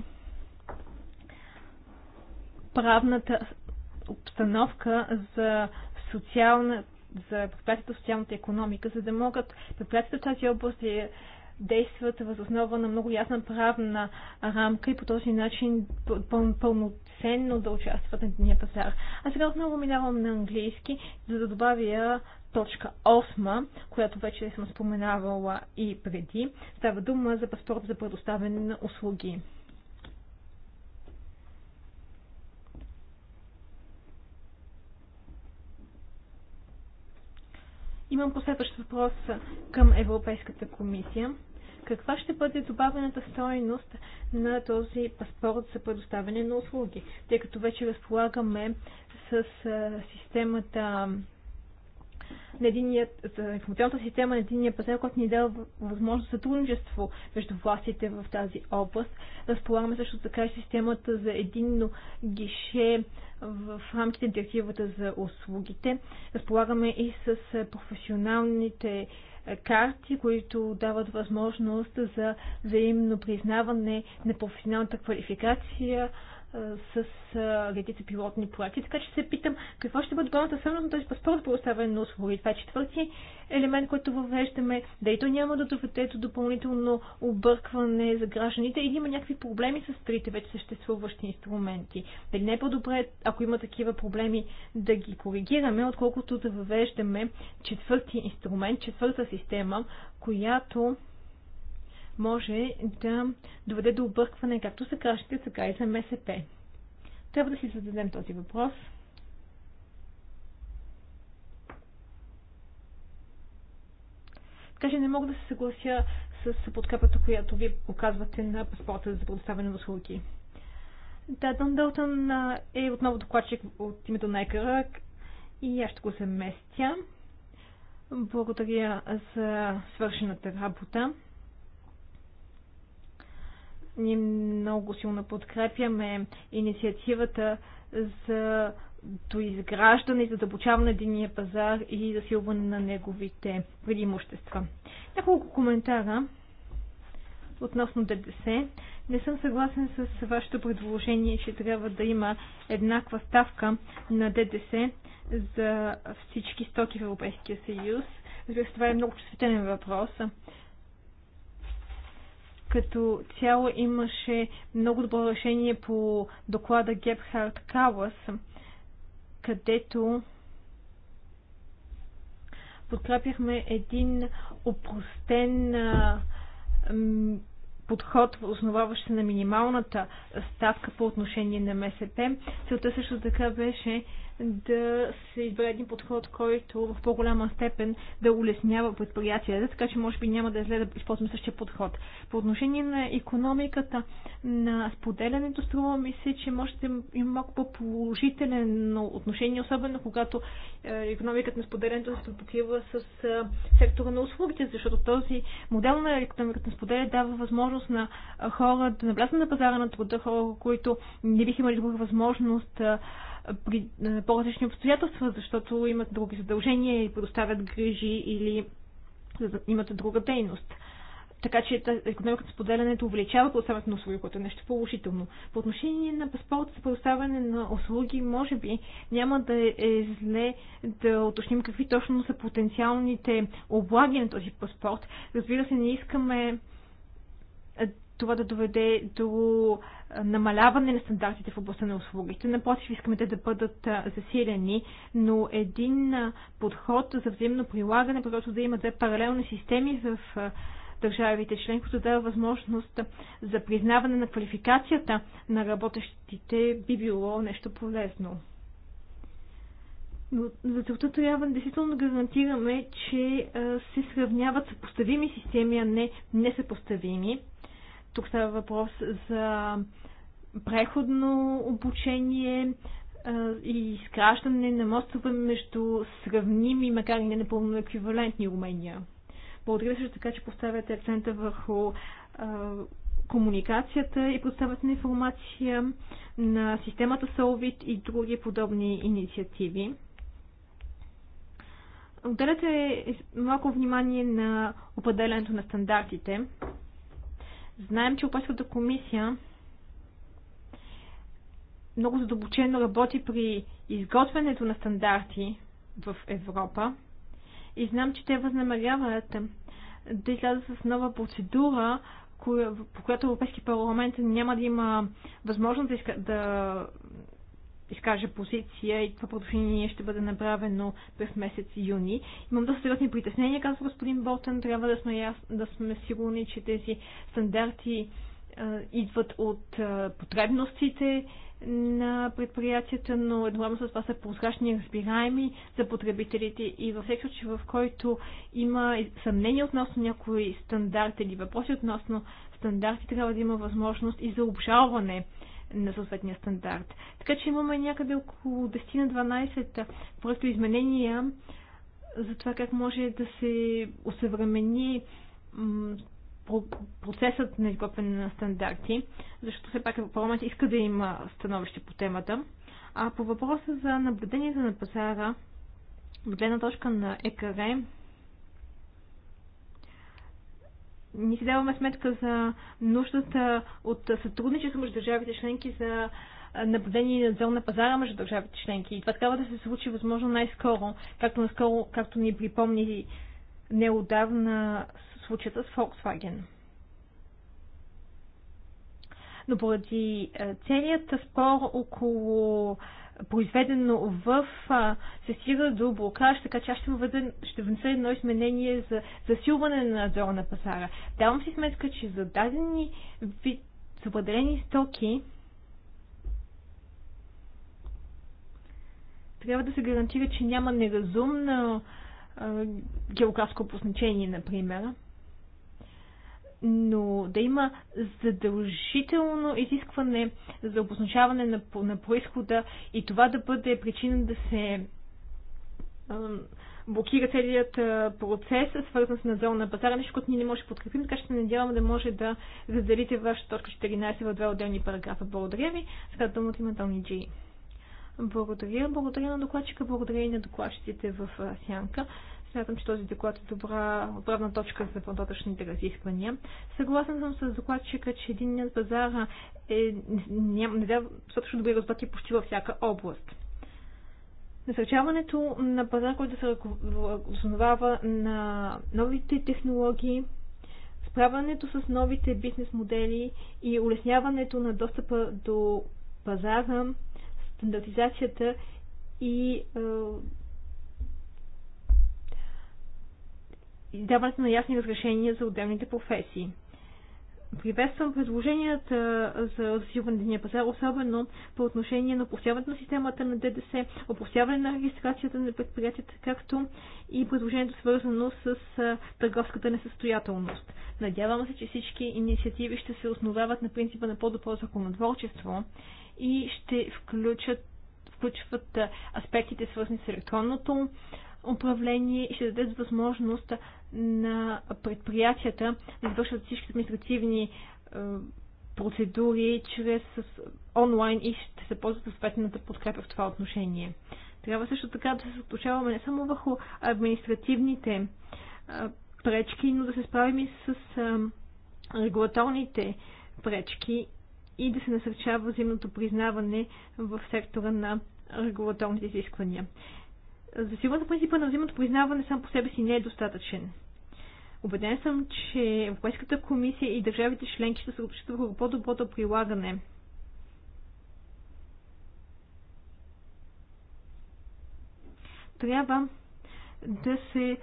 правната обстановка за социална за предприятията социалната економика, за да могат предприятията в тази област да действат въз основа на много ясна правна рамка и по този начин пълноценно да участват на единия пазар. А сега отново минавам на английски, за да добавя точка 8, която вече съм споменавала и преди. Става дума за паспорт за предоставяне на услуги. Имам последващ въпрос към Европейската комисия. Каква ще бъде добавената стоеност на този паспорт за предоставяне на услуги? Тъй като вече разполагаме с системата на единият, за информационната система на единния пазар, който ни дава възможност за сътрудничество между властите в тази област. Разполагаме също така и системата за единно гише в рамките на директивата за услугите. Разполагаме и с професионалните карти, които дават възможност за взаимно признаване на професионалната квалификация, с редица пилотни проекти. Така че се питам какво ще бъде главната стойност на този паспорт, предоставен на услуги. Това е четвърти елемент, който въвеждаме. да и то няма да доведе до допълнително объркване за гражданите или има някакви проблеми с трите вече съществуващи инструменти. Дали не е по-добре, ако има такива проблеми, да ги коригираме, отколкото да въвеждаме четвърти инструмент, четвърта система, която може да доведе до объркване както за кращите така и за МСП. Трябва да си зададем този въпрос. Така че не мога да се съглася с подкрепата, която вие оказвате на паспорта за предоставяне на услуги. Да, Дон Дълтън е отново докладчик от името на Екара и аз ще го заместя. Благодаря за свършената работа. Ние много силно подкрепяме инициативата за доизграждане и задълбочаване на единия пазар и засилване на неговите предимущества. Няколко коментара относно ДДС. Не съм съгласен с вашето предложение, че трябва да има еднаква ставка на ДДС за всички стоки в Европейския съюз. Разбира се, това е много чувствителен въпрос. Като цяло имаше много добро решение по доклада Гебхард Калас, където подкрепяхме един опростен подход, основаващ се на минималната ставка по отношение на МСП. Целта също така беше да се избере един подход, който в по-голяма степен да улеснява предприятията, така че може би няма да е зле да използваме същия подход. По отношение на економиката, на споделянето, струва ми се, че може да има малко по-положително отношение, особено когато економиката на споделянето се препокрива с е, сектора на услугите, защото този модел на економиката на споделя дава възможност на хора да навлязат на пазара на труда, хора, които не биха имали друга възможност е, при по-различни обстоятелства, защото имат други задължения и предоставят грижи или имат друга дейност. Така че економиката споделянето увеличава предоставянето на услуги, което е нещо положително. По отношение на паспорт за предоставяне на услуги, може би няма да е зле да уточним какви точно са потенциалните облаги на този паспорт. Разбира се, не искаме това да доведе до намаляване на стандартите в областта на услугите. Напротив, искаме те да бъдат засилени, но един подход за взаимно прилагане, просто да има две паралелни системи в държавите член, които дава възможност за признаване на квалификацията на работещите, би било нещо полезно. Но за целта трябва действително да гарантираме, че се сравняват съпоставими системи, а не несъпоставими. Тук става въпрос за преходно обучение и изкращане на мостове между сравними, макар и не напълно еквивалентни умения. Благодаря също така, че поставяте акцента върху комуникацията и поставяте на информация на системата Solvit и други подобни инициативи. Отделяте малко внимание на определенето на стандартите. Знаем, че Европейската комисия много задълбочено работи при изготвянето на стандарти в Европа и знам, че те възнамеряват да излязат с нова процедура, по която Европейски парламент няма да има възможност да, да изкаже позиция и това продължение ще бъде направено през месец юни. Имам доста сериозни притеснения, казва господин Болтън. Трябва да сме, яс... да сме сигурни, че тези стандарти а, идват от а, потребностите на предприятията, но едновременно с това са прозрачни и разбираеми за потребителите и във всеки случай, в който има съмнение относно някои стандарти или въпроси относно стандарти, трябва да има възможност и за обжалване на съответния стандарт. Така че имаме някъде около 10 на 12 просто изменения за това как може да се осъвремени процесът на изготвяне на стандарти, защото все пак парламент иска да има становище по темата. А по въпроса за наблюдението на пазара, от гледна точка на ЕКР, не си даваме сметка за нуждата от сътрудничество между държавите членки за наблюдение и надзор на пазара между държавите членки. И това трябва да се случи възможно най-скоро, както, наскоро, както ни припомни неодавна случаята с Volkswagen. Но поради целият спор около произведено в сесира до блокаж, така че аз ще, въведа, ще внеса едно изменение за засилване на надзора на пазара. Давам си сметка, че за дадени вид, за определени стоки трябва да се гарантира, че няма неразумно географско посначение, например но да има задължително изискване за обозначаване на, на происхода и това да бъде причина да се блокира целият процес, свързан с надзор на пазара, нещо, което ние не може да подкрепим, така ще се надявам да може да заделите вашата точка 14 в две отделни параграфа. Благодаря ви. Сега думата има Тони Джи. Благодаря. Благодаря на докладчика, благодаря и на докладчиците в Сянка. Смятам, че този доклад е добра отправна точка за по-нататъчните разисквания. Съгласен съм с докладчика, че единният пазар е, ням, не дава достатъчно добри резултати почти във всяка област. Насърчаването на пазар, който се основава на новите технологии, справянето с новите бизнес модели и улесняването на достъпа до пазара, стандартизацията и е, даването на ясни разрешения за отделните професии. Приветствам предложенията за засилване на пазар, особено по отношение на опростяването на системата на ДДС, опростяване на регистрацията на предприятията, както и предложението свързано с търговската несъстоятелност. Надявам се, че всички инициативи ще се основават на принципа на по-добро законотворчество и ще включат включват аспектите свързани с електронното управление и ще дадат възможност на предприятията да извършват всички административни е, процедури чрез онлайн и ще се ползват съответната подкрепа в това отношение. Трябва също така да се съсредоточаваме не само върху административните е, пречки, но да се справим и с е, регулаторните пречки и да се насърчава взаимното признаване в сектора на регулаторните изисквания за сигурно принципа на взимното признаване сам по себе си не е достатъчен. Обеден съм, че Европейската комисия и държавите членки ще се общат върху по-доброто прилагане. Трябва да се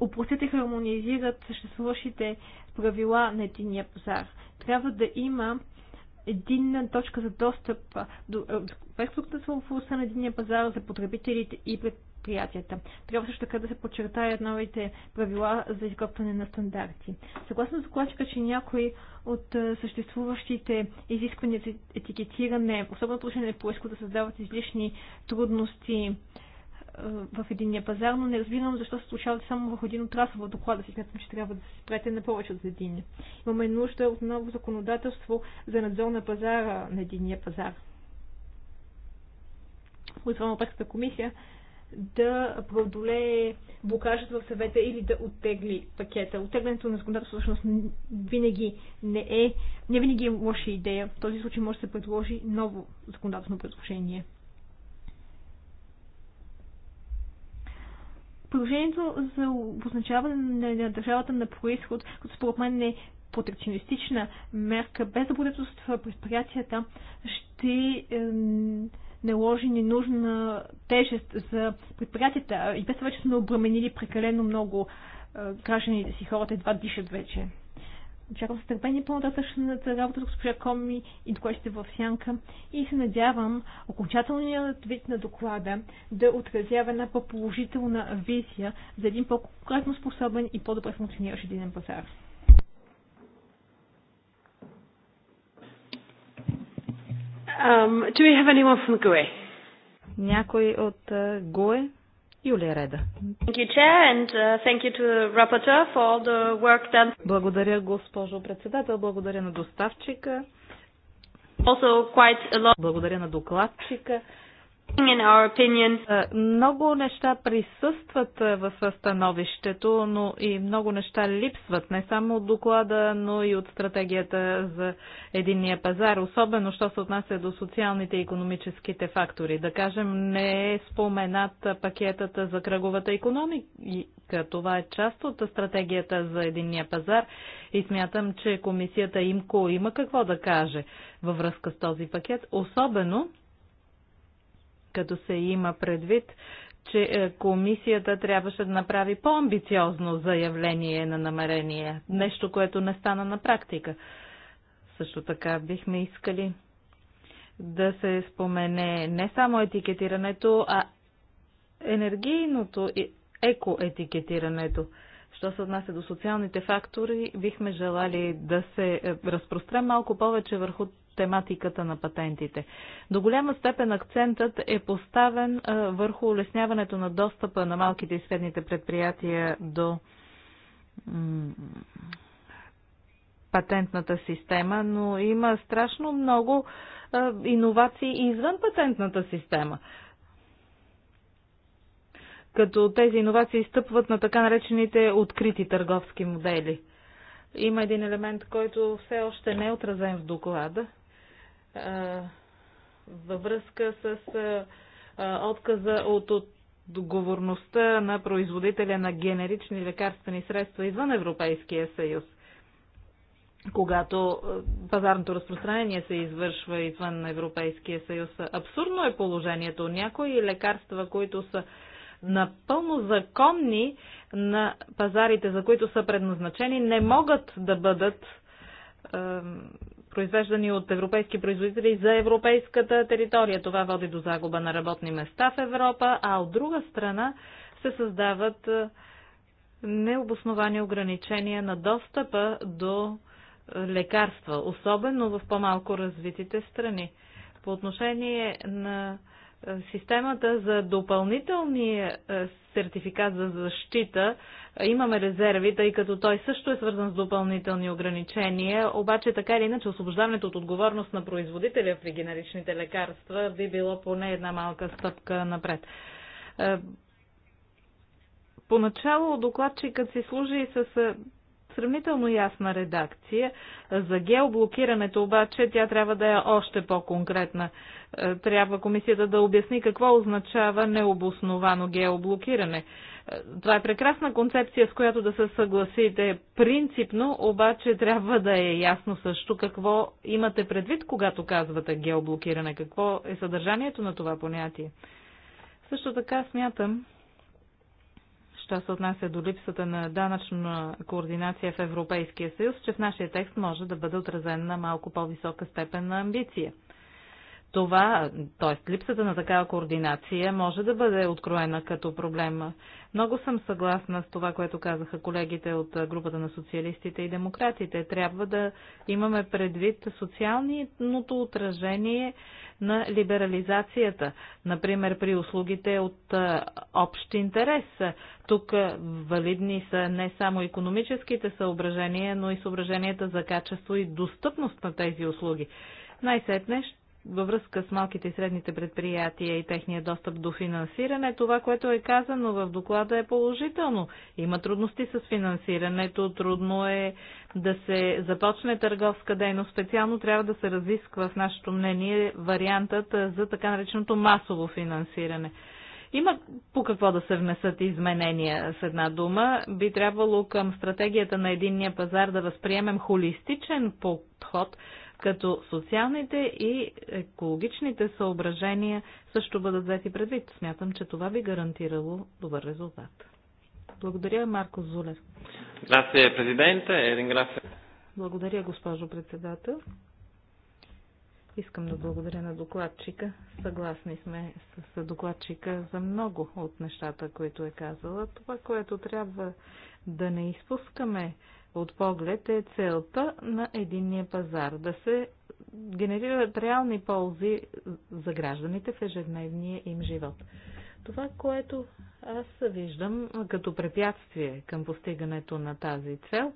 опростят и хармонизират съществуващите правила на единия пазар. Трябва да има единна точка за достъп до европейското на единия пазар за потребителите и пред предприятията. Трябва също така да се подчертаят новите правила за изготвяне на стандарти. Съгласно закладчика, че някои от съществуващите изисквания за етикетиране, особено отношение по поиско да създават излишни трудности в единния пазар, но не разбирам защо се случават само върху един отрасъл в доклада си. Смятам, че трябва да се спрете на повече от един. Имаме нужда от ново законодателство за надзор на пазара на единния пазар от Европейската комисия да преодолее блокажът в съвета или да оттегли пакета. Оттеглянето на законодателство всъщност винаги не е, не винаги е лоша идея. В този случай може да се предложи ново законодателно предложение. Предложението за обозначаване на държавата на происход, като според мен е протекционистична мерка, без да бъде предприятията, ще наложи ненужна тежест за предприятията. И без това, че сме обременили прекалено много гражданите си, хората едва дишат вече. Очаквам с търпение по-нататъчната работа с госпожа Коми и докладите в сянка и се надявам окончателният вид на доклада да отразява една по-положителна визия за един по-конкретно способен и по-добре функциониращ един пазар.
Um, do we have anyone from GUE?
Някой от uh, е, GUE? Юлия Реда. Благодаря, госпожо председател. Благодаря на доставчика. Also quite a lot. Благодаря на докладчика е, много неща присъстват е, в становището, но и много неща липсват, не само от доклада, но и от стратегията за единния пазар, особено що се отнася до социалните и економическите фактори. Да кажем, не е споменат пакетата за кръговата економика. Това е част от стратегията за единния пазар и смятам, че комисията ИМКО има какво да каже във връзка с този пакет, особено като се има предвид, че е, комисията трябваше да направи по-амбициозно заявление на намерение, нещо, което не стана на практика. Също така бихме искали да се спомене не само етикетирането, а енергийното и екоетикетирането. Що се отнася до социалните фактори, бихме желали да се е, разпростре малко повече върху тематиката на патентите. До голяма степен акцентът е поставен върху улесняването на достъпа на малките и средните предприятия до патентната система, но има страшно много иновации извън патентната система като тези иновации стъпват на така наречените открити търговски модели. Има един елемент, който все още не е отразен в доклада, във връзка с отказа от отговорността на производителя на генерични лекарствени средства извън Европейския съюз, когато пазарното разпространение се извършва извън Европейския съюз. Абсурдно е положението. Някои лекарства, които са напълно законни на пазарите, за които са предназначени, не могат да бъдат произвеждани от европейски производители за европейската територия. Това води до загуба на работни места в Европа, а от друга страна се създават е, необосновани ограничения на достъпа до е, лекарства, особено в по-малко развитите страни. По отношение на системата за допълнителни е, сертификат за защита е, имаме резерви, тъй като той също е свързан с допълнителни ограничения, обаче така или иначе освобождаването от отговорност на производителя при генеричните лекарства би било поне една малка стъпка напред. Е, поначало докладчикът си служи с сравнително ясна редакция. За геоблокирането обаче тя трябва да е още по-конкретна. Е, трябва комисията да обясни какво означава необосновано геоблокиране. Е, това е прекрасна концепция, с която да се съгласите принципно, обаче трябва да е ясно също какво имате предвид, когато казвате геоблокиране, какво е съдържанието на това понятие. Също така смятам, що се отнася до липсата на данъчна координация в Европейския съюз, че в нашия текст може да бъде отразена малко по-висока степен на амбиция. Това, т.е. липсата на такава координация може да бъде откроена като проблем. Много съм съгласна с това, което казаха колегите от групата на социалистите и демократите. Трябва да имаме предвид социалното отражение на либерализацията, например при услугите от общ интерес. Тук валидни са не само економическите съображения, но и съображенията за качество и достъпност на тези услуги. Най-сетне ще във връзка с малките и средните предприятия и техния достъп до финансиране, това, което е казано в доклада е положително. Има трудности с финансирането, трудно е да се започне търговска дейност. Специално трябва да се разисква в нашето мнение вариантът за така нареченото масово финансиране. Има по какво да се внесат изменения с една дума. Би трябвало към стратегията на единния пазар да възприемем холистичен подход – като социалните и екологичните съображения също бъдат взети предвид. Смятам, че това би гарантирало добър резултат. Благодаря, Марко Зулев.
Грация, президента. E
благодаря, госпожо председател. Искам да благодаря на докладчика. Съгласни сме с докладчика за много от нещата, които е казала. Това, което трябва да не изпускаме от поглед е целта на единния пазар да се генерират реални ползи за гражданите в ежедневния им живот. Това, което аз виждам като препятствие към постигането на тази цел,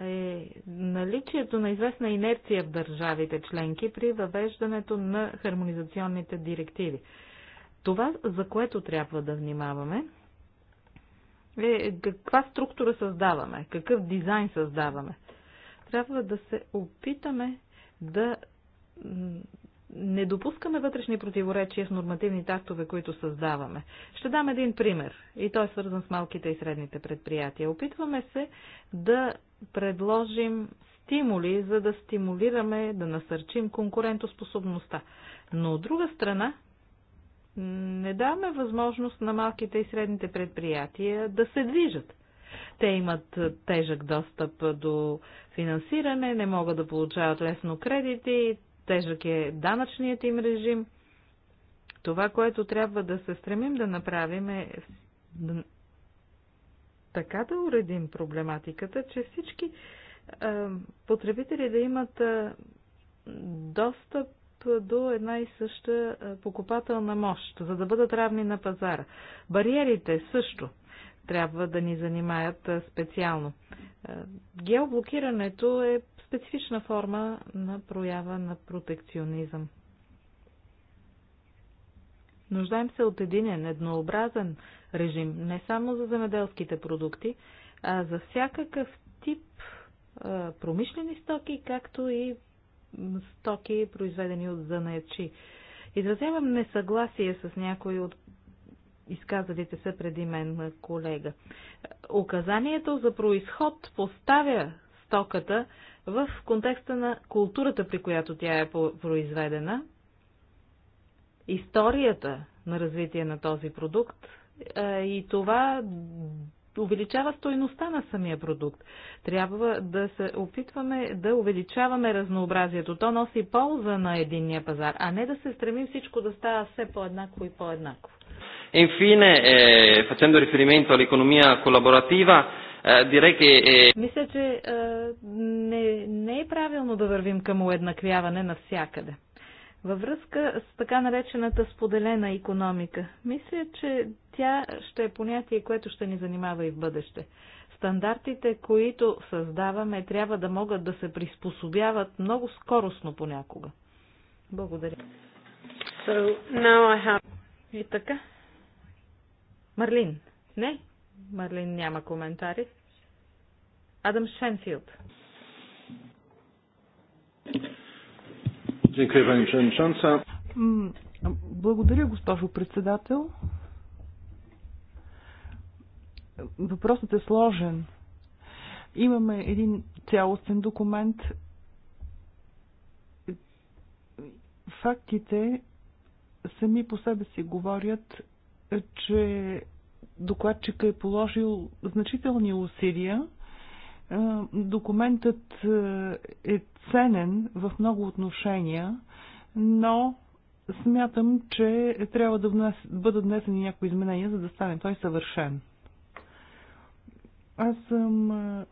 е наличието на известна инерция в държавите членки при въвеждането на хармонизационните директиви. Това, за което трябва да внимаваме, е каква структура създаваме, какъв дизайн създаваме. Трябва да се опитаме да не допускаме вътрешни противоречия с нормативните актове, които създаваме. Ще дам един пример и той е свързан с малките и средните предприятия. Опитваме се да предложим стимули, за да стимулираме, да насърчим конкурентоспособността. Но от друга страна, не даваме възможност на малките и средните предприятия да се движат. Те имат тежък достъп до финансиране, не могат да получават лесно кредити, тежък е данъчният им режим. Това, което трябва да се стремим да направим е така да уредим проблематиката, че всички потребители да имат достъп до една и съща е, покупателна мощ, за да бъдат равни на пазара. Бариерите също трябва да ни занимаят е, специално. Е, геоблокирането е специфична форма на проява на протекционизъм. Нуждаем се от единен, еднообразен режим, не само за земеделските продукти, а за всякакъв тип промишлени стоки, както и стоки, произведени от занаячи. Изразявам несъгласие с някои от изказалите се преди мен колега. Указанието за происход поставя стоката в контекста на културата, при която тя е произведена, историята на развитие на този продукт и това увеличава стойността на самия продукт. Трябва да се опитваме да увеличаваме разнообразието. То носи полза на единния пазар, а не да се стремим всичко да става все по-еднакво и по-еднакво.
E infine, eh, facendo riferimento all'economia collaborativa, е, direi che... Е,
Мисля, че не, не е правилно да вървим към уеднаквяване навсякъде. Във връзка с така наречената споделена економика, мисля, че тя ще е понятие, което ще ни занимава и в бъдеще. Стандартите, които създаваме, трябва да могат да се приспособяват много скоростно понякога. Благодаря. So, now I have... И така. Марлин. Не, Марлин няма коментари. Адам Шенфилд.
Dziękuję Pani Przewodnicząca. Благодаря, госпожо председател. Въпросът е сложен. Имаме един цялостен документ. Фактите сами по себе си говорят, че докладчика е положил значителни усилия е, документът е, е ценен в много отношения, но смятам, че трябва да внес, бъдат внесени някои изменения, за да стане той съвършен. Аз съм е,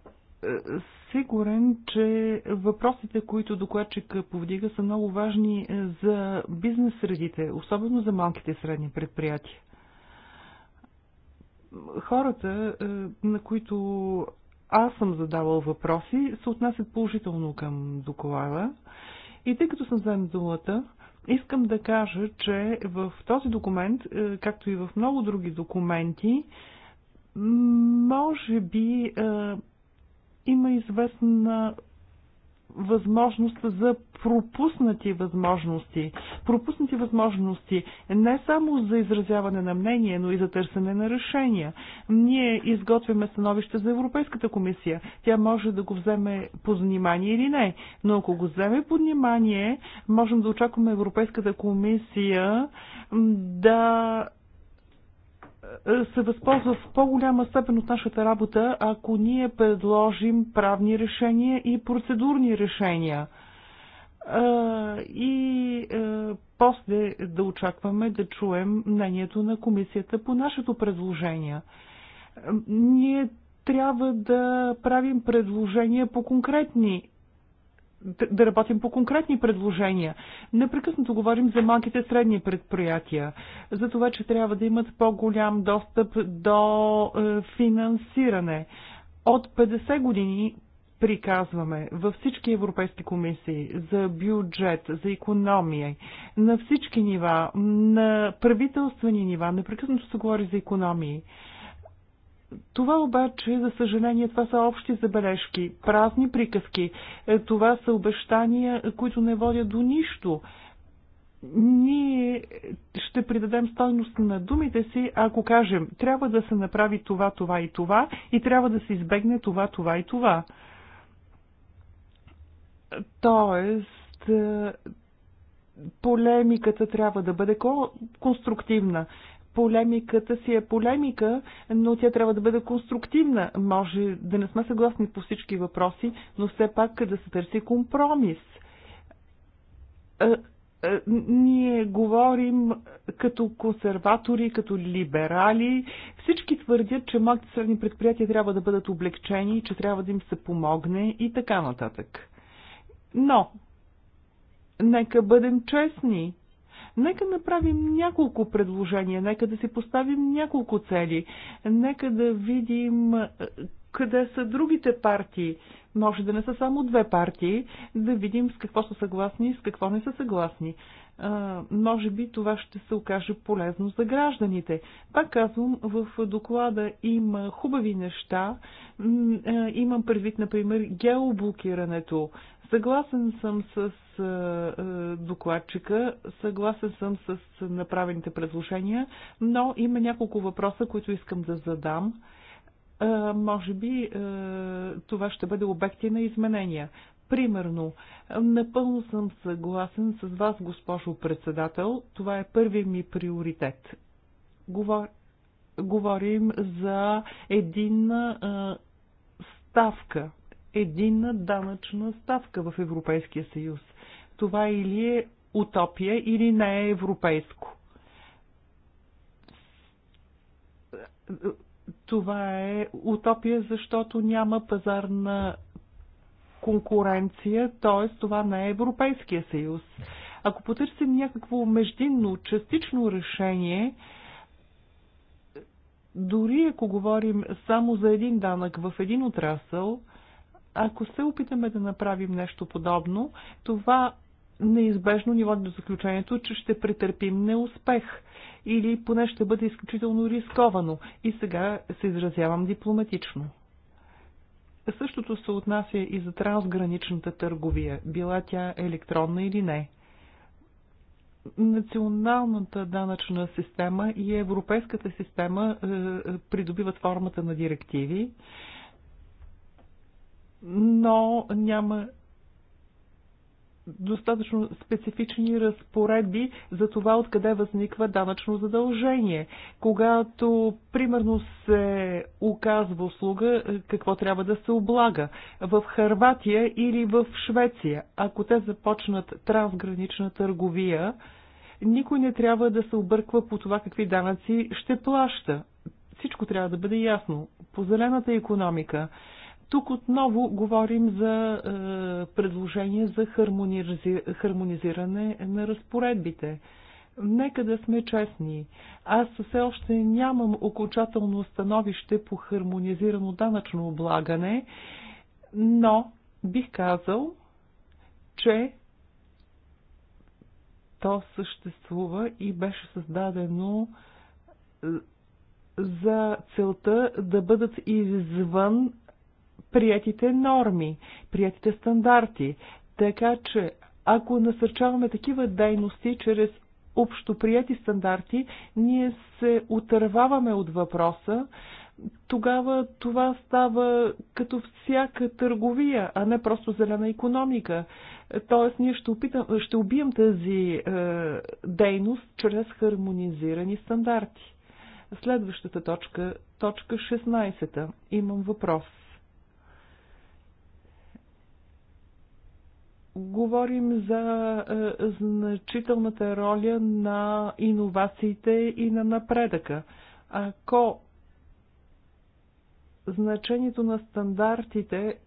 сигурен, че въпросите, които докладчика повдига, са много важни за бизнес средите, особено за малките и средни предприятия. Хората, на които аз съм задавал въпроси, се отнасят положително към доклада. И тъй като съм взем думата, искам да кажа, че в този документ, е, както и в много други документи, може би е, има известна възможност за пропуснати възможности. Пропуснати възможности не само за изразяване на мнение, но и за търсене на решения. Ние изготвяме становище за Европейската комисия. Тя може да го вземе по внимание или не, но ако го вземе по внимание, можем да очакваме Европейската комисия да е, се възползва в по-голяма степен от нашата работа, ако ние предложим правни решения и процедурни решения. Е, и е, после да очакваме да чуем мнението на комисията по нашето предложение. Ние трябва да правим предложения по конкретни да работим по конкретни предложения. Непрекъснато говорим за малките средни предприятия, за това, че трябва да имат по-голям достъп до е, финансиране. От 50 години приказваме във всички европейски комисии за бюджет, за економия, на всички нива, на правителствени нива, непрекъснато се говори за економии. Това обаче, за съжаление, това са общи забележки, празни приказки. Е, това са обещания, които не водят до нищо. Ние ще придадем стойност на думите си, ако кажем, трябва да се направи това, това и това, и трябва да се избегне това, това и това. Тоест, е, полемиката трябва да бъде конструктивна полемиката си е полемика, но тя трябва да бъде конструктивна. Може да не сме съгласни по всички въпроси, но все пак да се търси компромис. Е, е, ние говорим като консерватори, като либерали. Всички твърдят, че малките средни предприятия трябва да бъдат облегчени, че трябва да им се помогне и така нататък. Но, нека бъдем честни Нека направим няколко предложения, нека да си поставим няколко цели, нека да видим е, къде са другите партии. Може да не са само две партии, да видим с какво са съгласни и с какво не са съгласни. А, е, може би това ще се окаже полезно за гражданите. Пак казвам, в доклада има хубави неща. Е, имам предвид, например, геоблокирането. Съгласен съм с докладчика, съгласен съм с направените предложения, но има няколко въпроса, които искам да задам. Може би това ще бъде обекти на изменения. Примерно, напълно съм съгласен с вас, госпожо председател, това е първият ми приоритет. Говор... Говорим за един ставка единна данъчна ставка в Европейския съюз. Това или е утопия, или не е европейско. Това е утопия, защото няма пазарна конкуренция, т.е. това не е Европейския съюз. Ако потърсим някакво междинно, частично решение, дори ако говорим само за един данък в един отрасъл – ако се опитаме да направим нещо подобно, това неизбежно ни води до заключението, че ще претърпим неуспех или поне ще бъде изключително рисковано. И сега се изразявам дипломатично. Същото се отнася и за трансграничната търговия, била тя електронна или не. Националната данъчна система и европейската система е, е придобиват формата на директиви но няма достатъчно специфични разпоредби за това откъде възниква данъчно задължение. Когато, примерно, се оказва услуга, е, какво трябва да се облага в Харватия или в Швеция. Ако те започнат трансгранична търговия, никой не трябва да се обърква по това какви данъци ще плаща. Всичко трябва да бъде ясно. По зелената економика тук отново говорим за е, предложение за хармонизи... хармонизиране на разпоредбите. Нека да сме честни. Аз все още нямам окончателно становище по хармонизирано данъчно облагане, но бих казал, че то съществува и беше създадено е, за целта да бъдат извън приятите норми, приятите стандарти. Така че, ако насърчаваме такива дейности чрез общоприяти стандарти, ние се отърваваме от въпроса, тогава това става като всяка търговия, а не просто зелена економика. Тоест, ние ще, опитам, ще убием тази е, дейност чрез хармонизирани стандарти. Следващата точка, точка 16. Имам въпрос. говорим за е, значителната роля на иновациите и на напредъка. Ако значението на стандартите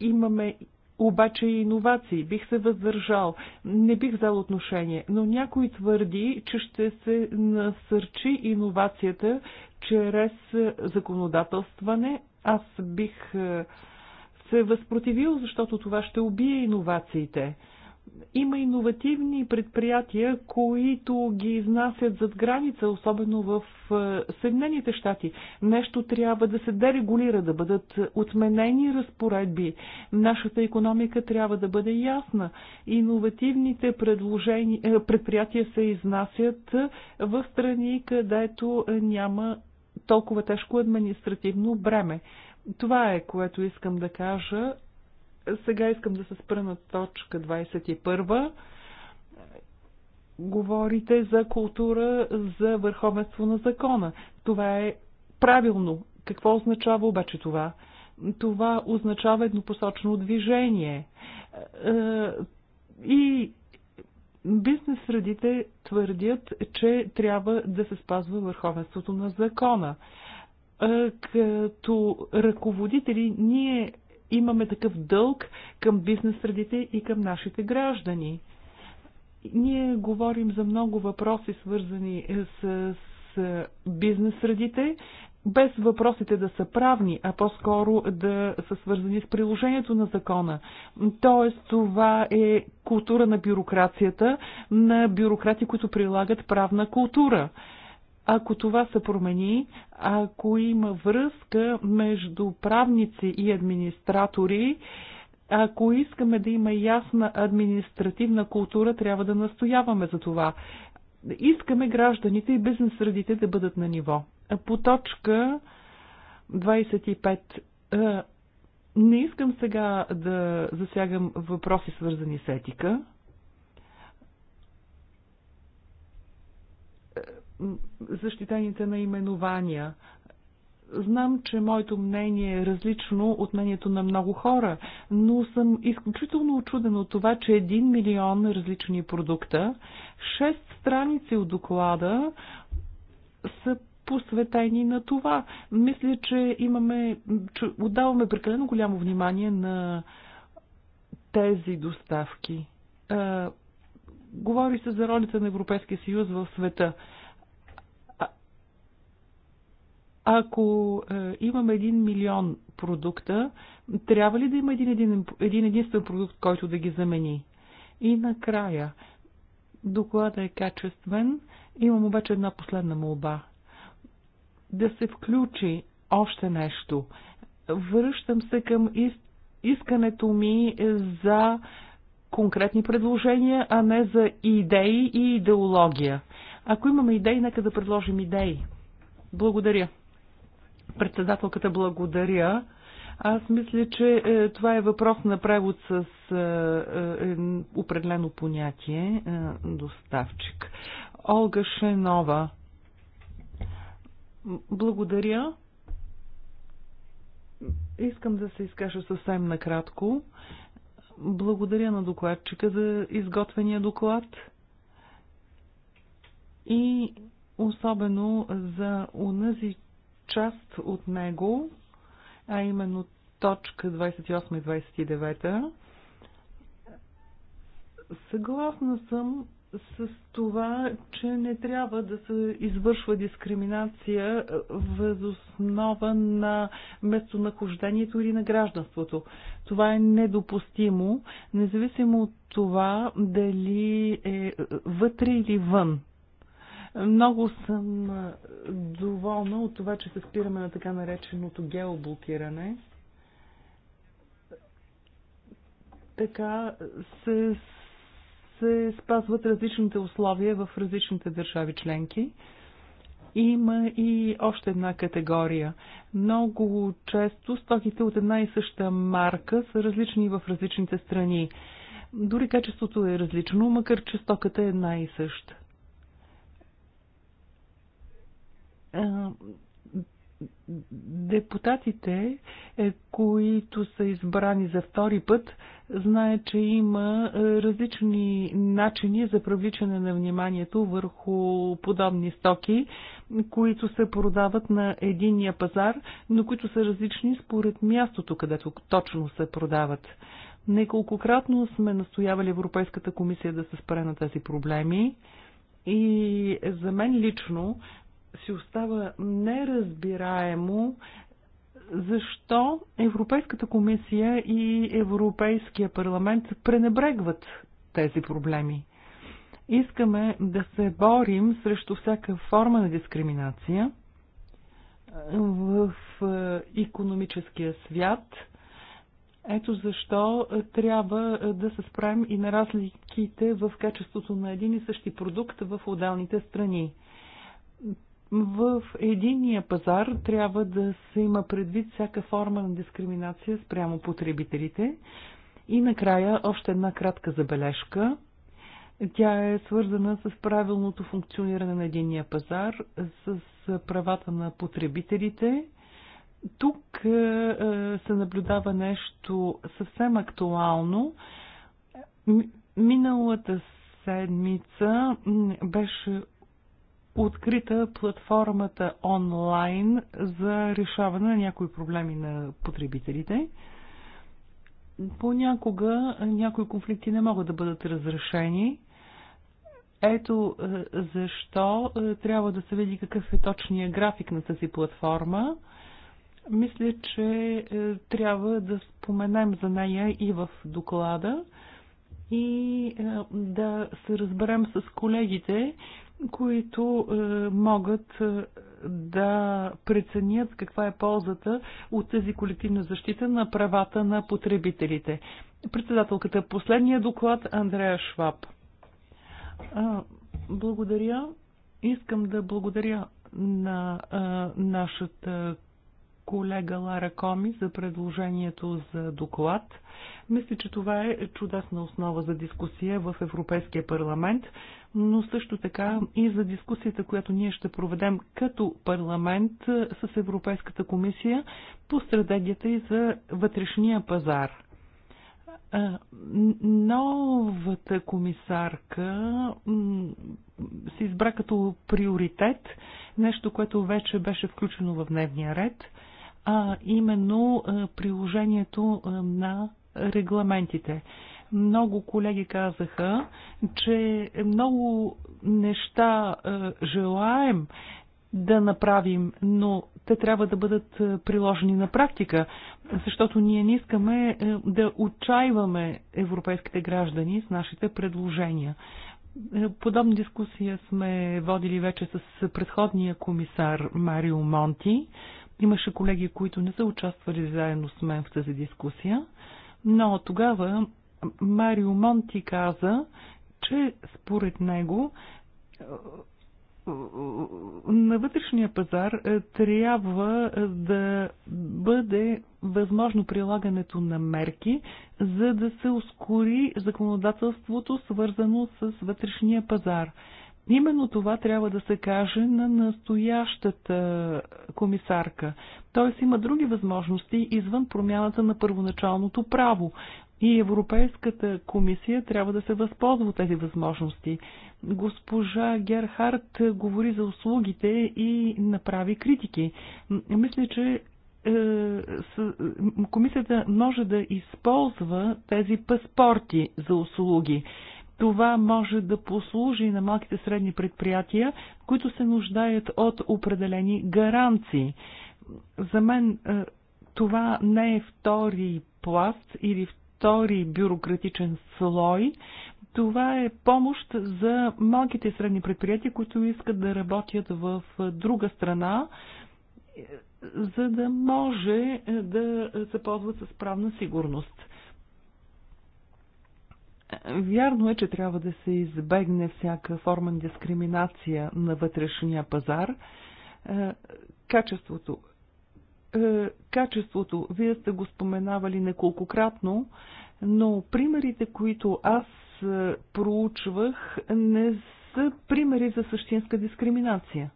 имаме обаче и иновации. Бих се въздържал, не бих взел отношение, но някой твърди, че ще се насърчи иновацията чрез законодателстване. Аз бих е, се е възпротивил, защото това ще убие иновациите. Има иновативни предприятия, които ги изнасят зад граница, особено в е, Съединените щати. Нещо трябва да се дерегулира, да бъдат отменени разпоредби. Нашата економика трябва да бъде ясна. Иновативните е, предприятия се изнасят е, в страни, където няма толкова тежко административно бреме. Това е, което искам да кажа. Сега искам да се спра на точка 21. Говорите за култура, за върховенство на закона. Това е правилно. Какво означава обаче това? Това означава еднопосочно движение. Е, и бизнес средите твърдят, че трябва да се спазва върховенството на закона като ръководители ние имаме такъв дълг към бизнес средите и към нашите граждани. Ние говорим за много въпроси, свързани с, с бизнес средите, без въпросите да са правни, а по-скоро да са свързани с приложението на закона. Тоест, това е култура на бюрокрацията, на бюрократи, които прилагат правна култура. Ако това се промени, ако има връзка между правници и администратори, ако искаме да има ясна административна култура, трябва да настояваме за това. Искаме гражданите и бизнес средите да бъдат на ниво. По точка 25 е, не искам сега да засягам въпроси, свързани с етика. защитените наименования. Знам, че моето мнение е различно от мнението на много хора, но съм изключително очуден от това, че 1 милион различни продукта, 6 страници от доклада са посветени на това. Мисля, че имаме, че отдаваме прекалено голямо внимание на тези доставки. Говори се за ролята на Европейския съюз в света. Ако е, имаме един милион продукта, трябва ли да има един, един, един единствен продукт, който да ги замени? И накрая, докладът е качествен, имам обаче една последна молба. Да се включи още нещо. Връщам се към искането ми за конкретни предложения, а не за идеи и идеология. Ако имаме идеи, нека да предложим идеи. Благодаря. Председателката благодаря. Аз мисля, че е, това е въпрос на превод с е, е, определено понятие е, доставчик. Олга Шенова. Благодаря. Искам да се изкажа съвсем накратко. Благодаря на докладчика за изготвения доклад и особено за унази част от него, а именно точка 28 и 29. Съгласна съм с това, че не трябва да се извършва дискриминация въз основа на местонахождението или на гражданството. Това е недопустимо, независимо от това дали е вътре или вън. Много съм доволна от това, че се спираме на така нареченото геоблокиране. Така се, се спазват различните условия в различните държави членки. Има и още една категория. Много често стоките от една и съща марка са различни в различните страни. Дори качеството е различно, макар че стоката е една и съща. депутатите, е, които са избрани за втори път, знаят, че има е, различни начини за привличане на вниманието върху подобни стоки, които се продават на единия пазар, но които са различни според мястото, където точно се продават. Неколкократно сме настоявали Европейската комисия да се спре на тези проблеми. И за мен лично си остава неразбираемо защо Европейската комисия и Европейския парламент пренебрегват тези проблеми. Искаме да се борим срещу всяка форма на дискриминация в економическия свят. Ето защо трябва да се справим и на разликите в качеството на един и същи продукт в отделните страни в единия пазар трябва да се има предвид всяка форма на дискриминация спрямо потребителите. И накрая още една кратка забележка. Тя е свързана с правилното функциониране на единия пазар, с правата на потребителите. Тук е, е, се наблюдава нещо съвсем актуално. Миналата седмица беше открита платформата онлайн за решаване на някои проблеми на потребителите. Понякога някои конфликти не могат да бъдат разрешени. Ето е, защо е, трябва да се види какъв е точния график на тази платформа. Мисля, че е, трябва да споменем за нея и в доклада и да се разберем с колегите които е, могат е, да преценят каква е ползата от тази колективна защита на правата на потребителите. Председателката, последния доклад Андрея Шваб. А, благодаря. Искам да благодаря на а, е, нашата колега Лара Коми за предложението за доклад. Мисля, че това е чудесна основа за дискусия в Европейския парламент, но също така и за дискусията, която ние ще проведем като парламент с Европейската комисия по стратегията и за вътрешния пазар. Новата комисарка се избра като приоритет нещо, което вече беше включено в дневния ред – а именно приложението на регламентите. Много колеги казаха, че много неща желаем да направим, но те трябва да бъдат приложени на практика, защото ние не искаме да отчаиваме европейските граждани с нашите предложения. Е, подобна дискусия сме водили вече с предходния комисар Марио Монти. Имаше колеги, които не са участвали заедно с мен в тази дискусия, но тогава Марио Монти каза, че според него е, на вътрешния пазар е, трябва да бъде възможно прилагането на мерки, за да се ускори законодателството, свързано с вътрешния пазар. Именно това трябва да се каже на настоящата комисарка. Т.е. има други възможности извън промяната на първоначалното право. И Европейската комисия трябва да се възползва тези възможности. Госпожа Герхард говори за услугите и направи критики. Мисля, че е, комисията може да използва тези паспорти за услуги. Това може да послужи на малките средни предприятия, които се нуждаят от определени гаранции. За мен е, това не е втори пласт или втори бюрократичен слой. Това е помощ за малките средни предприятия, които искат да работят в е, друга страна, е, за да може да се ползват с правна сигурност. Вярно е, че трябва да се избегне всяка форма на дискриминация на вътрешния пазар. Е, качеството. Е, качеството, вие сте го споменавали неколкократно, но примерите, които аз е, проучвах, не са примери за същинска дискриминация.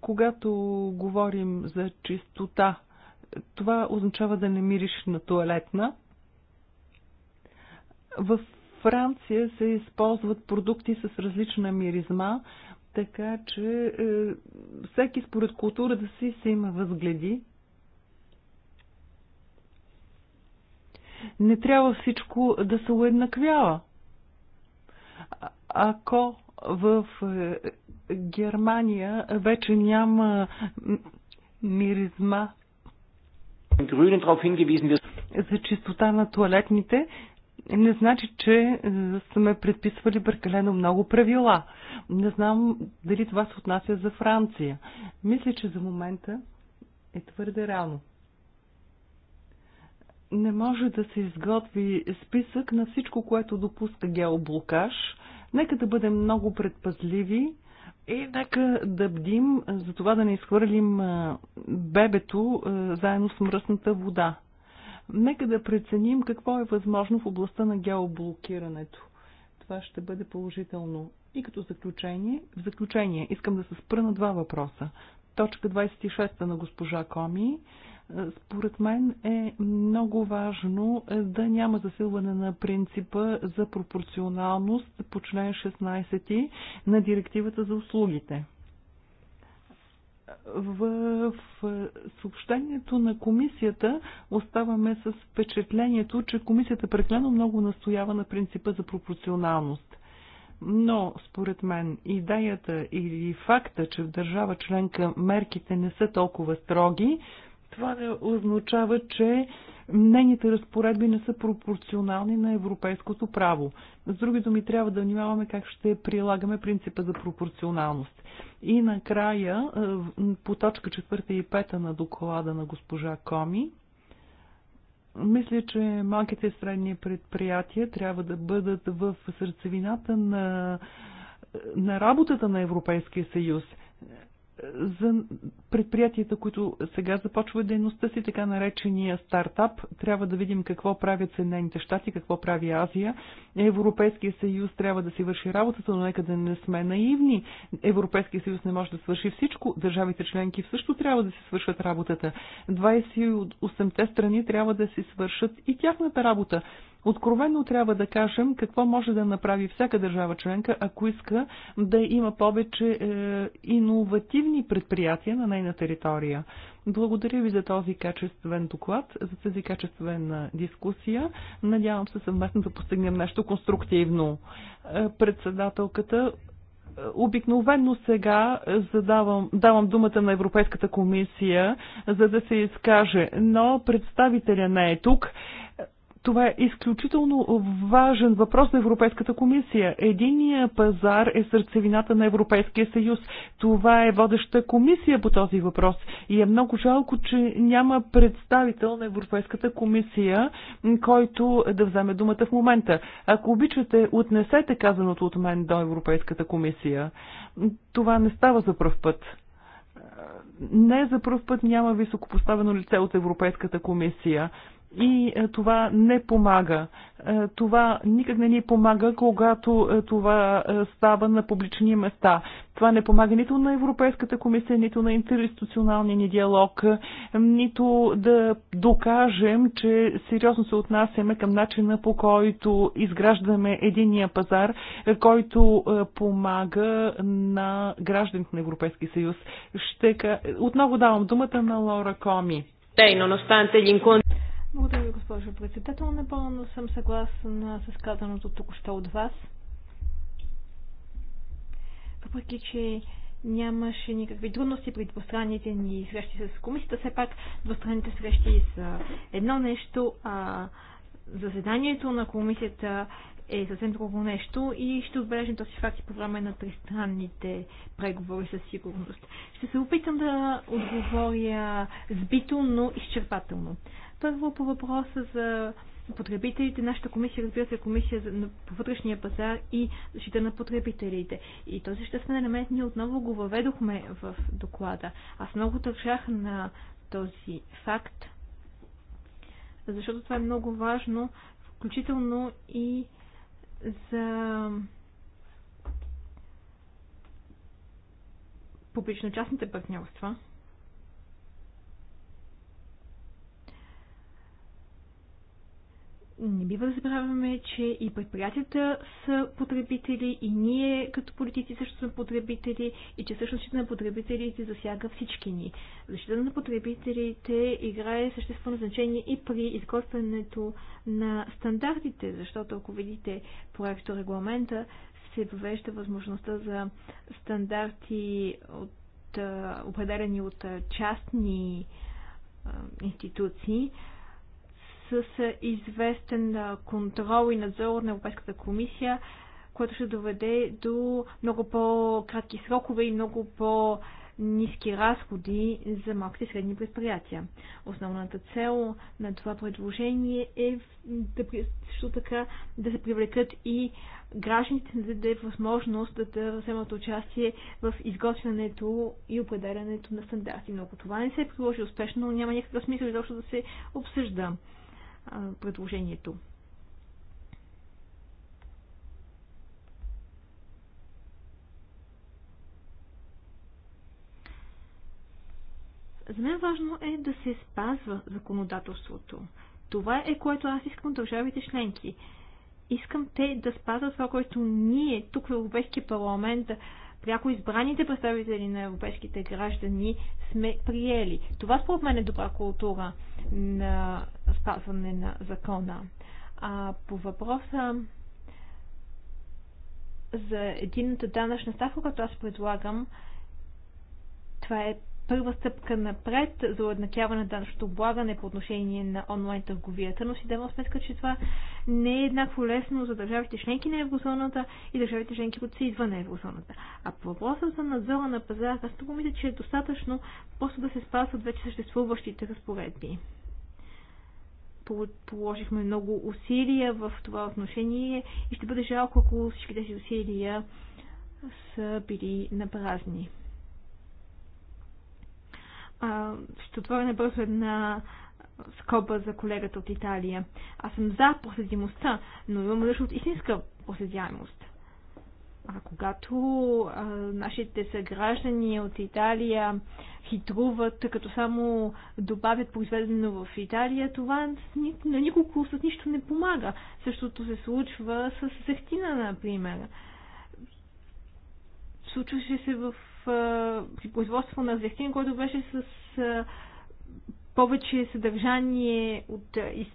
Когато говорим за чистота това означава да не мириш на туалетна. В Франция се използват продукти с различна миризма, така че е, всеки според културата си се има възгледи. Не трябва всичко да се уеднаквява. А ако в е, Германия вече няма миризма за чистота на туалетните не значи, че сме предписвали прекалено много правила. Не знам дали това се отнася за Франция. Мисля, че за момента е твърде рано. Не може да се изготви списък на всичко, което допуска геоблокаж. Нека да бъдем много предпазливи и е, нека да бдим за това да не изхвърлим бебето заедно с мръсната вода. Нека да преценим какво е възможно в областта на геоблокирането. Това ще бъде положително. И като заключение, в заключение искам да се спра на два въпроса. Точка 26 на госпожа Коми според мен е много важно е, да няма засилване на принципа за пропорционалност по член 16 на директивата за услугите. В съобщението на комисията оставаме с впечатлението, че комисията преклено много настоява на принципа за пропорционалност. Но, според мен, идеята или факта, че в държава членка мерките не са толкова строги, това не означава, че нейните разпоредби не са пропорционални на европейското право. С други думи, трябва да внимаваме как ще прилагаме принципа за пропорционалност. И накрая, е, по точка 4 и 5 на доклада на госпожа Коми, мисля, че малките и средни предприятия трябва да бъдат в сърцевината на, на работата на Европейския съюз за предприятията, които сега започват дейността си, така наречения стартап, трябва да видим какво правят Съединените щати, какво прави Азия. Европейския съюз трябва да си върши работата, но нека да не сме наивни. Европейския съюз не може да свърши всичко. Държавите членки също трябва да си свършат работата. 28-те страни трябва да си свършат и тяхната работа. Откровено трябва да кажем какво може да направи всяка държава членка, ако иска да има повече е, иновативни предприятия на нейна територия. Благодаря ви за този качествен доклад, за тази качествена дискусия. Надявам се съвместно да постигнем нещо конструктивно. Е, председателката е, обикновено сега задавам, давам думата на Европейската комисия, за да се изкаже, но представителя не е тук. Това е изключително важен въпрос на Европейската комисия. Единия пазар е сърцевината на Европейския съюз. Това е водеща комисия по този въпрос. И е много жалко, че няма представител на Европейската комисия, който да вземе думата в момента. Ако обичате, отнесете казаното от мен до Европейската комисия. Това не става за пръв път не за първ път няма високопоставено лице от Европейската комисия и е, това не помага. Е, това никак не ни помага, когато е, това става на публични места. Това не помага нито на Европейската комисия, нито на интерституционалния ни диалог, нито да докажем, че сериозно се отнасяме към начина по който изграждаме единия пазар, който помага на гражданите на Европейския съюз. Ще... Отново давам думата на Лора Коми. Lei, nonostante gli incontri
благодаря ви, госпожо председател. Напълно съм съгласна с казаното току-що от вас. Въпреки, че нямаше никакви трудности при двустранните ни срещи с комисията, все пак двустранните срещи са едно нещо, а заседанието на комисията е съвсем друго нещо и ще отбележим този факт и по време на тристранните преговори със сигурност. Ще се опитам да отговоря сбито, но изчерпателно. Първо по въпроса за потребителите. Нашата комисия, разбира се, е комисия по вътрешния пазар и защита на потребителите. И този съществен елемент ние отново го въведохме в доклада. Аз много държах на този факт, защото това е много важно, включително и за публично-частните партньорства – не бива да забравяме, че и предприятията са потребители, и ние като политици също сме потребители, и че всъщност защита на потребителите засяга всички ни. Защита на потребителите играе съществено значение и при изготвянето на стандартите, защото ако видите проекто регламента, се въвежда възможността за стандарти от, определени от частни институции, с е, известен е, контрол и надзор на Европейската комисия, което ще доведе до много по-кратки срокове и много по- ниски разходи за малките и средни предприятия. Основната цел на това предложение е да, също така да се привлекат и гражданите да даде възможност да, да вземат участие в изготвянето и определянето на стандарти. Но ако това не се приложи успешно, няма никакъв смисъл изобщо да се обсъжда предложението. За мен важно е да се спазва законодателството. Това е което аз искам от държавите членки. Искам те да спазват това, което ние тук в Европейския парламент пряко избраните представители на европейските граждани сме приели. Това според мен е добра култура на спазване на закона. А по въпроса за единната данъчна ставка, която аз предлагам, това е първа стъпка напред за уеднакяване на данъчното облагане по отношение на онлайн търговията, но си давам сметка, че това не е еднакво лесно за държавите членки на еврозоната и държавите членки, които са извън еврозоната. А по въпроса за надзора на пазара, аз тук мисля, че е достатъчно просто да се спазват вече съществуващите разпоредби. Положихме много усилия в това отношение и ще бъде жалко, ако всички тези усилия са били напразни. празни ще отворя набързо една скоба за колегата от Италия. Аз съм за проследимостта, но имам нужда от истинска проследяемост. А когато а, нашите съграждани от Италия хитруват, като само добавят произведено в Италия, това на никого с нищо не помага. Същото се случва с зехтина, например. Случваше се в при производство на зехтин, който беше с повече съдържание от из...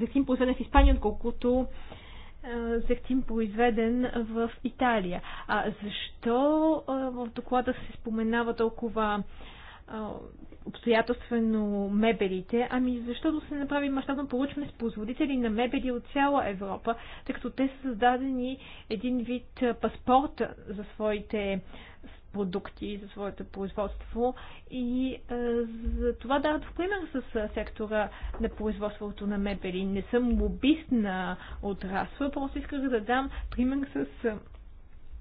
зехтин произведен в Испания, отколкото зехтин произведен в Италия. А защо в доклада се споменава толкова обстоятелствено мебелите, ами защото се направи мащабно получване с производители на мебели от цяла Европа, тъй като те са създадени един вид паспорт за своите продукти за своето производство и е, за това дават в пример с е, сектора на производството на мебели. Не съм лобист на отрасъл, просто исках да дам пример с е,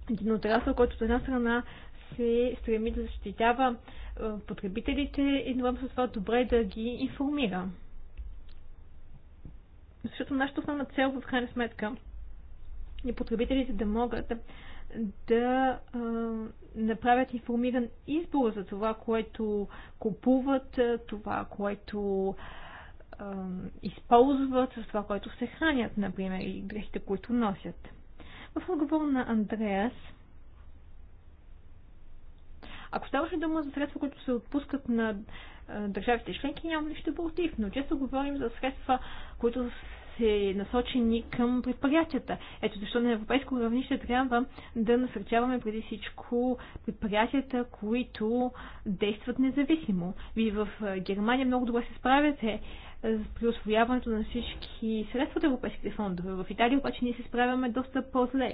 един отрасъл, който от една страна се стреми да защитява потребителите и едновременно с това добре да ги информира. Защото нашата основна цел в крайна сметка и потребителите да могат да да а, направят информиран избор за това, което купуват, това, което а, използват, за това, което се хранят, например, и грехите, които носят. В отговор на Андреас, ако ставаше дума за средства, които се отпускат на държавите членки, нямам нищо против, но често говорим за средства, които се насочени към предприятията. Ето защо на европейско равнище трябва да насърчаваме преди всичко предприятията, които действат независимо. Вие в Германия много добре се справяте при освояването на всички средства от европейските фондове. В Италия обаче ние се справяме доста по-зле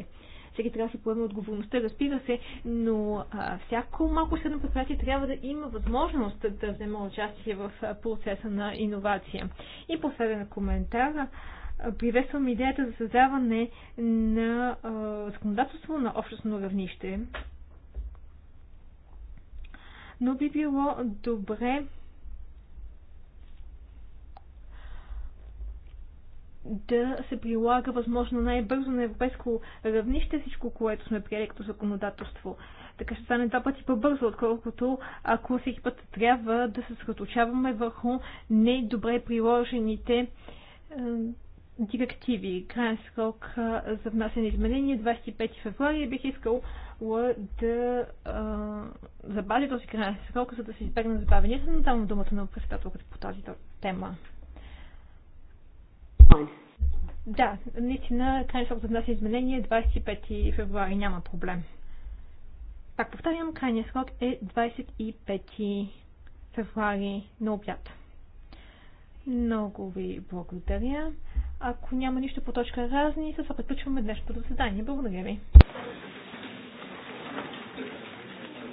всеки трябва да си поеме отговорността, разбира се, но а, всяко малко средно предприятие трябва да има възможност да вземе участие в процеса на иновация. И последен коментар приветствам идеята за създаване на а, законодателство на общностно равнище. Но би било добре да се прилага възможно най-бързо на европейско равнище всичко, което сме приели като законодателство. Така ще стане два пъти по-бързо, отколкото ако всеки път трябва да се съсредоточаваме върху недобре приложените е, директиви. Крайен срок е, за внасяне изменения, 25 е февруари. Бих искал да е, забавя този крайен срок, за да се избегне забавянето. но давам думата на председателката по тази тема. Да, наистина, крайен срок за нас изменение 25 февруари, няма проблем. Пак повтарям, крайният срок е 25 февруари на обяд. Много ви благодаря. Ако няма нищо по точка разни, с това приключваме днешното заседание. Благодаря ви.